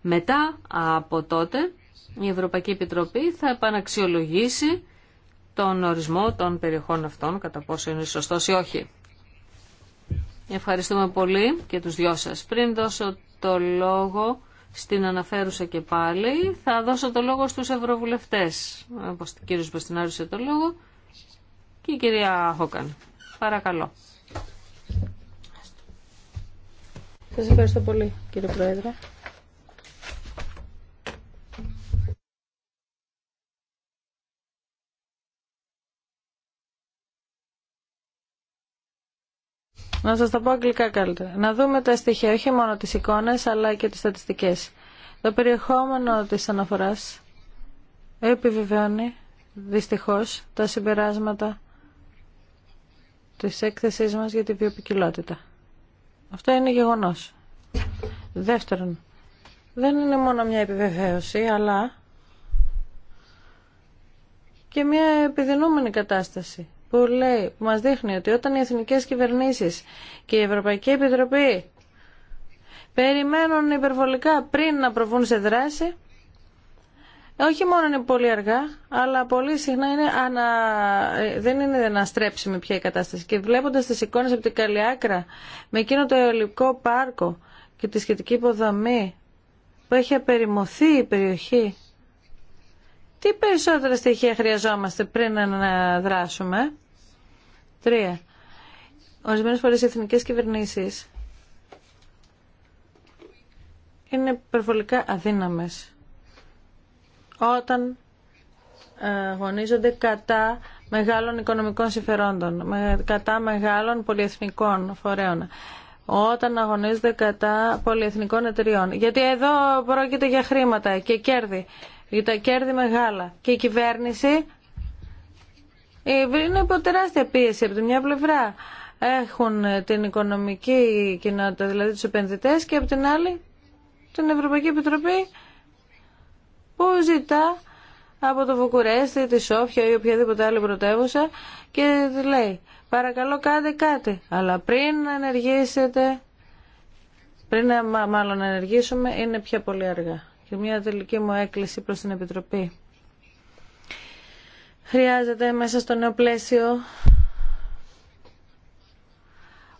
[SPEAKER 2] Μετά από τότε η Ευρωπαϊκή Επιτροπή θα επαναξιολογήσει τον ορισμό των περιοχών αυτών, κατά πόσο είναι σωστός ή όχι. Ευχαριστούμε πολύ και τους δυο σας. Πριν δώσω το λόγο στην αναφέρουσα και πάλι. Θα δώσω το λόγο στους ευρωβουλευτές. Ο κύριος Παστινάρουσε το λόγο και η κυρία Χόκαν.
[SPEAKER 1] Παρακαλώ. Σας ευχαριστώ πολύ κύριε Πρόεδρε. Να σας τα πω αγγλικά καλύτερα. Να δούμε τα στοιχεία, όχι μόνο τις εικόνες, αλλά και τις στατιστικές. Το περιεχόμενο της αναφοράς επιβεβαιώνει, δυστυχώς, τα συμπεράσματα της έκθεσής μας για τη βιοπικιλότητα. Αυτό είναι γεγονός. Δεύτερον, δεν είναι μόνο μια επιβεβαίωση, αλλά και μια επιδεινούμενη κατάσταση που, λέει, που μας δείχνει ότι όταν οι εθνικές κυβερνήσεις και η Ευρωπαϊκή Επιτροπή περιμένουν υπερβολικά πριν να προβούν σε δράση, όχι μόνο είναι πολύ αργά, αλλά πολύ συχνά είναι ανα... Ε, δεν είναι αναστρέψιμη πια η κατάσταση. Και βλέποντας τις εικόνες από την καλλιάκρα με εκείνο το αιωλικό πάρκο και τη σχετική υποδομή που έχει απεριμωθεί η περιοχή, τι περισσότερα στοιχεία χρειαζόμαστε πριν να δράσουμε. Τρία. Ορισμένες φορές οι εθνικές κυβερνήσεις είναι υπερβολικά αδύναμες όταν ε, αγωνίζονται κατά μεγάλων οικονομικών συμφερόντων, κατά μεγάλων πολυεθνικών φορέων, όταν αγωνίζονται κατά πολυεθνικών εταιριών. Γιατί εδώ πρόκειται για χρήματα και κέρδη για τα κέρδη μεγάλα. Και η κυβέρνηση είναι υπό τεράστια πίεση από τη μια πλευρά. Έχουν την οικονομική κοινότητα, δηλαδή τους επενδυτές, και από την άλλη την Ευρωπαϊκή Επιτροπή που ζητά από το Βουκουρέστι, τη Σόφια ή οποιαδήποτε άλλη πρωτεύουσα και λέει παρακαλώ κάντε κάτι αλλά πριν ενεργήσετε πριν μάλλον ενεργήσουμε είναι πια πολύ αργά. Και μια τελική μου έκκληση προς την Επιτροπή. Χρειάζεται μέσα στο νέο πλαίσιο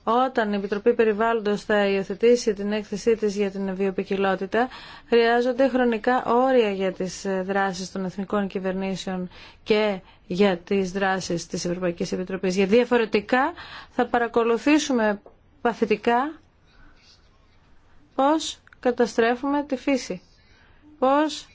[SPEAKER 1] όταν η Επιτροπή Περιβάλλοντος θα υιοθετήσει την έκθεσή της για την βιοπικιλότητα, χρειάζονται χρονικά όρια για τις δράσεις των εθνικών κυβερνήσεων και για τις δράσεις της Ευρωπαϊκής Επιτροπής. Γιατί διαφορετικά θα παρακολουθήσουμε παθητικά πώς καταστρέφουμε τη φύση πως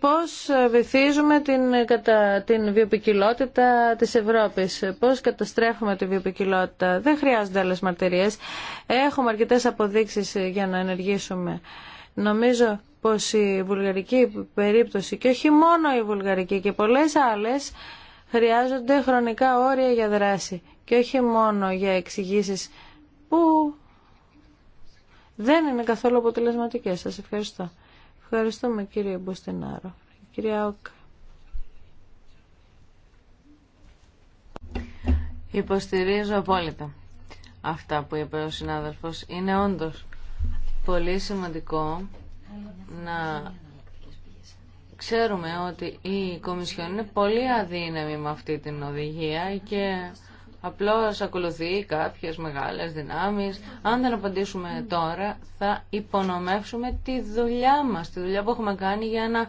[SPEAKER 1] πώς βυθίζουμε την, κατα, την βιοπικιλότητα της Ευρώπης, πώς καταστρέφουμε τη βιοπικιλότητα. Δεν χρειάζονται άλλες μαρτυρίες. Έχουμε αρκετές αποδείξεις για να ενεργήσουμε. Νομίζω πως η βουλγαρική περίπτωση και όχι μόνο η βουλγαρική και πολλές άλλες χρειάζονται χρονικά όρια για δράση και όχι μόνο για εξηγήσει που δεν είναι καθόλου αποτελεσματικές. Σας ευχαριστώ. Ευχαριστούμε κύριε Μποστινάρο. Κυρία Όκ. Υποστηρίζω
[SPEAKER 2] απόλυτα αυτά που είπε ο συνάδελφος. Είναι όντως πολύ σημαντικό να Ξέρουμε ότι η Κομισιόν είναι πολύ αδύναμη με αυτή την οδηγία και απλώς ακολουθεί κάποιες μεγάλες δυνάμεις. Αν δεν απαντήσουμε τώρα θα υπονομεύσουμε τη δουλειά μας, τη δουλειά που έχουμε κάνει για να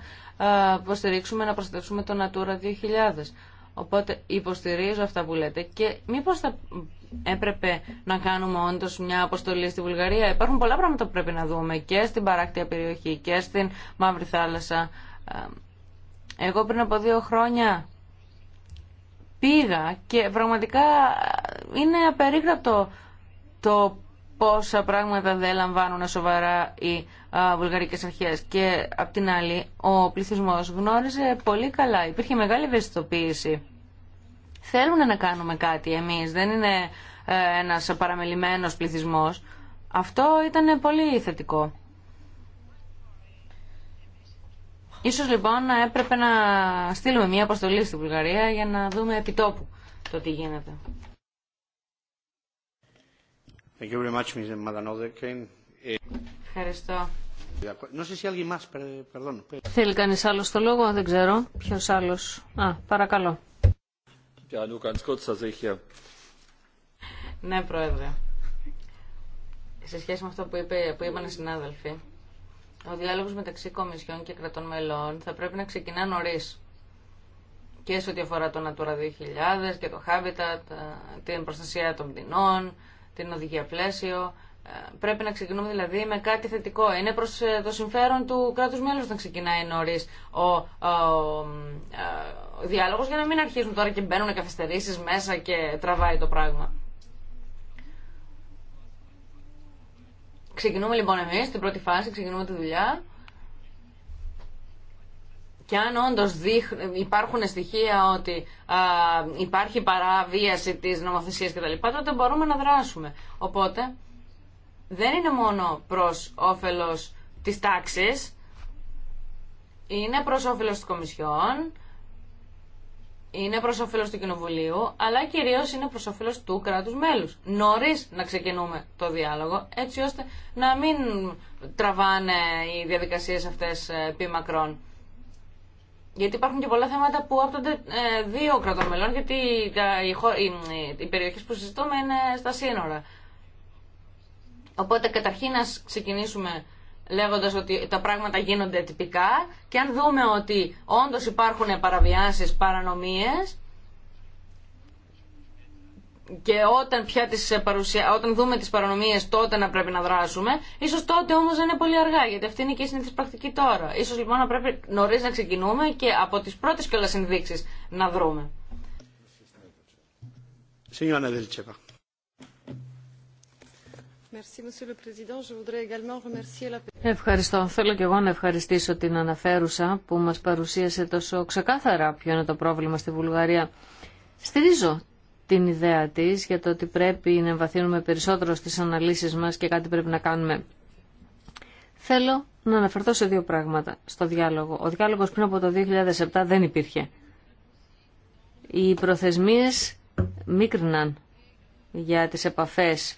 [SPEAKER 2] υποστηρίξουμε, να προστατεύσουμε το Natura 2000. Οπότε υποστηρίζω αυτά που λέτε και μήπως θα έπρεπε να κάνουμε όντω μια αποστολή στη Βουλγαρία. Υπάρχουν πολλά πράγματα που πρέπει να δούμε και στην παράκτεια περιοχή και στην Μαύρη Θάλασσα. Εγώ πριν από δύο χρόνια πήγα και πραγματικά
[SPEAKER 1] είναι απερίγραπτο
[SPEAKER 2] το πόσα πράγματα δεν λαμβάνουν σοβαρά οι βουλγαρικές αρχές. Και απ' την άλλη, ο πληθυσμός γνώριζε πολύ καλά. Υπήρχε μεγάλη ευαισθητοποίηση. Θέλουν να κάνουμε κάτι εμείς. Δεν είναι ε, ένας παραμελημένος πληθυσμός. Αυτό ήταν πολύ θετικό. Ίσως λοιπόν έπρεπε να στείλουμε μια αποστολή στη Βουλγαρία για να δούμε επιτόπου το τι γίνεται. Eh, Ευχαριστώ.
[SPEAKER 3] Θέλει κανείς
[SPEAKER 2] άλλος το λόγο, δεν ξέρω. Ποιος άλλος. Α, παρακαλώ. Ναι, Πρόεδρε. Σε σχέση με αυτό που, είπε, που είπαν οι συνάδελφοι, ο διάλογο μεταξύ Κομισιών και κρατών μελών θα πρέπει να ξεκινά νωρί. Και σε ό,τι αφορά το Natura 2000 και το Habitat, ε, την προστασία των πτηνών, την οδηγία πλαίσιο. Ε, πρέπει να ξεκινούμε δηλαδή με κάτι θετικό. Είναι προς ε, το συμφέρον του κράτους μέλου να ξεκινάει νωρί ο, ο, διάλογος για να μην αρχίζουν τώρα και μπαίνουν καθυστερήσει μέσα και τραβάει το πράγμα. Ξεκινούμε λοιπόν εμείς την πρώτη φάση, ξεκινούμε τη δουλειά και αν όντως υπάρχουν στοιχεία ότι α, υπάρχει παραβίαση της νομοθεσίας κτλ. τότε μπορούμε να δράσουμε. Οπότε δεν είναι μόνο προς όφελος της τάξης, είναι προς όφελος της Κομισιόν, είναι προ όφελο του Κοινοβουλίου, αλλά κυρίω είναι προ όφελο του κράτου μέλου. Νωρί να ξεκινούμε το διάλογο, έτσι ώστε να μην τραβάνε οι διαδικασίε αυτέ ε, επί Γιατί υπάρχουν και πολλά θέματα που άπτονται ε, δύο κρατών μελών, γιατί οι περιοχέ που συζητούμε είναι στα σύνορα. Οπότε καταρχήν να ξεκινήσουμε λέγοντας ότι τα πράγματα γίνονται τυπικά και αν δούμε ότι όντως υπάρχουν παραβιάσεις, παρανομίες και όταν, τις παρουσια... όταν δούμε τις παρανομίες τότε να πρέπει να δράσουμε ίσως τότε όμως δεν είναι πολύ αργά γιατί αυτή είναι και η συνήθις πρακτική τώρα ίσως λοιπόν να πρέπει νωρίς να ξεκινούμε και από τις πρώτες κιόλας συνδείξεις να δρούμε Ευχαριστώ. Θέλω και εγώ να ευχαριστήσω την αναφέρουσα που μας παρουσίασε τόσο ξεκάθαρα ποιο είναι το πρόβλημα στη Βουλγαρία. Στηρίζω την ιδέα της για το ότι πρέπει να εμβαθύνουμε περισσότερο στις αναλύσεις μας και κάτι πρέπει να κάνουμε. Θέλω να αναφερθώ σε δύο πράγματα στο διάλογο. Ο διάλογος πριν από το 2007 δεν υπήρχε. Οι προθεσμίες μίκρυναν για τις επαφές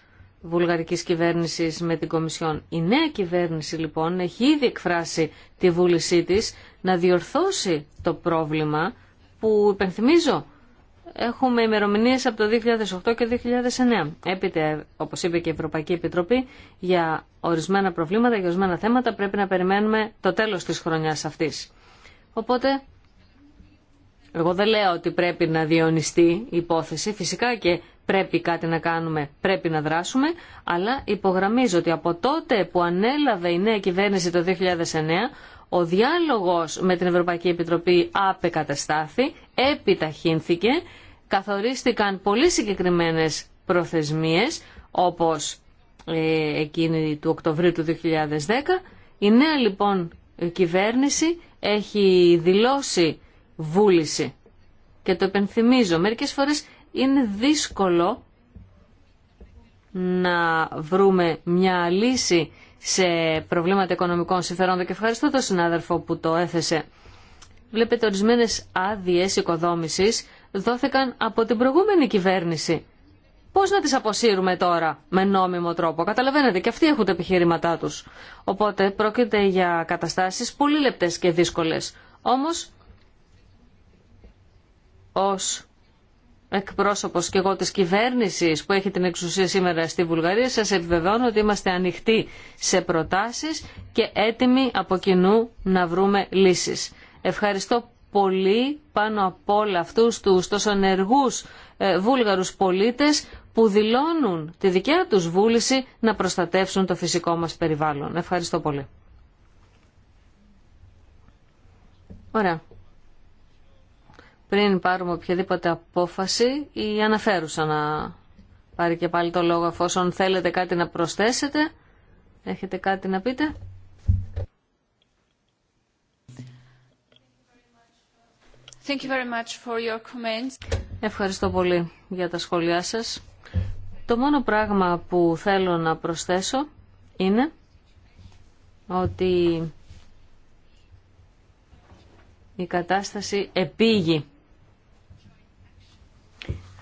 [SPEAKER 2] βουλγαρικής κυβέρνησης με την Κομισιόν. Η νέα κυβέρνηση λοιπόν έχει ήδη εκφράσει τη βούλησή της να διορθώσει το πρόβλημα που υπενθυμίζω έχουμε ημερομηνίες από το 2008 και 2009. Έπειτα, όπως είπε και η Ευρωπαϊκή Επιτροπή, για ορισμένα προβλήματα, για ορισμένα θέματα πρέπει να περιμένουμε το τέλος της χρονιάς αυτής. Οπότε, εγώ δεν λέω ότι πρέπει να διονυστεί η υπόθεση. Φυσικά και πρέπει κάτι να κάνουμε, πρέπει να δράσουμε, αλλά υπογραμμίζω ότι από τότε που ανέλαβε η νέα κυβέρνηση το 2009, ο διάλογος με την Ευρωπαϊκή Επιτροπή απεκαταστάθη, επιταχύνθηκε, καθορίστηκαν πολύ συγκεκριμένες προθεσμίες, όπως ε, εκείνη του Οκτωβρίου του 2010. Η νέα λοιπόν κυβέρνηση έχει δηλώσει βούληση. Και το επενθυμίζω, μερικές φορές είναι δύσκολο να βρούμε μια λύση σε προβλήματα οικονομικών συμφερόντων και ευχαριστώ τον συνάδελφο που το έθεσε. Βλέπετε ορισμένε άδειε οικοδόμηση δόθηκαν από την προηγούμενη κυβέρνηση. Πώ να τι αποσύρουμε τώρα με νόμιμο τρόπο. Καταλαβαίνετε και αυτοί έχουν τα επιχειρήματά του. Οπότε πρόκειται για καταστάσει πολύ λεπτέ και δύσκολε. Όμω, ω εκπρόσωπος και εγώ της κυβέρνησης που έχει την εξουσία σήμερα στη Βουλγαρία, σας επιβεβαιώνω ότι είμαστε ανοιχτοί σε προτάσεις και έτοιμοι από κοινού να βρούμε λύσεις. Ευχαριστώ πολύ πάνω από όλα αυτούς τους τόσο ενεργούς ε, βούλγαρους πολίτες που δηλώνουν τη δικιά τους βούληση να προστατεύσουν το φυσικό μας περιβάλλον. Ευχαριστώ πολύ. Ωραία πριν πάρουμε οποιαδήποτε απόφαση η αναφέρουσα να πάρει και πάλι το λόγο εφόσον θέλετε κάτι να προσθέσετε. Έχετε κάτι να πείτε. for your comments. Ευχαριστώ πολύ για τα σχόλιά σας. Το μόνο πράγμα που θέλω να προσθέσω είναι ότι η κατάσταση επήγει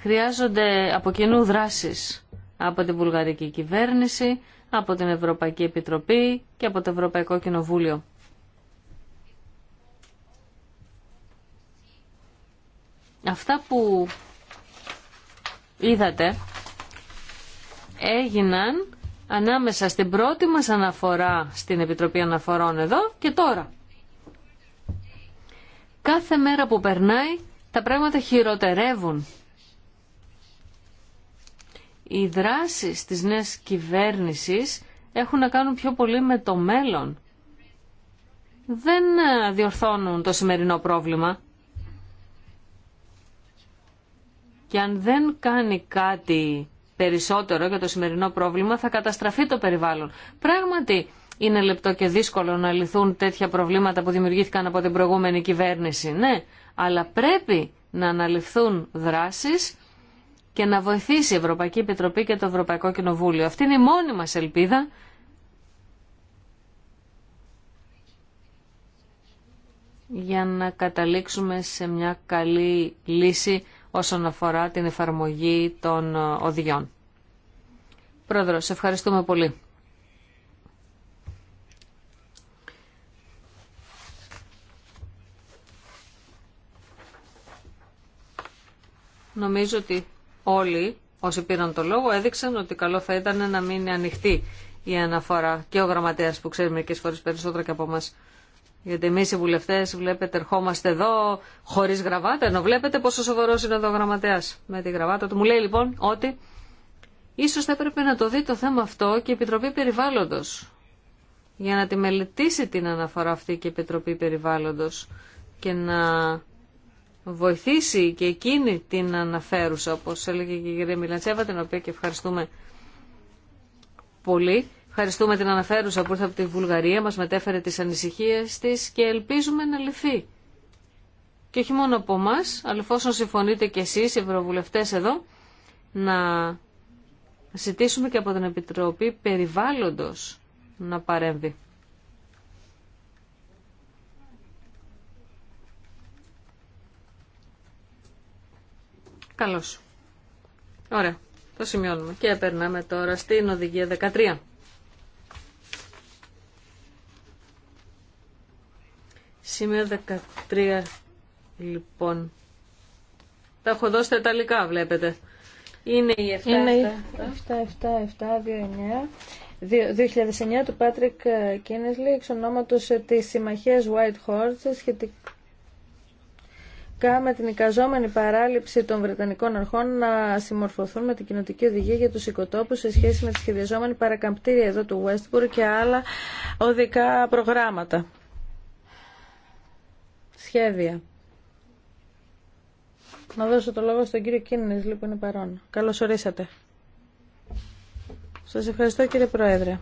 [SPEAKER 2] Χρειάζονται από κοινού δράσεις από την βουλγαρική κυβέρνηση, από την Ευρωπαϊκή Επιτροπή και από το Ευρωπαϊκό Κοινοβούλιο. Αυτά που είδατε έγιναν ανάμεσα στην πρώτη μας αναφορά στην Επιτροπή Αναφορών εδώ και τώρα. Κάθε μέρα που περνάει τα πράγματα χειροτερεύουν οι δράσεις της νέας κυβέρνησης έχουν να κάνουν πιο πολύ με το μέλλον. Δεν ε, διορθώνουν το σημερινό πρόβλημα. Και αν δεν κάνει κάτι περισσότερο για το σημερινό πρόβλημα θα καταστραφεί το περιβάλλον. Πράγματι είναι λεπτό και δύσκολο να λυθούν τέτοια προβλήματα που δημιουργήθηκαν από την προηγούμενη κυβέρνηση. Ναι, αλλά πρέπει να αναλυφθούν δράσεις και να βοηθήσει η Ευρωπαϊκή Επιτροπή και το Ευρωπαϊκό Κοινοβούλιο. Αυτή είναι η μόνη μας ελπίδα για να καταλήξουμε σε μια καλή λύση όσον αφορά την εφαρμογή των οδηγιών. Πρόεδρο, σε ευχαριστούμε πολύ. Νομίζω ότι όλοι όσοι πήραν το λόγο έδειξαν ότι καλό θα ήταν να μείνει ανοιχτή η αναφορά και ο γραμματέα που ξέρει μερικέ φορέ περισσότερο και από εμά. Γιατί εμεί οι βουλευτέ βλέπετε ερχόμαστε εδώ χωρί γραβάτα ενώ βλέπετε πόσο σοβαρό είναι εδώ ο γραμματέα με τη γραβάτα του. Μου λέει λοιπόν ότι ίσω θα έπρεπε να το δει το θέμα αυτό και η Επιτροπή Περιβάλλοντος για να τη μελετήσει την αναφορά αυτή και η Επιτροπή περιβάλλοντο και να βοηθήσει και εκείνη την αναφέρουσα, όπως έλεγε και η κυρία Μιλαντσέβα, την οποία και ευχαριστούμε πολύ. Ευχαριστούμε την αναφέρουσα που ήρθε από τη Βουλγαρία, μας μετέφερε τις ανησυχίες της και ελπίζουμε να λυθεί. Και όχι μόνο από εμά, αλλά εφόσον συμφωνείτε και εσείς, οι ευρωβουλευτές εδώ, να ζητήσουμε και από την Επιτροπή Περιβάλλοντος να παρέμβει. Καλώ. Ωραία. Το σημειώνουμε. Και περνάμε τώρα στην οδηγία 13. Σημείο 13, λοιπόν. Τα έχω δώσει τα ιταλικά, βλέπετε. Είναι η 7, Είναι
[SPEAKER 1] 7, 2009 του Πάτρικ Κίνεσλι εξ ονόματος ε, της συμμαχίας White Horse σχετικά σχετικά με την εικαζόμενη παράληψη των Βρετανικών αρχών να συμμορφωθούν με την κοινοτική οδηγία για τους οικοτόπους σε σχέση με τη σχεδιαζόμενη παρακαμπτήρια εδώ του και άλλα οδικά προγράμματα. Σχέδια. Να δώσω το λόγο στον κύριο Κίνινες, λοιπόν είναι παρόν. Καλώς ορίσατε. Σας ευχαριστώ κύριε Πρόεδρε.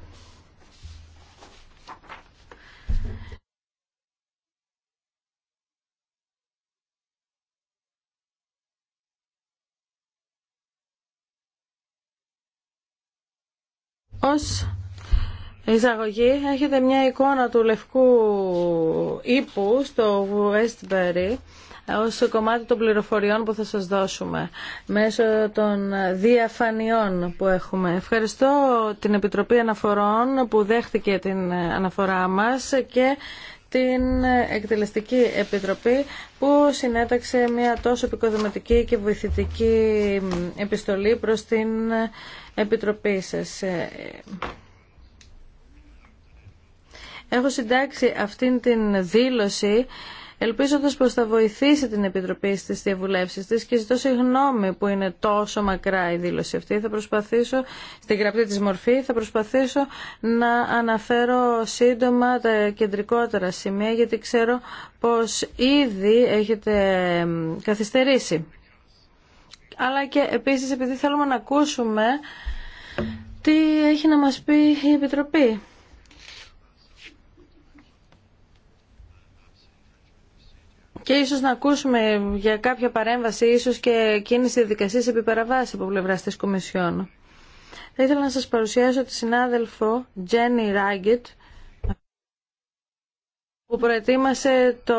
[SPEAKER 1] Ως εισαγωγή έχετε μια εικόνα του λευκού ύπου στο Westbury ως κομμάτι των πληροφοριών που θα σας δώσουμε μέσω των διαφανειών που έχουμε. Ευχαριστώ την Επιτροπή Αναφορών που δέχτηκε την αναφορά μας και την Εκτελεστική Επιτροπή που συνέταξε μια τόσο επικοδομητική και βοηθητική επιστολή προς την Επιτροπή σας. Έχω συντάξει αυτήν την δήλωση Ελπίζοντα πως θα βοηθήσει την Επιτροπή στις διαβουλεύσει τη και ζητώ συγγνώμη που είναι τόσο μακρά η δήλωση αυτή. Θα προσπαθήσω, στην γραπτή της μορφή, θα προσπαθήσω να αναφέρω σύντομα τα κεντρικότερα σημεία γιατί ξέρω πως ήδη έχετε καθυστερήσει. Αλλά και επίσης επειδή θέλουμε να ακούσουμε τι έχει να μας πει η Επιτροπή. και ίσω να ακούσουμε για κάποια παρέμβαση ίσως και κίνηση διαδικασία επί παραβάση από πλευρά τη Κομισιόν. Θα ήθελα να σα παρουσιάσω τη συνάδελφο Jenny Ράγκετ που προετοίμασε το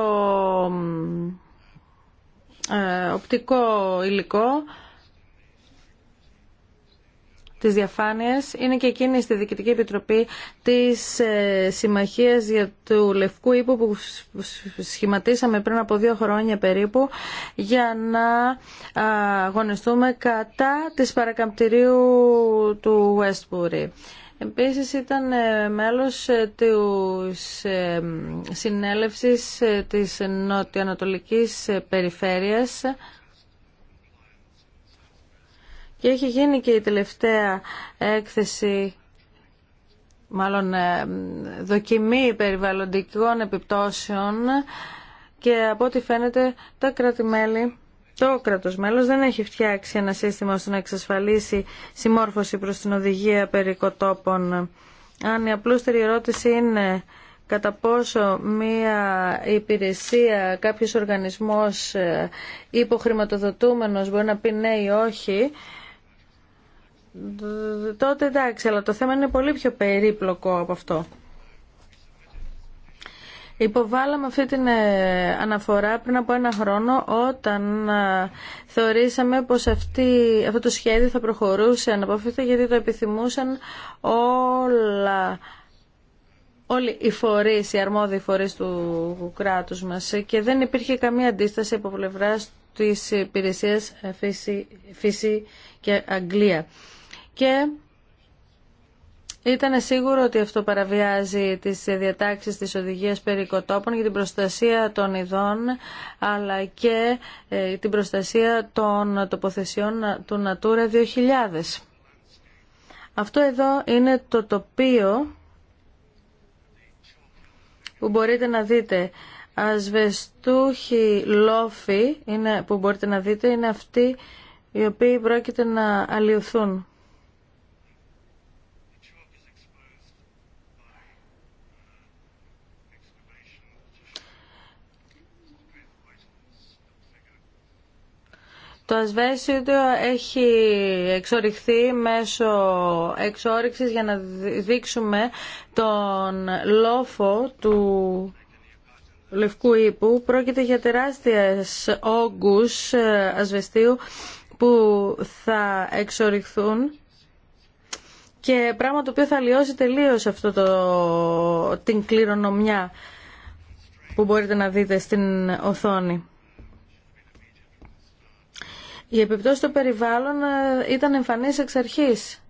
[SPEAKER 1] ε, οπτικό υλικό της είναι και εκείνη στη Διοικητική Επιτροπή της ε, συμμαχία για του Λευκού Ήπου που σχηματίσαμε πριν από δύο χρόνια περίπου για να αγωνιστούμε κατά της παρακαμπτηρίου του Westbury. Επίσης ήταν ε, μέλος ε, της συνέλευσης της νοτιοανατολικής περιφέρειας και έχει γίνει και η τελευταία έκθεση μάλλον ε, δοκιμή περιβαλλοντικών επιπτώσεων και από ό,τι φαίνεται τα κρατημέλη το κράτος μέλος δεν έχει φτιάξει ένα σύστημα ώστε να εξασφαλίσει συμμόρφωση προς την οδηγία περί κοτόπων. Αν η απλούστερη ερώτηση είναι κατά πόσο μία υπηρεσία, κάποιος οργανισμός ε, υποχρηματοδοτούμενος μπορεί να πει ναι ή όχι, τότε εντάξει, αλλά το θέμα είναι πολύ πιο περίπλοκο από αυτό. Υποβάλαμε αυτή την ε, αναφορά πριν από ένα χρόνο όταν ε, θεωρήσαμε πως αυτή, αυτό το σχέδιο θα προχωρούσε αναπόφευκτα γιατί το επιθυμούσαν όλα όλοι οι φορείς, οι αρμόδιοι φορείς του κράτους μας και δεν υπήρχε καμία αντίσταση από πλευρά της υπηρεσίας φύση, φύση και Αγγλία και ήταν σίγουρο ότι αυτό παραβιάζει τις διατάξεις της οδηγίας περί για την προστασία των ειδών αλλά και ε, την προστασία των τοποθεσιών του Natura 2000. Αυτό εδώ είναι το τοπίο που μπορείτε να δείτε. Ασβεστούχοι λόφοι είναι, που μπορείτε να δείτε είναι αυτοί οι οποίοι πρόκειται να αλλοιωθούν. Το ασβέστιο έχει εξοριχθεί μέσω εξόριξης για να δείξουμε τον λόφο του λευκού ύπου. Πρόκειται για τεράστιες όγκους ε, ασβεστίου που θα εξοριχθούν και πράγμα το οποίο θα λιώσει τελείως αυτό το, την κληρονομιά που μπορείτε να δείτε στην οθόνη. Η επιπτώση στο περιβάλλον ε, ήταν εμφανής εξ αρχής.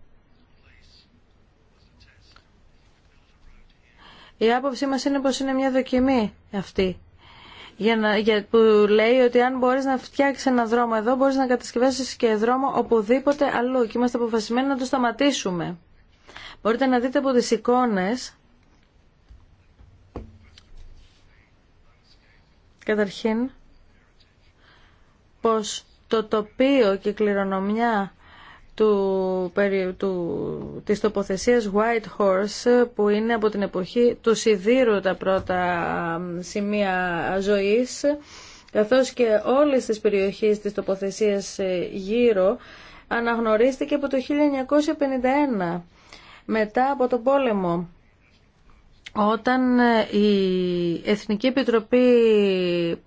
[SPEAKER 1] Η άποψή μας είναι πως είναι μια δοκιμή αυτή. Για να, για, που λέει ότι αν μπορείς να φτιάξεις ένα δρόμο εδώ, μπορείς να κατασκευάσεις και δρόμο οπουδήποτε αλλού. Και είμαστε αποφασισμένοι να το σταματήσουμε. Μπορείτε να δείτε από τις εικόνες. Καταρχήν, πως το τοπίο και κληρονομιά του, του, της τοποθεσίας White Horse που είναι από την εποχή του Σιδήρου τα πρώτα σημεία ζωής καθώς και όλες τις περιοχές της τοποθεσίας ε, γύρω αναγνωρίστηκε από το 1951 μετά από τον πόλεμο όταν ε, η Εθνική Επιτροπή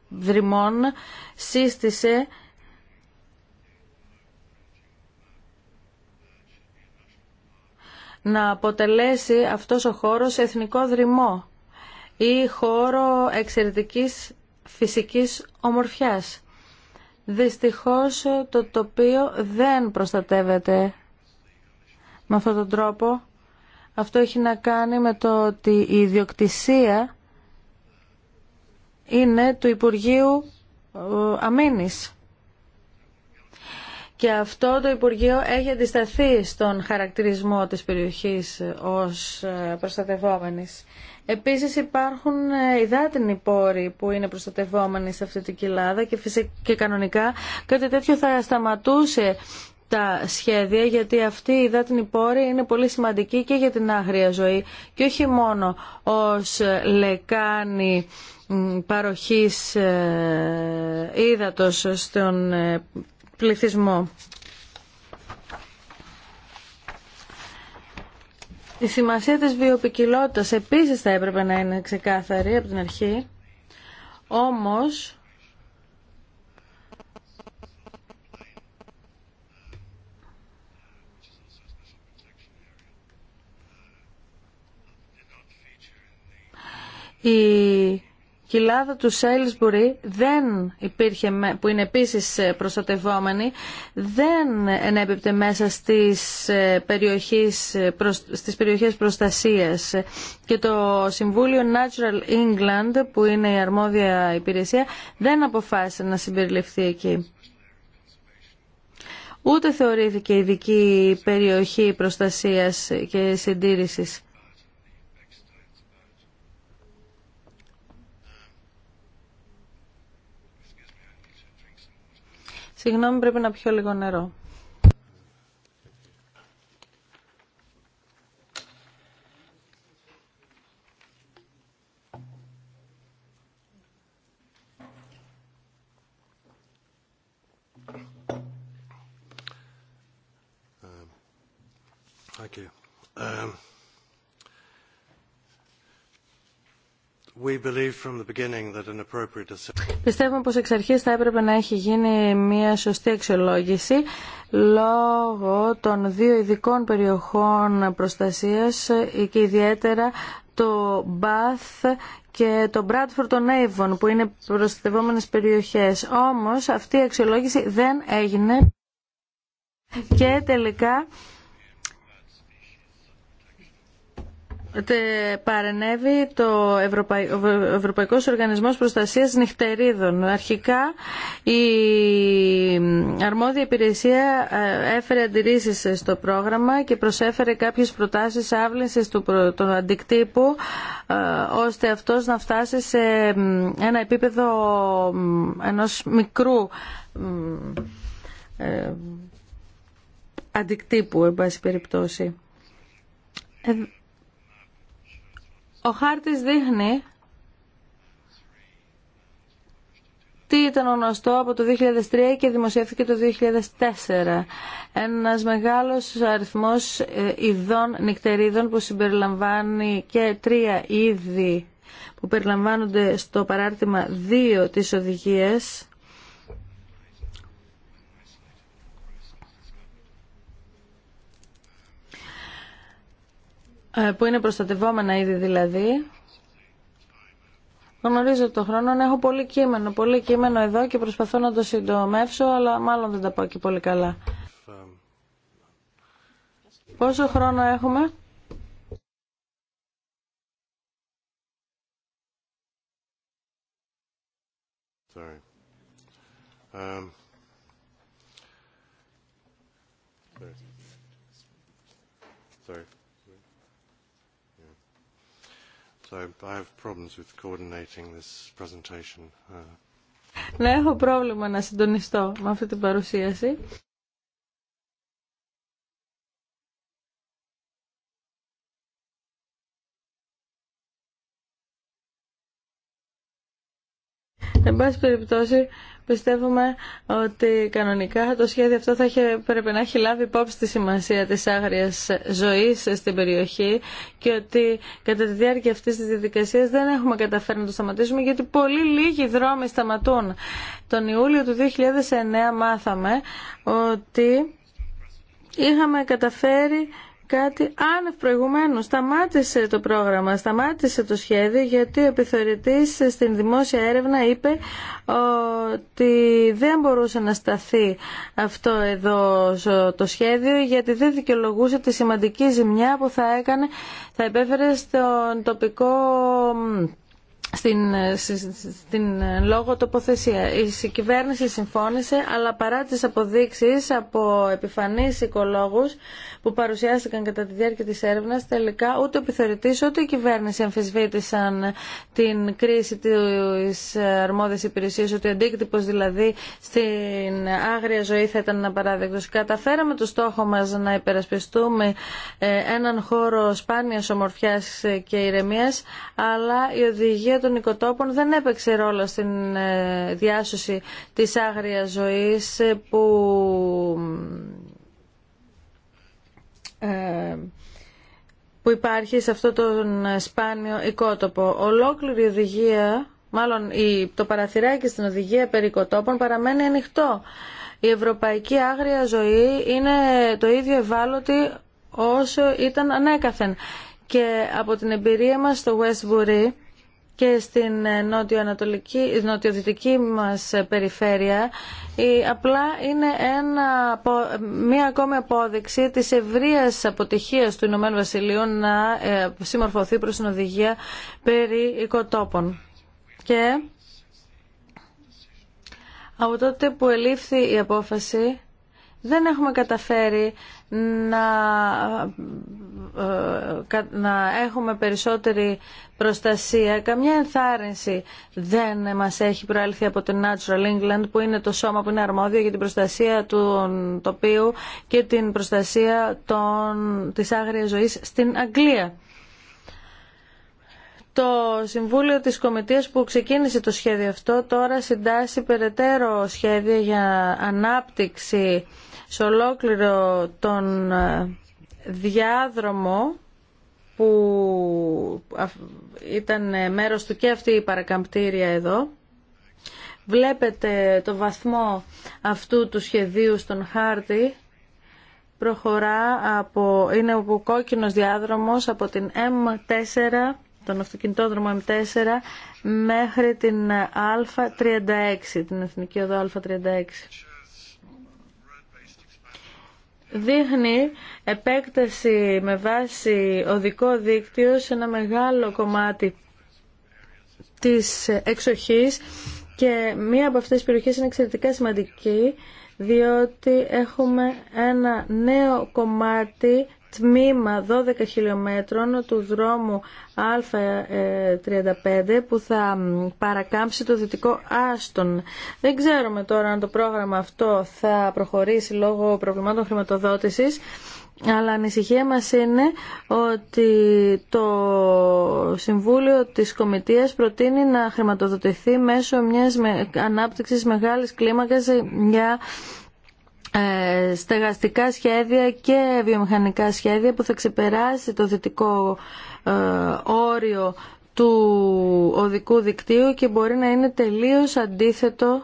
[SPEAKER 1] Δρυμών σύστησε να αποτελέσει αυτός ο χώρος εθνικό δρυμό ή χώρο εξαιρετικής φυσικής ομορφιάς. Δυστυχώς το τοπίο δεν προστατεύεται με αυτόν τον τρόπο. Αυτό έχει να κάνει με το ότι η ιδιοκτησία είναι του Υπουργείου ε, Αμήνης και αυτό το Υπουργείο έχει αντισταθεί στον χαρακτηρισμό της περιοχής ως ε, προστατευόμενης. Επίσης υπάρχουν ε, υδάτινοι πόροι που είναι προστατευόμενοι σε αυτή την κοιλάδα και, φυσικά, και κανονικά κάτι τέτοιο θα σταματούσε τα σχέδια γιατί αυτή η υδάτινη πόρη είναι πολύ σημαντική και για την άγρια ζωή και όχι μόνο ως ε, λεκάνη παροχής ύδατος στον πληθυσμό. Η σημασία της βιοπικιλότητας επίσης θα έπρεπε να είναι ξεκάθαρη από την αρχή, όμως η κοιλάδα του Σέλσμπουρη δεν υπήρχε, που είναι επίσης ε, προστατευόμενη, δεν ενέπιπτε μέσα στις ε, περιοχές, ε, στις περιοχές προστασίας. Και το Συμβούλιο Natural England, που είναι η αρμόδια υπηρεσία, δεν αποφάσισε να συμπεριληφθεί εκεί. Ούτε θεωρήθηκε ειδική περιοχή προστασίας και συντήρησης. Συγγνώμη, πρέπει να πιω λίγο νερό.
[SPEAKER 2] Ε, okay. Um. Ε,
[SPEAKER 1] Πιστεύουμε πως εξ αρχής θα έπρεπε να έχει γίνει μια σωστή αξιολόγηση λόγω των δύο ειδικών περιοχών προστασίας και ιδιαίτερα το Μπάθ και το Bradford των Avon που είναι προστατευόμενες περιοχές. Όμως αυτή η αξιολόγηση δεν έγινε και τελικά παρενέβη το Ευρωπαϊ... Ευρωπαϊκός Οργανισμός Προστασίας Νυχτερίδων. Αρχικά η αρμόδια υπηρεσία ε, έφερε αντιρρήσεις στο πρόγραμμα και προσέφερε κάποιες προτάσεις άβλησης του τον αντικτύπου ε, ώστε αυτός να φτάσει σε ένα επίπεδο ενός μικρού ε, αντικτύπου, εν πάση περιπτώσει. Ο χάρτης δείχνει τι ήταν γνωστό από το 2003 και δημοσιεύθηκε το 2004. Ένας μεγάλος αριθμός ε, ειδών νυχτερίδων που συμπεριλαμβάνει και τρία είδη που περιλαμβάνονται στο παράρτημα 2 της οδηγίας Ε, που είναι προστατευόμενα ήδη δηλαδή. Γνωρίζω το χρόνο, ναι, έχω πολύ κείμενο, πολύ κείμενο εδώ και προσπαθώ να το συντομεύσω, αλλά μάλλον δεν τα πάω και πολύ καλά. Πόσο χρόνο έχουμε?
[SPEAKER 4] Sorry. Um...
[SPEAKER 2] so I have problems with coordinating this presentation.
[SPEAKER 1] Ναι, έχω πρόβλημα να συντονιστώ με αυτή την παρουσίαση. Εν πάση περιπτώσει, πιστεύουμε ότι κανονικά το σχέδιο αυτό θα είχε, πρέπει να έχει λάβει υπόψη τη σημασία της άγριας ζωής στην περιοχή και ότι κατά τη διάρκεια αυτής της διαδικασίας δεν έχουμε καταφέρει να το σταματήσουμε γιατί πολύ λίγοι δρόμοι σταματούν. Τον Ιούλιο του 2009 μάθαμε ότι είχαμε καταφέρει κάτι άνευ προηγουμένου. Σταμάτησε το πρόγραμμα, σταμάτησε το σχέδιο γιατί ο επιθεωρητής στην δημόσια έρευνα είπε ότι δεν μπορούσε να σταθεί αυτό εδώ το σχέδιο γιατί δεν δικαιολογούσε τη σημαντική ζημιά που θα έκανε, θα επέφερε στον τοπικό στην, λόγο τοποθεσία. Η κυβέρνηση συμφώνησε, αλλά παρά τις αποδείξεις από επιφανείς οικολόγους που παρουσιάστηκαν κατά τη διάρκεια της έρευνας, τελικά ούτε ο επιθεωρητής ούτε η κυβέρνηση αμφισβήτησαν την κρίση της αρμόδιας υπηρεσίας, ότι ο αντίκτυπος δηλαδή στην άγρια ζωή θα ήταν παράδειγμα. Καταφέραμε το στόχο μας να υπερασπιστούμε ε, έναν χώρο σπάνιας ομορφιάς και ηρεμίας, αλλά η οδηγία των οικοτόπων δεν έπαιξε ρόλο στην ε, διάσωση της άγριας ζωής ε, που ε, που υπάρχει σε αυτό τον σπάνιο οικότοπο. Ολόκληρη η οδηγία, μάλλον το παραθυράκι στην οδηγία περί οικοτόπων παραμένει ανοιχτό. Η ευρωπαϊκή άγρια ζωή είναι το ίδιο ευάλωτη όσο ήταν ανέκαθεν. Και από την εμπειρία μας στο Westbury, και στην νότιο-ανατολική, νοτιο μας περιφέρεια η, απλά είναι μία ακόμη απόδειξη της ευρείας αποτυχίας του Ηνωμένου Βασιλείου να ε, συμμορφωθεί προς την οδηγία περί οικοτόπων. Και από τότε που ελήφθη η απόφαση δεν έχουμε καταφέρει να να έχουμε περισσότερη προστασία. Καμιά ενθάρρυνση δεν μας έχει προέλθει από την Natural England που είναι το σώμα που είναι αρμόδιο για την προστασία του τοπίου και την προστασία των, της άγριας ζωής στην Αγγλία. Το Συμβούλιο της Κομιτείας που ξεκίνησε το σχέδιο αυτό τώρα συντάσσει περαιτέρω σχέδια για ανάπτυξη σε ολόκληρο τον ε, διάδρομο που ήταν μέρος του και αυτή η παρακαμπτήρια εδώ. Βλέπετε το βαθμό αυτού του σχεδίου στον χάρτη. Προχωρά από, είναι ο κόκκινος διάδρομος από την M4, τον αυτοκινητόδρομο M4, μέχρι την Α36, την Εθνική Οδό Α36 δείχνει επέκταση με βάση οδικό δίκτυο σε ένα μεγάλο κομμάτι της εξοχής και μία από αυτές τις περιοχές είναι εξαιρετικά σημαντική διότι έχουμε ένα νέο κομμάτι τμήμα 12 χιλιόμετρων του δρόμου Α35 ε, που θα παρακάμψει το δυτικό Άστον. Δεν ξέρουμε τώρα αν το πρόγραμμα αυτό θα προχωρήσει λόγω προβλημάτων χρηματοδότησης αλλά ανησυχία μας είναι ότι το Συμβούλιο της Κομιτείας προτείνει να χρηματοδοτηθεί μέσω μιας ανάπτυξης μεγάλης κλίμακας για ε, στεγαστικά σχέδια και βιομηχανικά σχέδια που θα ξεπεράσει το δυτικό ε, όριο του οδικού δικτύου και μπορεί να είναι τελείως αντίθετο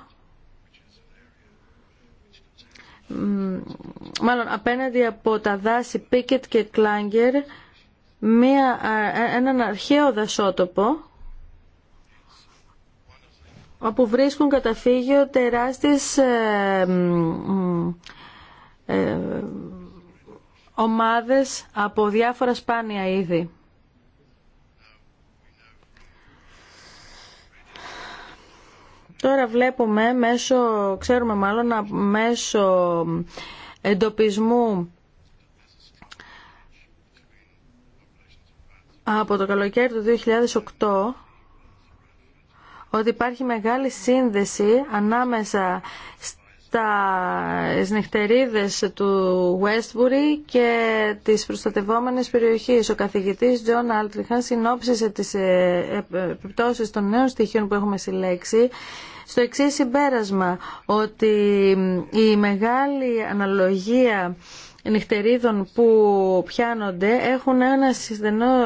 [SPEAKER 1] μάλλον απέναντι από τα δάση Πίκετ και Κλάγκερ μία, ε, έναν αρχαίο δασότοπο όπου βρίσκουν καταφύγιο τεράστιες ε, ε, ομάδες από διάφορα σπάνια είδη. Τώρα βλέπουμε μέσω, ξέρουμε μάλλον, μέσω εντοπισμού από το καλοκαίρι του 2008 ότι υπάρχει μεγάλη σύνδεση ανάμεσα στα νυχτερίδες του Westbury και της προστατευόμενες περιοχές. Ο καθηγητής Τζον Άλτριχαν συνόψισε τις ε, επιπτώσεις των νέων στοιχείων που έχουμε συλλέξει στο εξή συμπέρασμα ότι η μεγάλη αναλογία νυχτερίδων που πιάνονται έχουν, ένα συστενό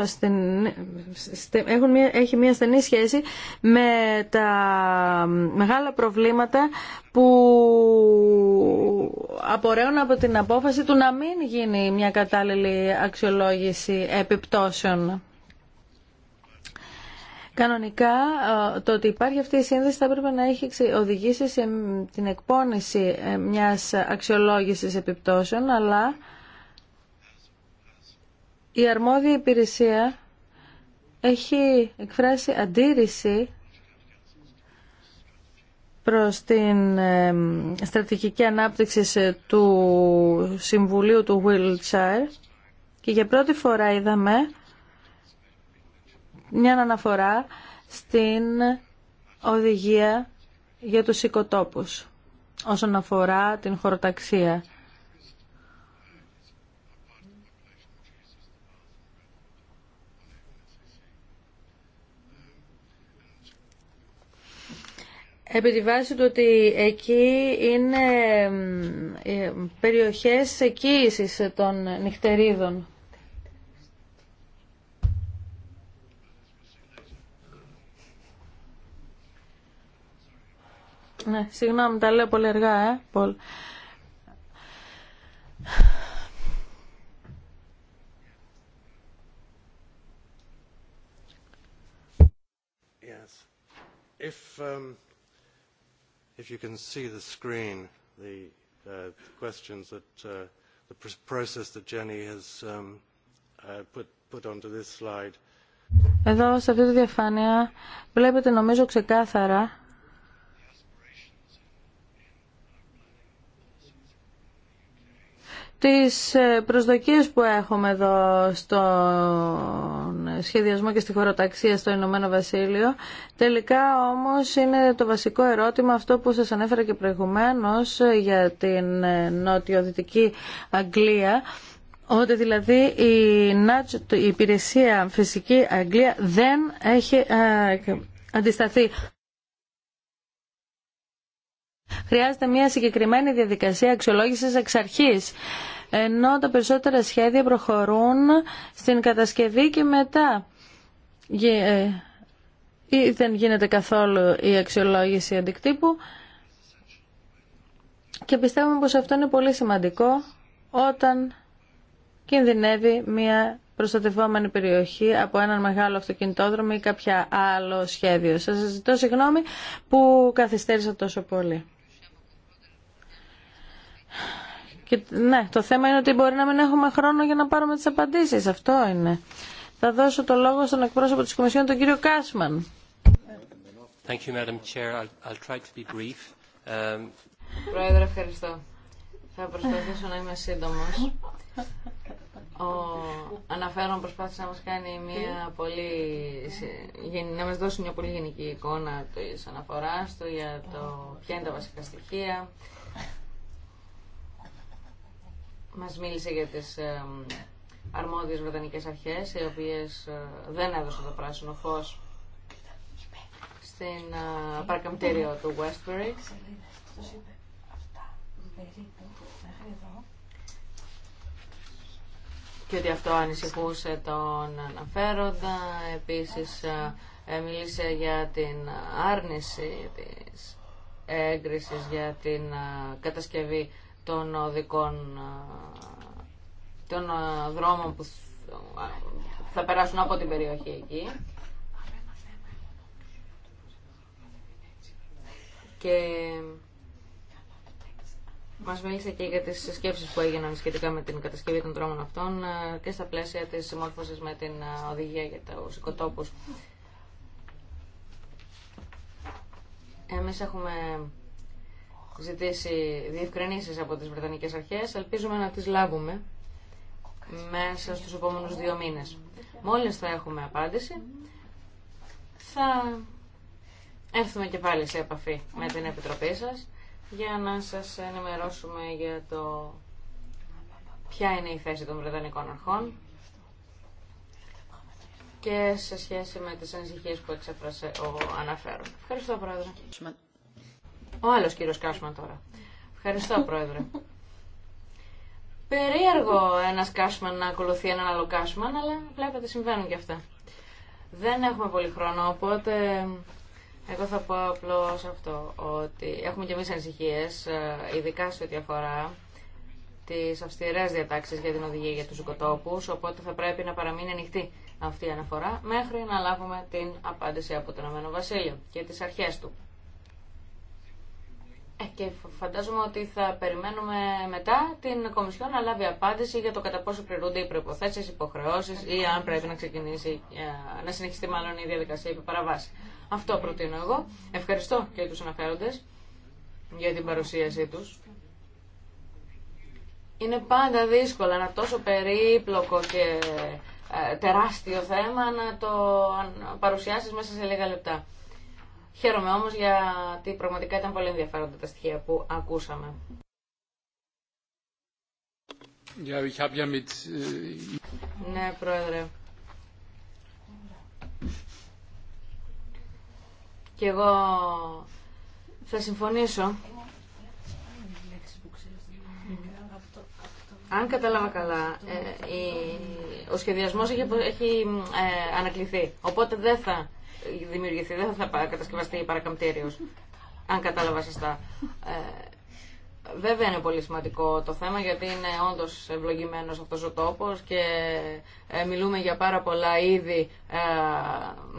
[SPEAKER 1] έχουν μια, έχει μια στενή σχέση με τα μεγάλα προβλήματα που απορρέουν από την απόφαση του να μην γίνει μια κατάλληλη αξιολόγηση επιπτώσεων. Κανονικά ε, το ότι υπάρχει αυτή η σύνδεση θα έπρεπε να έχει οδηγήσει σε την εκπόνηση ε, μιας αξιολόγησης επιπτώσεων, αλλά η αρμόδια υπηρεσία έχει εκφράσει αντίρρηση προς την ε, στρατηγική ανάπτυξη του Συμβουλίου του Wiltshire και για πρώτη φορά είδαμε μια αναφορά στην οδηγία για τους οικοτόπους όσον αφορά την χωροταξία. Επί τη βάση του ότι εκεί είναι ε, ε, περιοχές εκείησης των νυχτερίδων. Ναι, συγγνώμη, τα λέω πολύ αργά, ε, Πολ.
[SPEAKER 2] Yes. If, if you can see the screen, the uh, questions that uh, the process that Jenny has um, uh, put, put onto this slide.
[SPEAKER 1] Εδώ σε αυτή τη διαφάνεια βλέπετε νομίζω ξεκάθαρα τις ε, προσδοκίες που έχουμε εδώ στον σχεδιασμό και στη χωροταξία στο Ηνωμένο Βασίλειο. Τελικά όμως είναι το βασικό ερώτημα αυτό που σας ανέφερα και προηγουμένως ε, για την ε, νοτιοδυτική Αγγλία ότι δηλαδή η, η υπηρεσία φυσική Αγγλία δεν έχει αντισταθεί Χρειάζεται μια συγκεκριμένη διαδικασία αξιολόγησης εξ αρχής ενώ τα περισσότερα σχέδια προχωρούν στην κατασκευή και μετά ε, ή δεν γίνεται καθόλου η αξιολόγηση αντικτύπου και πιστεύουμε πως αυτό είναι πολύ σημαντικό όταν κινδυνεύει μια προστατευόμενη περιοχή από έναν μεγάλο αυτοκινητόδρομο ή κάποια άλλο σχέδιο. Σας ζητώ συγγνώμη που καθυστέρησα τόσο πολύ ναι, το θέμα είναι ότι μπορεί να μην έχουμε χρόνο για να πάρουμε τις απαντήσεις. Αυτό είναι. Θα δώσω το λόγο στον εκπρόσωπο της Κομισιόν, τον κύριο Κάσμαν.
[SPEAKER 2] Πρόεδρε, ευχαριστώ. Θα προσπαθήσω να είμαι σύντομος. Ο αναφέρον προσπάθησε να μας κάνει μια πολύ, να μας δώσει μια πολύ γενική εικόνα της αναφοράς του για το ποια είναι τα βασικά στοιχεία, μας μίλησε για τις αρμόδιες βρετανικές αρχές, οι οποίες ε, δεν έδωσαν το πράσινο φως στην ε, παρακαμπτήριο του Westbury. Και ότι αυτό ανησυχούσε τον αναφέροντα. Επίσης ε, μίλησε για την άρνηση της έγκρισης για την κατασκευή των οδικών ε, των ε, δρόμων που θα περάσουν από την περιοχή εκεί. Και μας μίλησε και για τις σκέψεις που έγιναν σχετικά με την κατασκευή των δρόμων αυτών ε, και στα πλαίσια της συμμόρφωσης με την οδηγία για τους οικοτόπους. Εμείς έχουμε ζητήσει διευκρινήσει από τι βρετανικέ αρχέ. Ελπίζουμε να τι λάβουμε μέσα στου επόμενου δύο μήνε. Μόλι θα έχουμε απάντηση, θα έρθουμε και πάλι σε επαφή με την Επιτροπή σα για να σα ενημερώσουμε για το ποια είναι η θέση των Βρετανικών Αρχών και σε σχέση με τις ανησυχίες που εξέφρασε ο αναφέρον. Ευχαριστώ, Πρόεδρε. Ο άλλος κύριος Κάσμαν τώρα. Ευχαριστώ, Πρόεδρε. Περίεργο ένας Κάσμαν να ακολουθεί έναν άλλο Κάσμαν, αλλά βλέπετε συμβαίνουν και αυτά. Δεν έχουμε πολύ χρόνο, οπότε εγώ θα πω απλώ αυτό, ότι έχουμε κι εμεί ανησυχίε, ε, ειδικά σε ό,τι αφορά τι αυστηρέ διατάξει για την οδηγία για του οικοτόπου, οπότε θα πρέπει να παραμείνει ανοιχτή αυτή η αναφορά μέχρι να λάβουμε την απάντηση από τον Αμένο Βασίλειο και τι αρχέ του. Ε, και φαντάζομαι ότι θα περιμένουμε μετά την Κομισιόν να λάβει απάντηση για το κατά πόσο πληρούνται οι προποθέσει, οι υποχρεώσει ή αν πρέπει να ξεκινήσει, ε, να συνεχιστεί μάλλον η διαδικασία επί παραβάση. Αυτό προτείνω εγώ. Ευχαριστώ και του αναφέροντε για την παρουσίασή του. Είναι πάντα δύσκολο ένα τόσο περίπλοκο και ε, τεράστιο θέμα να το παρουσιάσεις μέσα σε λίγα λεπτά. Χαίρομαι όμως γιατί πραγματικά ήταν πολύ ενδιαφέροντα τα στοιχεία που ακούσαμε.
[SPEAKER 3] Äh,
[SPEAKER 2] ναι, Πρόεδρε. Και εγώ θα συμφωνήσω. Αν κατάλαβα καλά, ε, ο σχεδιασμός έχει ε, ανακληθεί. Οπότε δεν θα δημιουργηθεί, δεν θα κατασκευαστεί παρακαμπτήριο. αν κατάλαβα σωστά. Ε, Βέβαια είναι πολύ σημαντικό το θέμα γιατί είναι όντως ευλογημένος αυτός ο τόπος και ε, μιλούμε για πάρα πολλά είδη ε,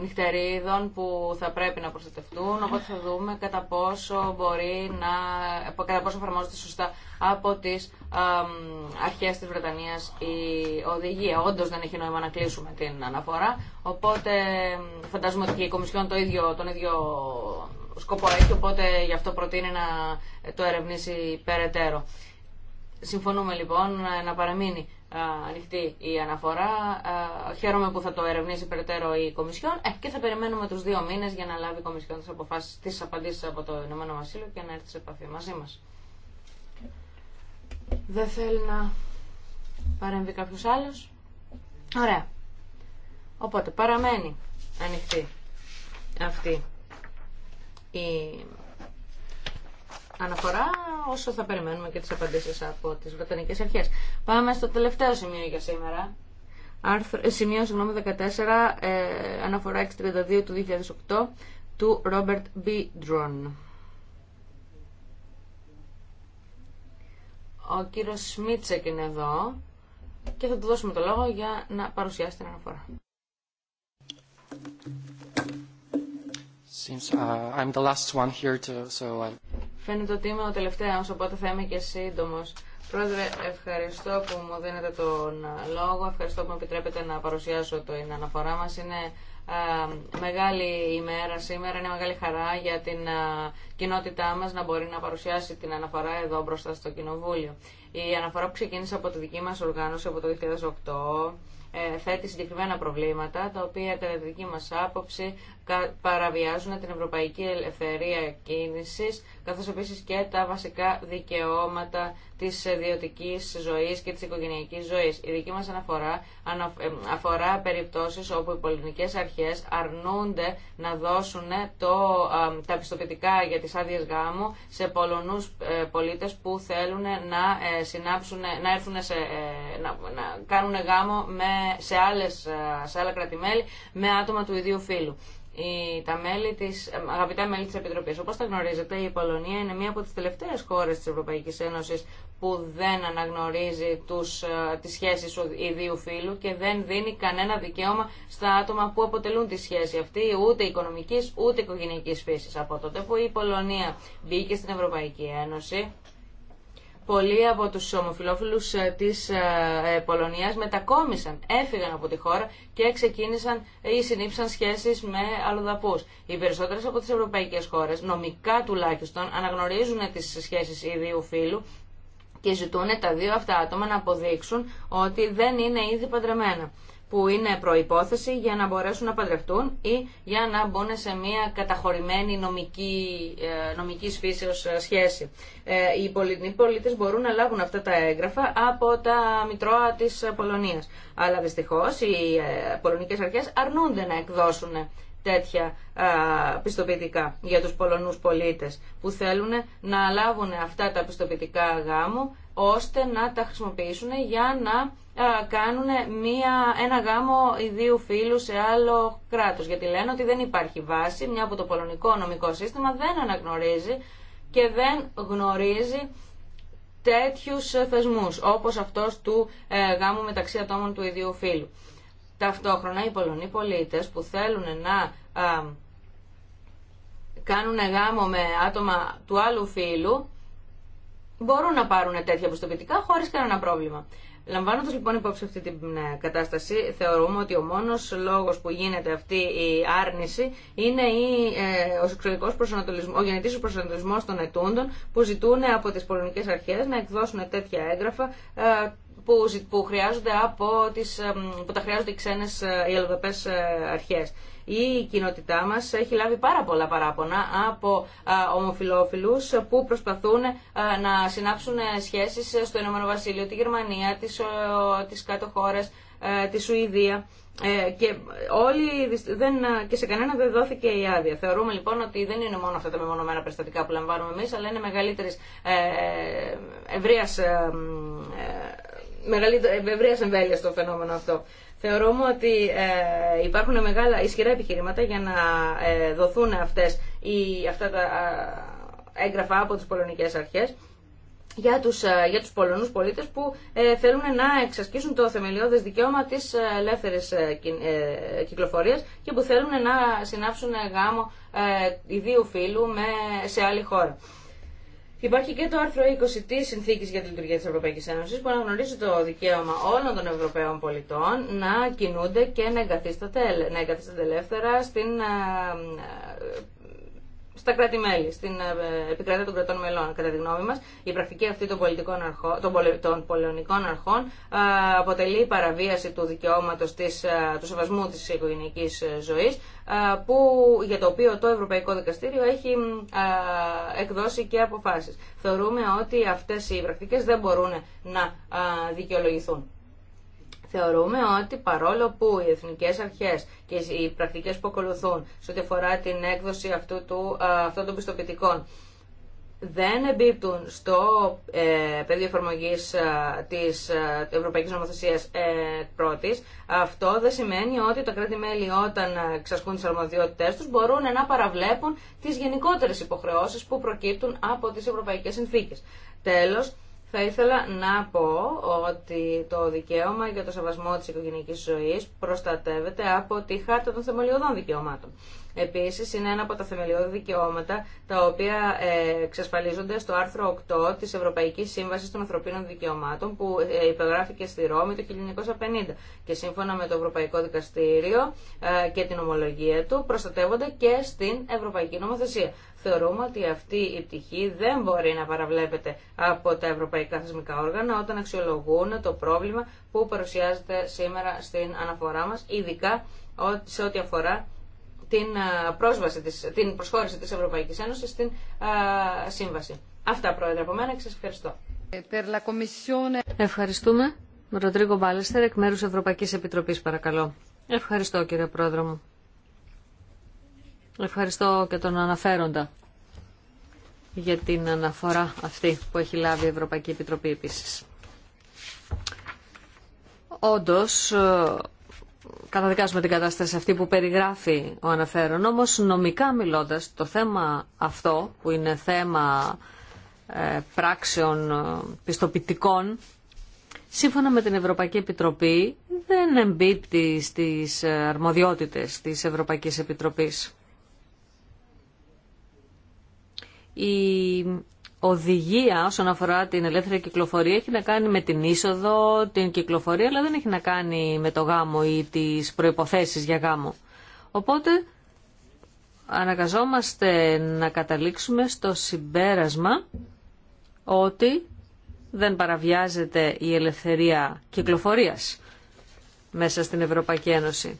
[SPEAKER 2] νυχτερίδων που θα πρέπει να προστατευτούν οπότε θα δούμε κατά πόσο μπορεί να, κατά πόσο εφαρμόζεται σωστά από τις αρχές της Βρετανίας η οδηγία. Όντως δεν έχει νόημα να κλείσουμε την αναφορά οπότε ε, φαντάζομαι ότι και η Κομισιόν το ίδιο, τον ίδιο σκοπό έχει, οπότε γι' αυτό προτείνει να το ερευνήσει περαιτέρω. Συμφωνούμε λοιπόν να παραμείνει ανοιχτή η αναφορά. Χαίρομαι που θα το ερευνήσει περαιτέρω η Κομισιόν ε, και θα περιμένουμε τους δύο μήνες για να λάβει η Κομισιόν τις, αποφάσεις, τις απαντήσεις από το Ηνωμένο Βασίλειο και να έρθει σε επαφή μαζί μας. Δεν θέλει να παρέμβει κάποιος άλλος. Ωραία. Οπότε παραμένει ανοιχτή αυτή η αναφορά όσο θα περιμένουμε και τις απαντήσεις από τις Βρετανικές Αρχές. Πάμε στο τελευταίο σημείο για σήμερα. Άρθρο, ε, σημείο συγγνώμη 14, ε, αναφορά 632 του 2008 του Robert B. Drone. Ο κύριος Σμίτσεκ είναι εδώ και θα του δώσουμε το λόγο για να παρουσιάσει την αναφορά.
[SPEAKER 1] Seems, uh, I'm the last one here to, so I
[SPEAKER 2] Φαίνεται ότι είμαι ο τελευταίος, οπότε θα είμαι και σύντομο. Πρόεδρε, ευχαριστώ που μου δίνετε τον ε, λόγο, ευχαριστώ που με επιτρέπετε να παρουσιάσω την αναφορά μας. Είναι ε, μεγάλη ημέρα σήμερα, είναι μεγάλη χαρά για την ε, κοινότητά μας να μπορεί να παρουσιάσει την αναφορά εδώ μπροστά στο Κοινοβούλιο. Η αναφορά που ξεκίνησε από τη δική μα οργάνωση από το 2008 θέτει συγκεκριμένα προβλήματα, τα οποία κατά τη δική μας άποψη παραβιάζουν την ευρωπαϊκή ελευθερία κίνησης, καθώς επίσης και τα βασικά δικαιώματα της ιδιωτική ζωής και της οικογενειακής ζωής. Η δική μας αναφορά ε, αφορά περιπτώσεις όπου οι πολιτικές αρχές αρνούνται να δώσουν το, τα πιστοποιητικά για τις άδειες γάμου σε Πολωνούς ε, πολίτες που θέλουν να ε, να κάνουν γάμο με, σε, άλλες, σε άλλα με άτομα του ίδιου φύλου η τα μέλη της, ε, αγαπητά μέλη της Επιτροπής. Όπως τα γνωρίζετε, η Πολωνία είναι μία από τις τελευταίες χώρες της Ευρωπαϊκής Ένωσης που δεν αναγνωρίζει τους, ε, τις σχέσεις ιδίου φύλου και δεν δίνει κανένα δικαίωμα στα άτομα που αποτελούν τη σχέση αυτή, ούτε οικονομικής ούτε οικογενειακής φύσης. Από τότε που η Πολωνία μπήκε στην Ευρωπαϊκή Ένωση, πολλοί από τους ομοφιλόφιλους ε, της ε, ε, Πολωνίας μετακόμισαν, έφυγαν από τη χώρα και ξεκίνησαν ή συνήψαν σχέσεις με αλλοδαπούς. Οι περισσότερες από τις ευρωπαϊκές χώρες, νομικά τουλάχιστον, αναγνωρίζουν τις σχέσεις ιδίου φύλου και ζητούν τα δύο αυτά άτομα να αποδείξουν ότι δεν είναι ήδη παντρεμένα που είναι προϋπόθεση για να μπορέσουν να παντρευτούν ή για να μπουν σε μια καταχωρημένη νομική, ε, νομικής φύσεως ε, σχέση. Ε, οι πολιτικοί πολίτες μπορούν να λάβουν αυτά τα έγγραφα από τα Μητρώα της Πολωνίας. Αλλά δυστυχώς οι πολωνικές αρχές αρνούνται να εκδώσουν τέτοια πιστοποιητικά για τους Πολωνούς πολίτες που θέλουν να λάβουν αυτά τα πιστοποιητικά γάμου ώστε να τα χρησιμοποιήσουν για να κάνουν μία, ένα γάμο ιδίου φίλου σε άλλο κράτος. Γιατί λένε ότι δεν υπάρχει βάση, μια από το πολωνικό νομικό σύστημα δεν αναγνωρίζει και δεν γνωρίζει τέτοιους θεσμούς, όπως αυτός του ε, γάμου μεταξύ ατόμων του ίδιου φίλου. Ταυτόχρονα οι Πολωνοί πολίτες που θέλουν να κάνουν γάμο με άτομα του άλλου φίλου μπορούν να πάρουν τέτοια προστοποιητικά χωρίς κανένα πρόβλημα. Λαμβάνοντα λοιπόν υπόψη αυτή την ε, κατάσταση, θεωρούμε ότι ο μόνος λόγος που γίνεται αυτή η άρνηση είναι η, ε, ο σεξουαλικό προσανατολισμός, ο προσανατολισμός των ετούντων που ζητούν από τις πολωνικέ αρχές να εκδώσουν τέτοια έγγραφα ε, που, χρειάζονται από τις, που τα χρειάζονται οι ξένες οι αρχέ. αρχές. Η κοινότητά μας έχει λάβει πάρα πολλά παράπονα από ομοφιλόφιλους που προσπαθούν να συνάψουν ε, σχέσεις στο Ηνωμένο Βασίλειο, τη Γερμανία, τι κάτω χώρε, τη Σουηδία ε, και όλοι δεν, και σε κανένα δεν δόθηκε η άδεια. Θεωρούμε λοιπόν ότι δεν είναι μόνο αυτά τα μεμονωμένα περιστατικά που λαμβάνουμε εμεί, αλλά είναι ε, μεγαλύτερη ευρείας εμβέλεια στο φαινόμενο αυτό. Θεωρούμε ότι ε, υπάρχουν μεγάλα ισχυρά επιχειρήματα για να ε, δοθούν αυτές οι, αυτά τα έγγραφα από τις πολωνικές αρχές για τους, ε, για τους Πολωνούς πολίτες που θέλουν να εξασκήσουν το θεμελιώδες δικαίωμα της ελεύθερης κυκλοφορίας και που θέλουν να συνάψουν γάμο ιδίου φίλου σε άλλη χώρα. Υπάρχει και το άρθρο 20 τη Συνθήκη για τη Λειτουργία τη Ευρωπαϊκή Ένωση που αναγνωρίζει το δικαίωμα όλων των Ευρωπαίων πολιτών να κινούνται και να εγκαθίστανται, να εγκαθίστανται ελεύθερα στην ε, στα κράτη-μέλη, στην ε, επικράτεια των κρατών μελών, κατά τη γνώμη μας. Η πρακτική αυτή των, πολιτικών αρχών, των, πολε, των αρχών ε, αποτελεί παραβίαση του δικαιώματος της, ε, του σεβασμού της οικογενειακής ζωής, που, για το οποίο το Ευρωπαϊκό Δικαστήριο έχει εκδώσει και αποφάσεις. Θεωρούμε ότι αυτές οι πρακτικές δεν μπορούν να δικαιολογηθούν. Θεωρούμε ότι παρόλο που οι εθνικές αρχές και οι πρακτικές που ακολουθούν σε ό,τι αφορά την έκδοση αυτού του, αυτών των πιστοποιητικών δεν εμπίπτουν στο ε, πεδίο εφαρμογή της ε, Ευρωπαϊκής αυτό δεν σημαίνει ότι τα κράτη-μέλη όταν εξασκούν τι αρμοδιότητές του, μπορούν να παραβλέπουν τις γενικότερε υποχρεώσει που προκύπτουν από τι ευρωπαϊκέ Συνθήκες. Τέλος, θα ήθελα να πω ότι το δικαίωμα για το σεβασμό της οικογενειακής ζωής προστατεύεται από τη Χάρτα των Θεμελιωδών Δικαιωμάτων. Επίσης, είναι ένα από τα θεμελιώδη δικαιώματα τα οποία ε, εξασφαλίζονται στο άρθρο 8 της Ευρωπαϊκής Σύμβασης των Ανθρωπίνων Δικαιωμάτων που ε, υπεγράφηκε στη Ρώμη το 1950 και σύμφωνα με το Ευρωπαϊκό Δικαστήριο ε, και την ομολογία του προστατεύονται και στην Ευρωπαϊκή Νομοθεσία θεωρούμε ότι αυτή η πτυχή δεν μπορεί να παραβλέπεται από τα ευρωπαϊκά θεσμικά όργανα όταν αξιολογούν το πρόβλημα που παρουσιάζεται σήμερα στην αναφορά μας, ειδικά σε ό,τι αφορά την, ε, πρόσβαση, την προσχώρηση της Ευρωπαϊκής Ένωσης στην ε, Σύμβαση. Αυτά, Πρόεδρε, από
[SPEAKER 3] μένα και σας ευχαριστώ.
[SPEAKER 2] Ευχαριστούμε. Ροντρίγκο Μπάλεστερ, εκ μέρους Ευρωπαϊκής Επιτροπής, παρακαλώ. Ευχαριστώ, κύριε Πρόεδρο μου. Ευχαριστώ και τον αναφέροντα για την αναφορά αυτή που έχει λάβει η Ευρωπαϊκή Επιτροπή επίσης. Όντως, ε, καταδικάζουμε την κατάσταση αυτή που περιγράφει ο αναφέρον, όμως νομικά μιλώντας, το θέμα αυτό που είναι θέμα ε, πράξεων ε, πιστοποιητικών, σύμφωνα με την Ευρωπαϊκή Επιτροπή δεν εμπίπτει στις αρμοδιότητες της Ευρωπαϊκής Επιτροπής. Η οδηγία όσον αφορά την ελεύθερη κυκλοφορία έχει να κάνει με την είσοδο, την κυκλοφορία, αλλά δεν έχει να κάνει με το γάμο ή τις προϋποθέσεις για γάμο. Οπότε αναγκαζόμαστε να καταλήξουμε στο συμπέρασμα ότι δεν παραβιάζεται η ελευθερία κυκλοφορίας μέσα στην Ευρωπαϊκή Ένωση.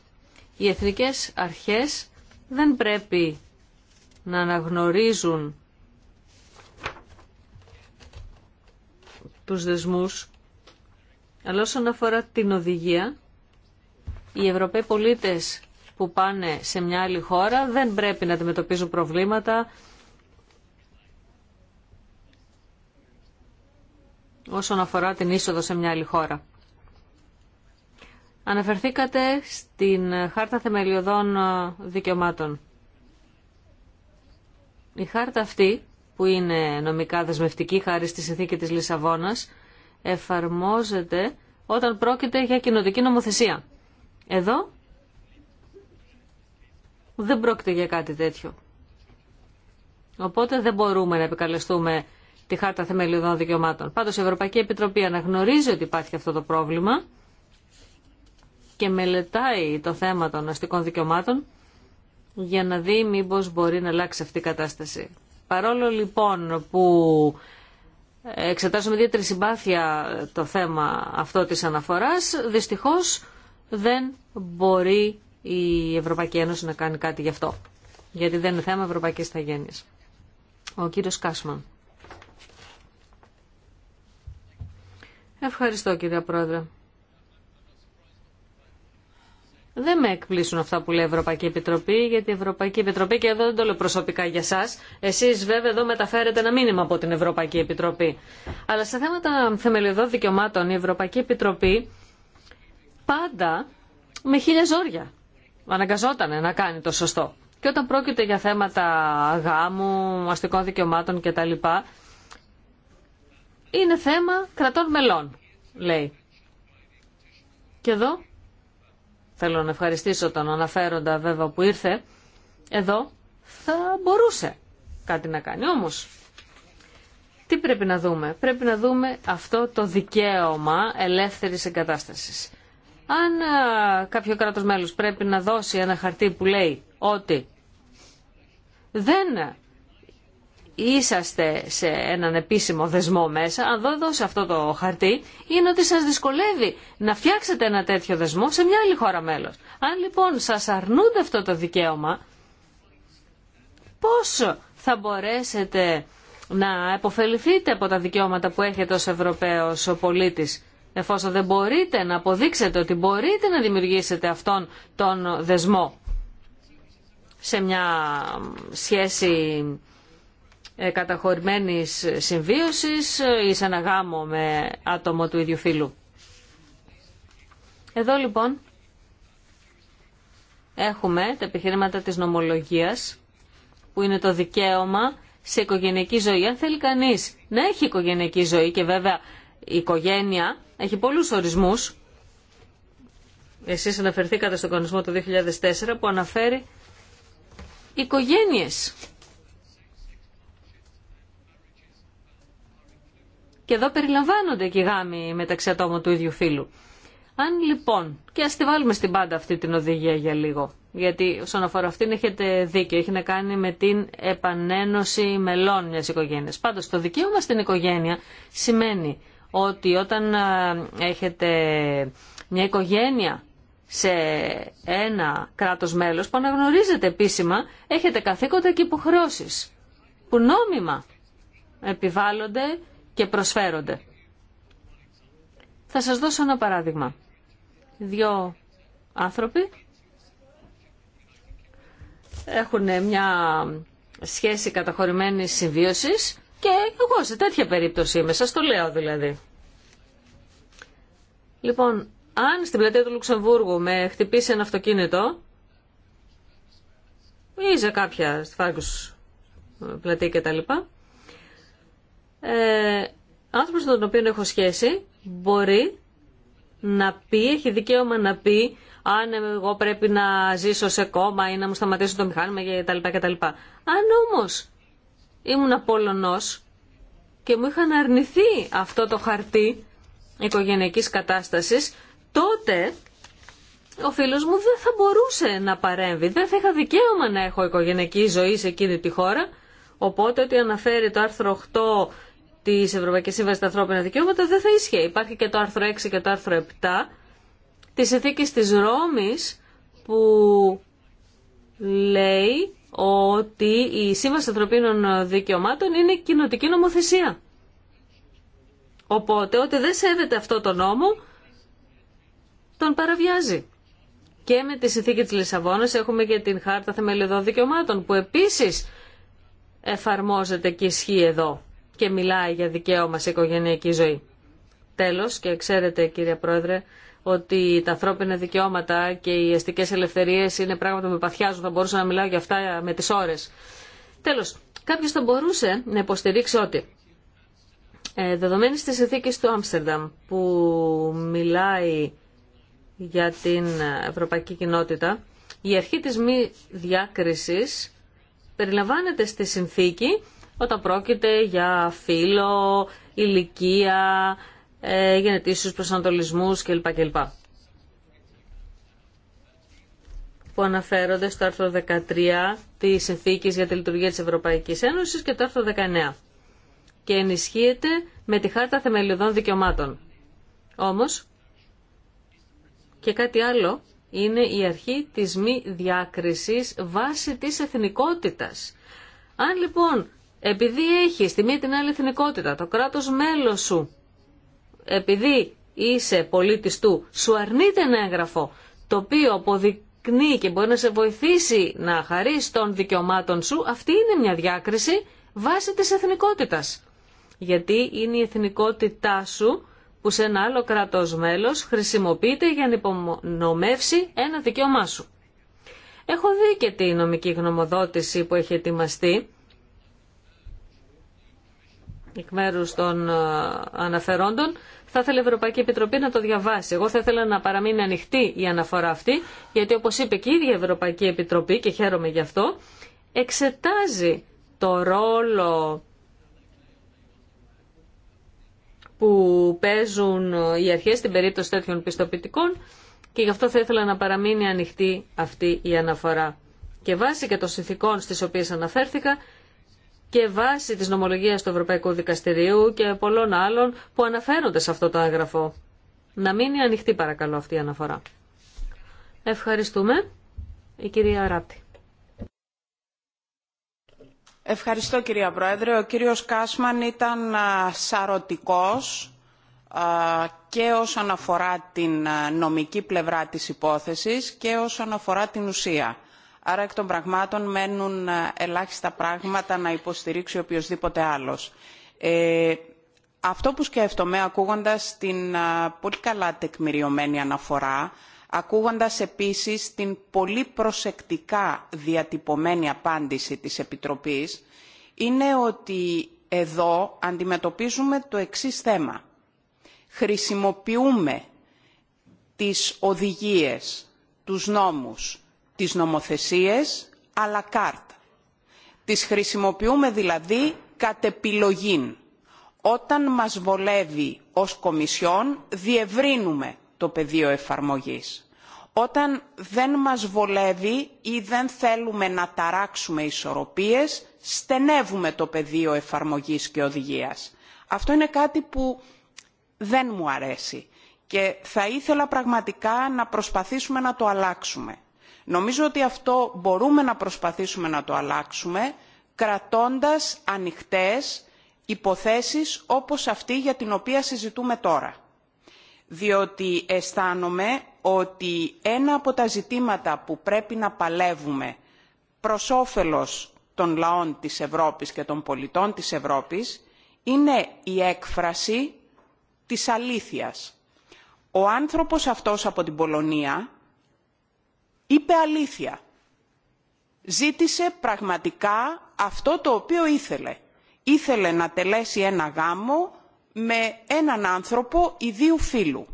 [SPEAKER 2] Οι εθνικές αρχές δεν πρέπει να αναγνωρίζουν τους δεσμούς, αλλά όσον αφορά την οδηγία, οι Ευρωπαίοι πολίτες που πάνε σε μια άλλη χώρα δεν πρέπει να αντιμετωπίζουν προβλήματα όσον αφορά την είσοδο σε μια άλλη χώρα. Αναφερθήκατε στην Χάρτα Θεμελιωδών Δικαιωμάτων. Η χάρτα αυτή που είναι νομικά δεσμευτική χάρη στη συνθήκη της Λισαβόνας, εφαρμόζεται όταν πρόκειται για κοινοτική νομοθεσία. Εδώ δεν πρόκειται για κάτι τέτοιο. Οπότε δεν μπορούμε να επικαλεστούμε τη Χάρτα Θεμελιωδών Δικαιωμάτων. Πάντως η Ευρωπαϊκή Επιτροπή αναγνωρίζει ότι υπάρχει αυτό το πρόβλημα και μελετάει το θέμα των αστικών δικαιωμάτων για να δει μήπως μπορεί να αλλάξει αυτή η κατάσταση. Παρόλο λοιπόν που εξετάζουμε ιδιαίτερη συμπάθεια το θέμα αυτό της αναφοράς, δυστυχώς δεν μπορεί η Ευρωπαϊκή Ένωση να κάνει κάτι γι' αυτό. Γιατί δεν είναι θέμα Ευρωπαϊκής Θαγένειας. Ο κύριος Κάσμαν. Ευχαριστώ κύριε Πρόεδρε. Δεν με εκπλήσουν αυτά που λέει η Ευρωπαϊκή Επιτροπή, γιατί η Ευρωπαϊκή Επιτροπή, και εδώ δεν το λέω προσωπικά για εσά, εσεί βέβαια εδώ μεταφέρετε ένα μήνυμα από την Ευρωπαϊκή Επιτροπή. Αλλά σε θέματα θεμελιωδών δικαιωμάτων η Ευρωπαϊκή Επιτροπή πάντα με χίλια ζόρια αναγκαζόταν να κάνει το σωστό. Και όταν πρόκειται για θέματα γάμου, αστικών δικαιωμάτων κτλ. Είναι θέμα κρατών μελών, λέει. Και εδώ Θέλω να ευχαριστήσω τον αναφέροντα βέβαια που ήρθε. Εδώ θα μπορούσε κάτι να κάνει. Όμως, τι πρέπει να δούμε. Πρέπει να δούμε αυτό το δικαίωμα ελεύθερης εγκατάστασης. Αν κάποιο κράτος μέλος πρέπει να δώσει ένα χαρτί που λέει ότι δεν είσαστε σε έναν επίσημο δεσμό μέσα, αν δω εδώ αυτό το χαρτί, είναι ότι σας δυσκολεύει να φτιάξετε ένα τέτοιο δεσμό σε μια άλλη χώρα μέλος. Αν λοιπόν σας αρνούνται αυτό το δικαίωμα, πώς θα μπορέσετε να επωφεληθείτε από τα δικαιώματα που έχετε ως Ευρωπαίος ο πολίτης, εφόσον δεν μπορείτε να αποδείξετε ότι μπορείτε να δημιουργήσετε αυτόν τον δεσμό σε μια σχέση ε, καταχωρημένης συμβίωσης ή σε ένα γάμο με άτομο του ίδιου φύλου. Εδώ λοιπόν έχουμε τα επιχειρήματα της νομολογίας που είναι το δικαίωμα σε οικογενειακή ζωή. Αν θέλει κανείς να έχει οικογενειακή ζωή και βέβαια η οικογένεια έχει πολλούς ορισμούς. Εσείς αναφερθήκατε στον κανονισμό του 2004 που αναφέρει οικογένειες Και εδώ περιλαμβάνονται και οι γάμοι μεταξύ ατόμων του ίδιου φίλου. Αν λοιπόν, και ας τη βάλουμε στην πάντα αυτή την οδηγία για λίγο, γιατί όσον αφορά αυτήν έχετε δίκιο, έχει να κάνει με την επανένωση μελών μιας οικογένειας. Πάντως το δικαίωμα στην οικογένεια σημαίνει ότι όταν έχετε μια οικογένεια σε ένα κράτος μέλος που αναγνωρίζετε επίσημα, έχετε καθήκοντα και υποχρεώσεις που νόμιμα επιβάλλονται και προσφέρονται. Θα σας δώσω ένα παράδειγμα. Δύο άνθρωποι έχουν μια σχέση καταχωρημένης συμβίωσης και εγώ σε τέτοια περίπτωση είμαι, σας το λέω δηλαδή. Λοιπόν, αν στην πλατεία του Λουξεμβούργου με χτυπήσει ένα αυτοκίνητο, ή σε κάποια στη ε, πλατεία κτλ ε, άνθρωπος με τον οποίο έχω σχέση μπορεί να πει, έχει δικαίωμα να πει αν ε, εγώ πρέπει να ζήσω σε κόμμα ή να μου σταματήσω το μηχάνημα κτλ. Αν όμως ήμουν πόλονός και μου είχαν αρνηθεί αυτό το χαρτί οικογενειακής κατάστασης, τότε ο φίλος μου δεν θα μπορούσε να παρέμβει, δεν θα είχα δικαίωμα να έχω οικογενειακή ζωή σε εκείνη τη χώρα, οπότε ότι αναφέρει το άρθρο 8 τη Ευρωπαϊκή Σύμβαση τα ανθρώπινα δικαιώματα δεν θα ίσχυε. Υπάρχει και το άρθρο 6 και το άρθρο 7 τη ηθίκη τη Ρώμη που λέει ότι η Σύμβαση Ανθρωπίνων Δικαιωμάτων είναι κοινοτική νομοθεσία. Οπότε, ότι δεν σέβεται αυτό το νόμο, τον παραβιάζει. Και με τη συνθήκη της Λισαβόνας έχουμε και την Χάρτα Θεμελιωδών Δικαιωμάτων, που επίσης εφαρμόζεται και ισχύει εδώ και μιλάει για δικαίωμα σε οικογενειακή ζωή. Τέλος, και ξέρετε κύριε Πρόεδρε, ότι τα ανθρώπινα δικαιώματα και οι αστικές ελευθερίες είναι πράγματα που με παθιάζουν, θα μπορούσα να μιλάω για αυτά με τις ώρες. Τέλος, κάποιος θα μπορούσε να υποστηρίξει ότι ε, δεδομένης της του Άμστερνταμ που μιλάει για την ευρωπαϊκή κοινότητα, η αρχή της μη διάκρισης περιλαμβάνεται στη συνθήκη όταν πρόκειται για φίλο, ηλικία, ε, γενετήσιους προσανατολισμούς κλπ. που αναφέρονται στο άρθρο 13 της συνθήκη για τη Λειτουργία της Ευρωπαϊκής Ένωσης και το άρθρο 19 και ενισχύεται με τη Χάρτα Θεμελιωδών Δικαιωμάτων. Όμως και κάτι άλλο είναι η αρχή της μη διάκρισης βάσει της εθνικότητας. Αν λοιπόν επειδή έχει τη μία την άλλη εθνικότητα, το κράτος μέλος σου, επειδή είσαι πολίτης του, σου αρνείται ένα έγγραφο, το οποίο αποδεικνύει και μπορεί να σε βοηθήσει να χαρείς των δικαιωμάτων σου, αυτή είναι μια διάκριση βάσει της εθνικότητας. Γιατί είναι η εθνικότητά σου που σε ένα άλλο κράτος μέλος χρησιμοποιείται για να υπονομεύσει ένα δικαίωμά σου. Έχω δει και τη νομική γνωμοδότηση που έχει ετοιμαστεί εκ μέρου των ε, αναφερόντων, θα ήθελε η Ευρωπαϊκή Επιτροπή να το διαβάσει. Εγώ θα ήθελα να παραμείνει ανοιχτή η αναφορά αυτή, γιατί όπως είπε και η ίδια η Ευρωπαϊκή Επιτροπή, και χαίρομαι γι' αυτό, εξετάζει το ρόλο που παίζουν οι αρχές στην περίπτωση τέτοιων πιστοποιητικών και γι' αυτό θα ήθελα να παραμείνει ανοιχτή αυτή η αναφορά. Και βάσει και των συνθηκών στις οποίες αναφέρθηκα, και βάσει της νομολογίας του Ευρωπαϊκού Δικαστηρίου και πολλών άλλων που αναφέρονται σε αυτό το άγραφο. Να μείνει ανοιχτή παρακαλώ αυτή η αναφορά.
[SPEAKER 4] Ευχαριστούμε. Η κυρία Ράπτη. Ευχαριστώ κυρία Πρόεδρε. Ο κύριος Κάσμαν ήταν σαρωτικός και όσον αφορά την νομική πλευρά της υπόθεσης και όσον αφορά την ουσία άρα εκ των πραγμάτων μένουν ε, ελάχιστα πράγματα να υποστηρίξει οποιοδήποτε άλλος. Ε, αυτό που σκέφτομαι ακούγοντας την ε, πολύ καλά τεκμηριωμένη αναφορά, ακούγοντας επίσης την πολύ προσεκτικά διατυπωμένη απάντηση της Επιτροπής, είναι ότι εδώ αντιμετωπίζουμε το εξής θέμα. Χρησιμοποιούμε τις οδηγίες, τους νόμους, τις νομοθεσίες αλλά κάρτα. Τις χρησιμοποιούμε δηλαδή κατ' επιλογήν. Όταν μας βολεύει ως Κομισιόν διευρύνουμε το πεδίο εφαρμογής. Όταν δεν μας βολεύει ή δεν θέλουμε να ταράξουμε ισορροπίες, στενεύουμε το πεδίο εφαρμογής και οδηγίας. Αυτό είναι κάτι που δεν μου αρέσει και θα ήθελα πραγματικά να προσπαθήσουμε να το αλλάξουμε Νομίζω ότι αυτό μπορούμε να προσπαθήσουμε να το αλλάξουμε κρατώντας ανοιχτές υποθέσεις όπως αυτή για την οποία συζητούμε τώρα. Διότι αισθάνομαι ότι ένα από τα ζητήματα που πρέπει να παλεύουμε προς όφελος των λαών της Ευρώπης και των πολιτών της Ευρώπης είναι η έκφραση της αλήθειας. Ο άνθρωπος αυτός από την Πολωνία είπε αλήθεια. Ζήτησε πραγματικά αυτό το οποίο ήθελε. Ήθελε να τελέσει ένα γάμο με έναν άνθρωπο ιδίου φίλου.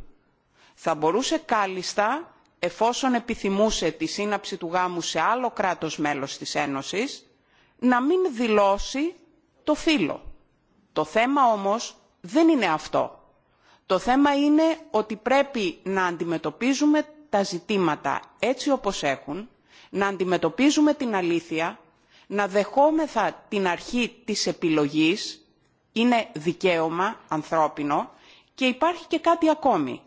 [SPEAKER 4] Θα μπορούσε κάλλιστα, εφόσον επιθυμούσε τη σύναψη του γάμου σε άλλο κράτος μέλος της Ένωσης, να μην δηλώσει το φίλο. Το θέμα όμως δεν είναι αυτό. Το θέμα είναι ότι πρέπει να αντιμετωπίζουμε τα ζητήματα έτσι όπως έχουν, να αντιμετωπίζουμε την αλήθεια, να δεχόμεθα την αρχή της επιλογής, είναι δικαίωμα ανθρώπινο και υπάρχει και κάτι ακόμη.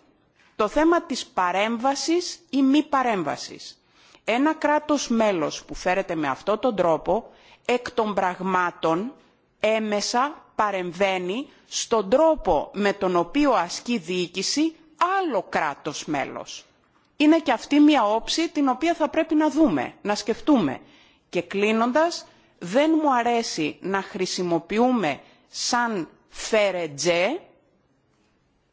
[SPEAKER 4] Το θέμα της παρέμβασης ή μη παρέμβασης. Ένα κράτος μέλος που φέρεται με αυτόν τον τρόπο, εκ των πραγμάτων, έμεσα παρεμβαίνει στον τρόπο με τον οποίο ασκεί διοίκηση άλλο κράτος μέλος είναι και αυτή μια όψη την οποία θα πρέπει να δούμε, να σκεφτούμε. Και κλείνοντας, δεν μου αρέσει να χρησιμοποιούμε σαν φερετζέ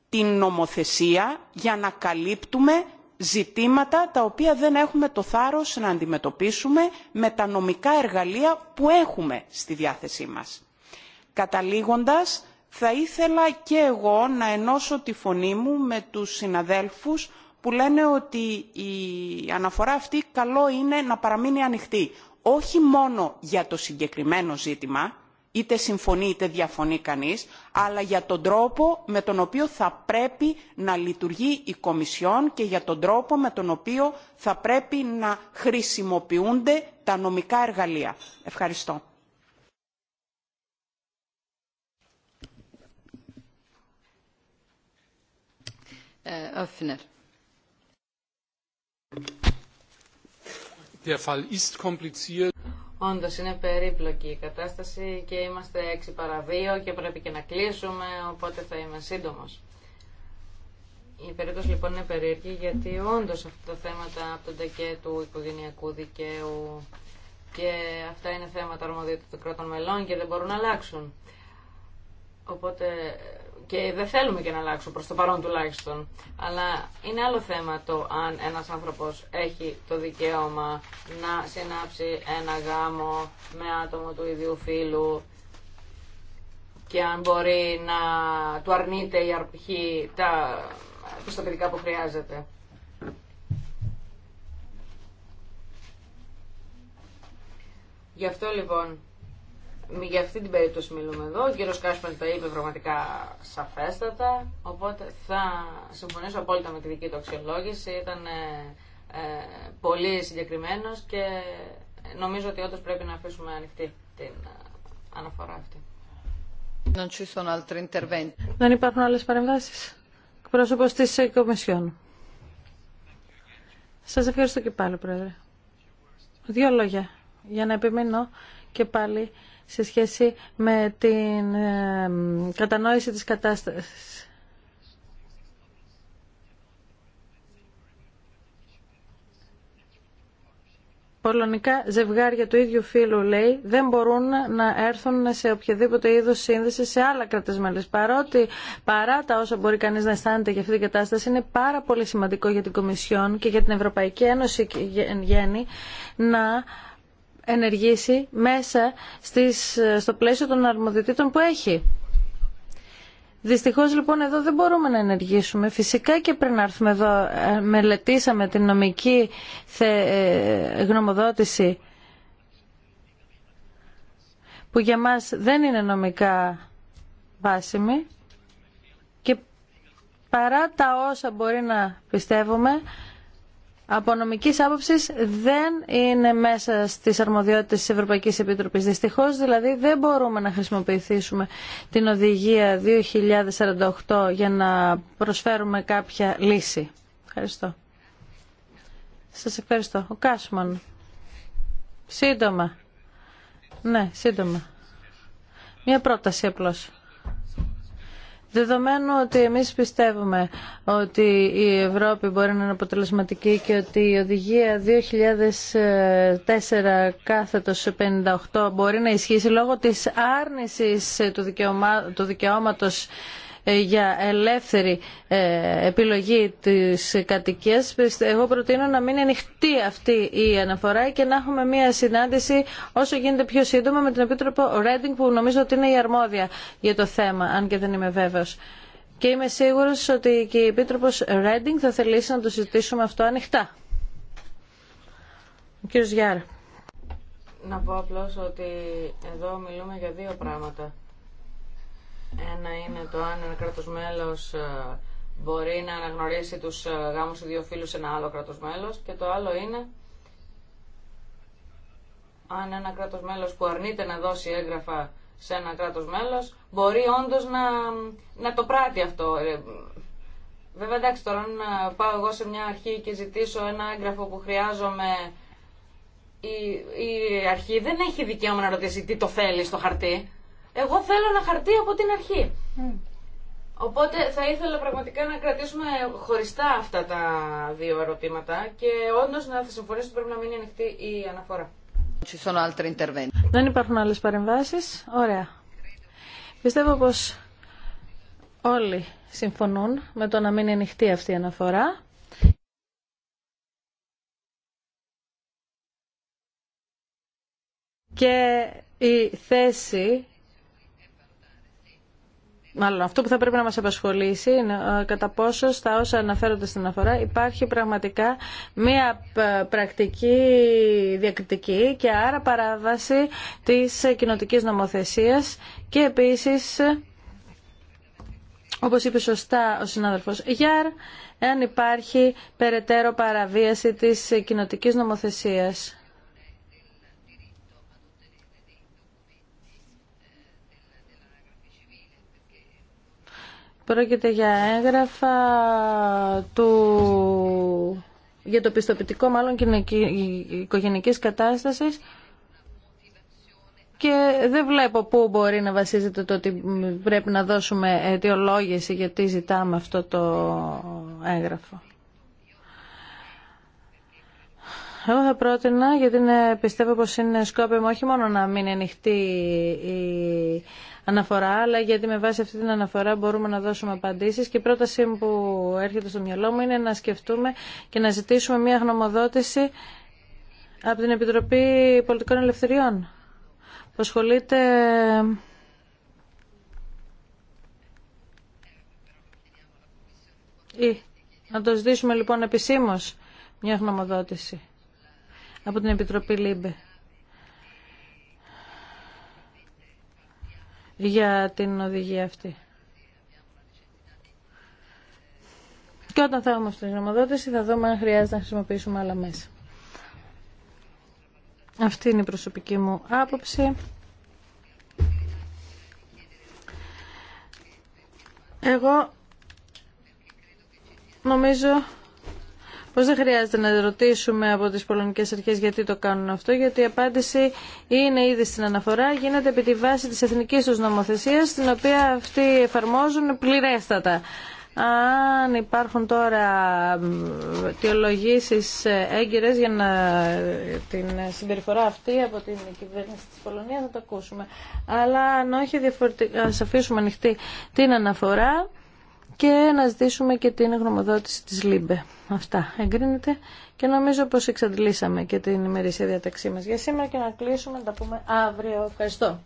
[SPEAKER 4] την νομοθεσία για να καλύπτουμε ζητήματα τα οποία δεν έχουμε το θάρρος να αντιμετωπίσουμε με τα νομικά εργαλεία που έχουμε στη διάθεσή μας. Καταλήγοντας, θα ήθελα και εγώ να ενώσω τη φωνή μου με τους συναδέλφους που λένε ότι η αναφορά αυτή καλό είναι να παραμείνει ανοιχτή όχι μόνο για το συγκεκριμένο ζήτημα είτε συμφωνεί είτε διαφωνεί κανείς αλλά για τον τρόπο με τον οποίο θα πρέπει να λειτουργεί η κομισιόν και για τον τρόπο με τον οποίο θα πρέπει να χρησιμοποιούνται τα νομικά εργαλεία. Ευχαριστώ.
[SPEAKER 3] Ε, Der Όντως
[SPEAKER 2] είναι περίπλοκη η κατάσταση και είμαστε έξι παρα και πρέπει και να κλείσουμε, οπότε θα είμαι σύντομο. Η περίπτωση λοιπόν είναι περίεργη γιατί όντως αυτά τα θέματα από τον και του οικογενειακού δικαίου και αυτά είναι θέματα αρμοδιότητα των κράτων μελών και δεν μπορούν να αλλάξουν. Οπότε και δεν θέλουμε και να αλλάξουμε προς το παρόν τουλάχιστον. Αλλά είναι άλλο θέμα το αν ένας άνθρωπος έχει το δικαίωμα να συνάψει ένα γάμο με άτομο του ίδιου φίλου και αν μπορεί να του αρνείται η αρχή τα πιστοποιητικά που χρειάζεται. Γι' αυτό λοιπόν για αυτή την περίπτωση μιλούμε εδώ. Ο κύριο Κάσπαν το είπε πραγματικά σαφέστατα, οπότε θα συμφωνήσω απόλυτα με τη δική του αξιολόγηση. Ήταν ε, ε, πολύ συγκεκριμένο και νομίζω ότι όντω πρέπει να
[SPEAKER 3] αφήσουμε ανοιχτή την ε, αναφορά αυτή.
[SPEAKER 1] Δεν υπάρχουν άλλε παρεμβάσει πρόσωπο τη Κομισιόν. Σα ευχαριστώ και πάλι, Πρόεδρε. Δύο λόγια για να επιμείνω και πάλι σε σχέση με την ε, κατανόηση της κατάστασης. Πολωνικά ζευγάρια του ίδιου φίλου, λέει, δεν μπορούν να έρθουν σε οποιαδήποτε είδος σύνδεση σε άλλα κρατέ Παρότι παρά τα όσα μπορεί κανείς να αισθάνεται για αυτή την κατάσταση, είναι πάρα πολύ σημαντικό για την Κομισιόν και για την Ευρωπαϊκή Ένωση εν γέννη να ενεργήσει μέσα στις, στο πλαίσιο των αρμοδιοτήτων που έχει. Δυστυχώς λοιπόν εδώ δεν μπορούμε να ενεργήσουμε. Φυσικά και πριν έρθουμε εδώ ε, μελετήσαμε την νομική ε, γνωμοδότηση που για μας δεν είναι νομικά βάσιμη και παρά τα όσα μπορεί να πιστεύουμε από νομική άποψη δεν είναι μέσα στι αρμοδιότητε τη Ευρωπαϊκή Επιτροπή. Δυστυχώ δηλαδή δεν μπορούμε να χρησιμοποιήσουμε την οδηγία 2048 για να προσφέρουμε κάποια λύση. Ευχαριστώ. Σα ευχαριστώ. Ο Κάσμαν. Σύντομα. Ναι, σύντομα. Μία πρόταση απλώς. Δεδομένου ότι εμείς πιστεύουμε ότι η Ευρώπη μπορεί να είναι αποτελεσματική και ότι η οδηγία 2004 58 μπορεί να ισχύσει λόγω της άρνησης του, δικαιωμά... του δικαιώματος ε, για ελεύθερη ε, επιλογή της κατοικίας. Εγώ προτείνω να μην ανοιχτή αυτή η αναφορά και να έχουμε μια συνάντηση όσο γίνεται πιο σύντομα με την Επίτροπο Ρέντινγκ που νομίζω ότι είναι η αρμόδια για το θέμα, αν και δεν είμαι βέβαιος. Και είμαι σίγουρος ότι και η Επίτροπος Ρέντινγκ θα θελήσει να το συζητήσουμε αυτό ανοιχτά. Ο κύριος Γιάρα.
[SPEAKER 2] Να πω απλώς ότι εδώ μιλούμε για δύο πράγματα. Ένα είναι το αν ένα κράτος μέλος ε, μπορεί να αναγνωρίσει τους ε, γάμους του δύο φίλους σε ένα άλλο κράτος μέλος και το άλλο είναι αν ένα κράτος μέλος που αρνείται να δώσει έγγραφα σε ένα κράτο μέλος μπορεί όντω να, να το πράττει αυτό. Ε, βέβαια εντάξει τώρα αν πάω εγώ σε μια αρχή και ζητήσω ένα έγγραφο που χρειάζομαι η, η αρχή δεν έχει δικαίωμα να ρωτήσει τι το θέλει στο χαρτί. Εγώ θέλω ένα χαρτί από την αρχή. Οπότε θα ήθελα πραγματικά να κρατήσουμε χωριστά αυτά τα δύο ερωτήματα και όντω να θα συμφωνήσω ότι πρέπει να μείνει ανοιχτή η αναφορά.
[SPEAKER 1] Δεν υπάρχουν άλλες παρεμβάσει. Ωραία. Πιστεύω πω όλοι συμφωνούν με το να μείνει ανοιχτή αυτή η αναφορά. Και η θέση μάλλον αυτό που θα πρέπει να μας απασχολήσει είναι ε, κατά πόσο στα όσα αναφέρονται στην αφορά υπάρχει πραγματικά μία πρακτική διακριτική και άρα παράβαση της κοινοτικής νομοθεσίας και επίσης όπως είπε σωστά ο συνάδελφος Γιάρ, εάν υπάρχει περαιτέρω παραβίαση της κοινοτικής νομοθεσίας. Πρόκειται για έγγραφα του... για το πιστοποιητικό μάλλον οικογενικής κατάστασης και δεν βλέπω πού μπορεί να βασίζεται το ότι πρέπει να δώσουμε αιτιολόγηση γιατί ζητάμε αυτό το έγγραφο. Εγώ θα πρότεινα, γιατί πιστεύω πως είναι σκόπιμο όχι μόνο να μην ανοιχτή η αναφορά, αλλά γιατί με βάση αυτή την αναφορά μπορούμε να δώσουμε απαντήσεις και η πρόταση που έρχεται στο μυαλό μου είναι να σκεφτούμε και να ζητήσουμε μια γνωμοδότηση από την Επιτροπή Πολιτικών Ελευθεριών που να το ζητήσουμε λοιπόν επισήμως μια γνωμοδότηση από την Επιτροπή ΛΥΜΠΕ. για την οδηγία αυτή. Και όταν θα έχουμε τη γνωμοδότηση θα δούμε αν χρειάζεται να χρησιμοποιήσουμε άλλα μέσα. Αυτή είναι η προσωπική μου άποψη. Εγώ νομίζω πως δεν χρειάζεται να ρωτήσουμε από τις πολωνικές αρχές γιατί το κάνουν αυτό, γιατί η απάντηση είναι ήδη στην αναφορά, γίνεται επί τη βάση τη εθνικής του νομοθεσία, την οποία αυτοί εφαρμόζουν πληρέστατα. Αν υπάρχουν τώρα τιολογήσει ε, έγκυρες για να την συμπεριφορά αυτή από την κυβέρνηση τη Πολωνία θα το ακούσουμε. Αλλά αν όχι, διαφορετικά, αφήσουμε ανοιχτή την αναφορά και να ζητήσουμε και την γνωμοδότηση της ΛΥΜΠΕ. Αυτά εγκρίνεται και νομίζω πως εξαντλήσαμε και την ημερήσια διαταξή μας για σήμερα και να κλείσουμε να τα πούμε αύριο. Ευχαριστώ.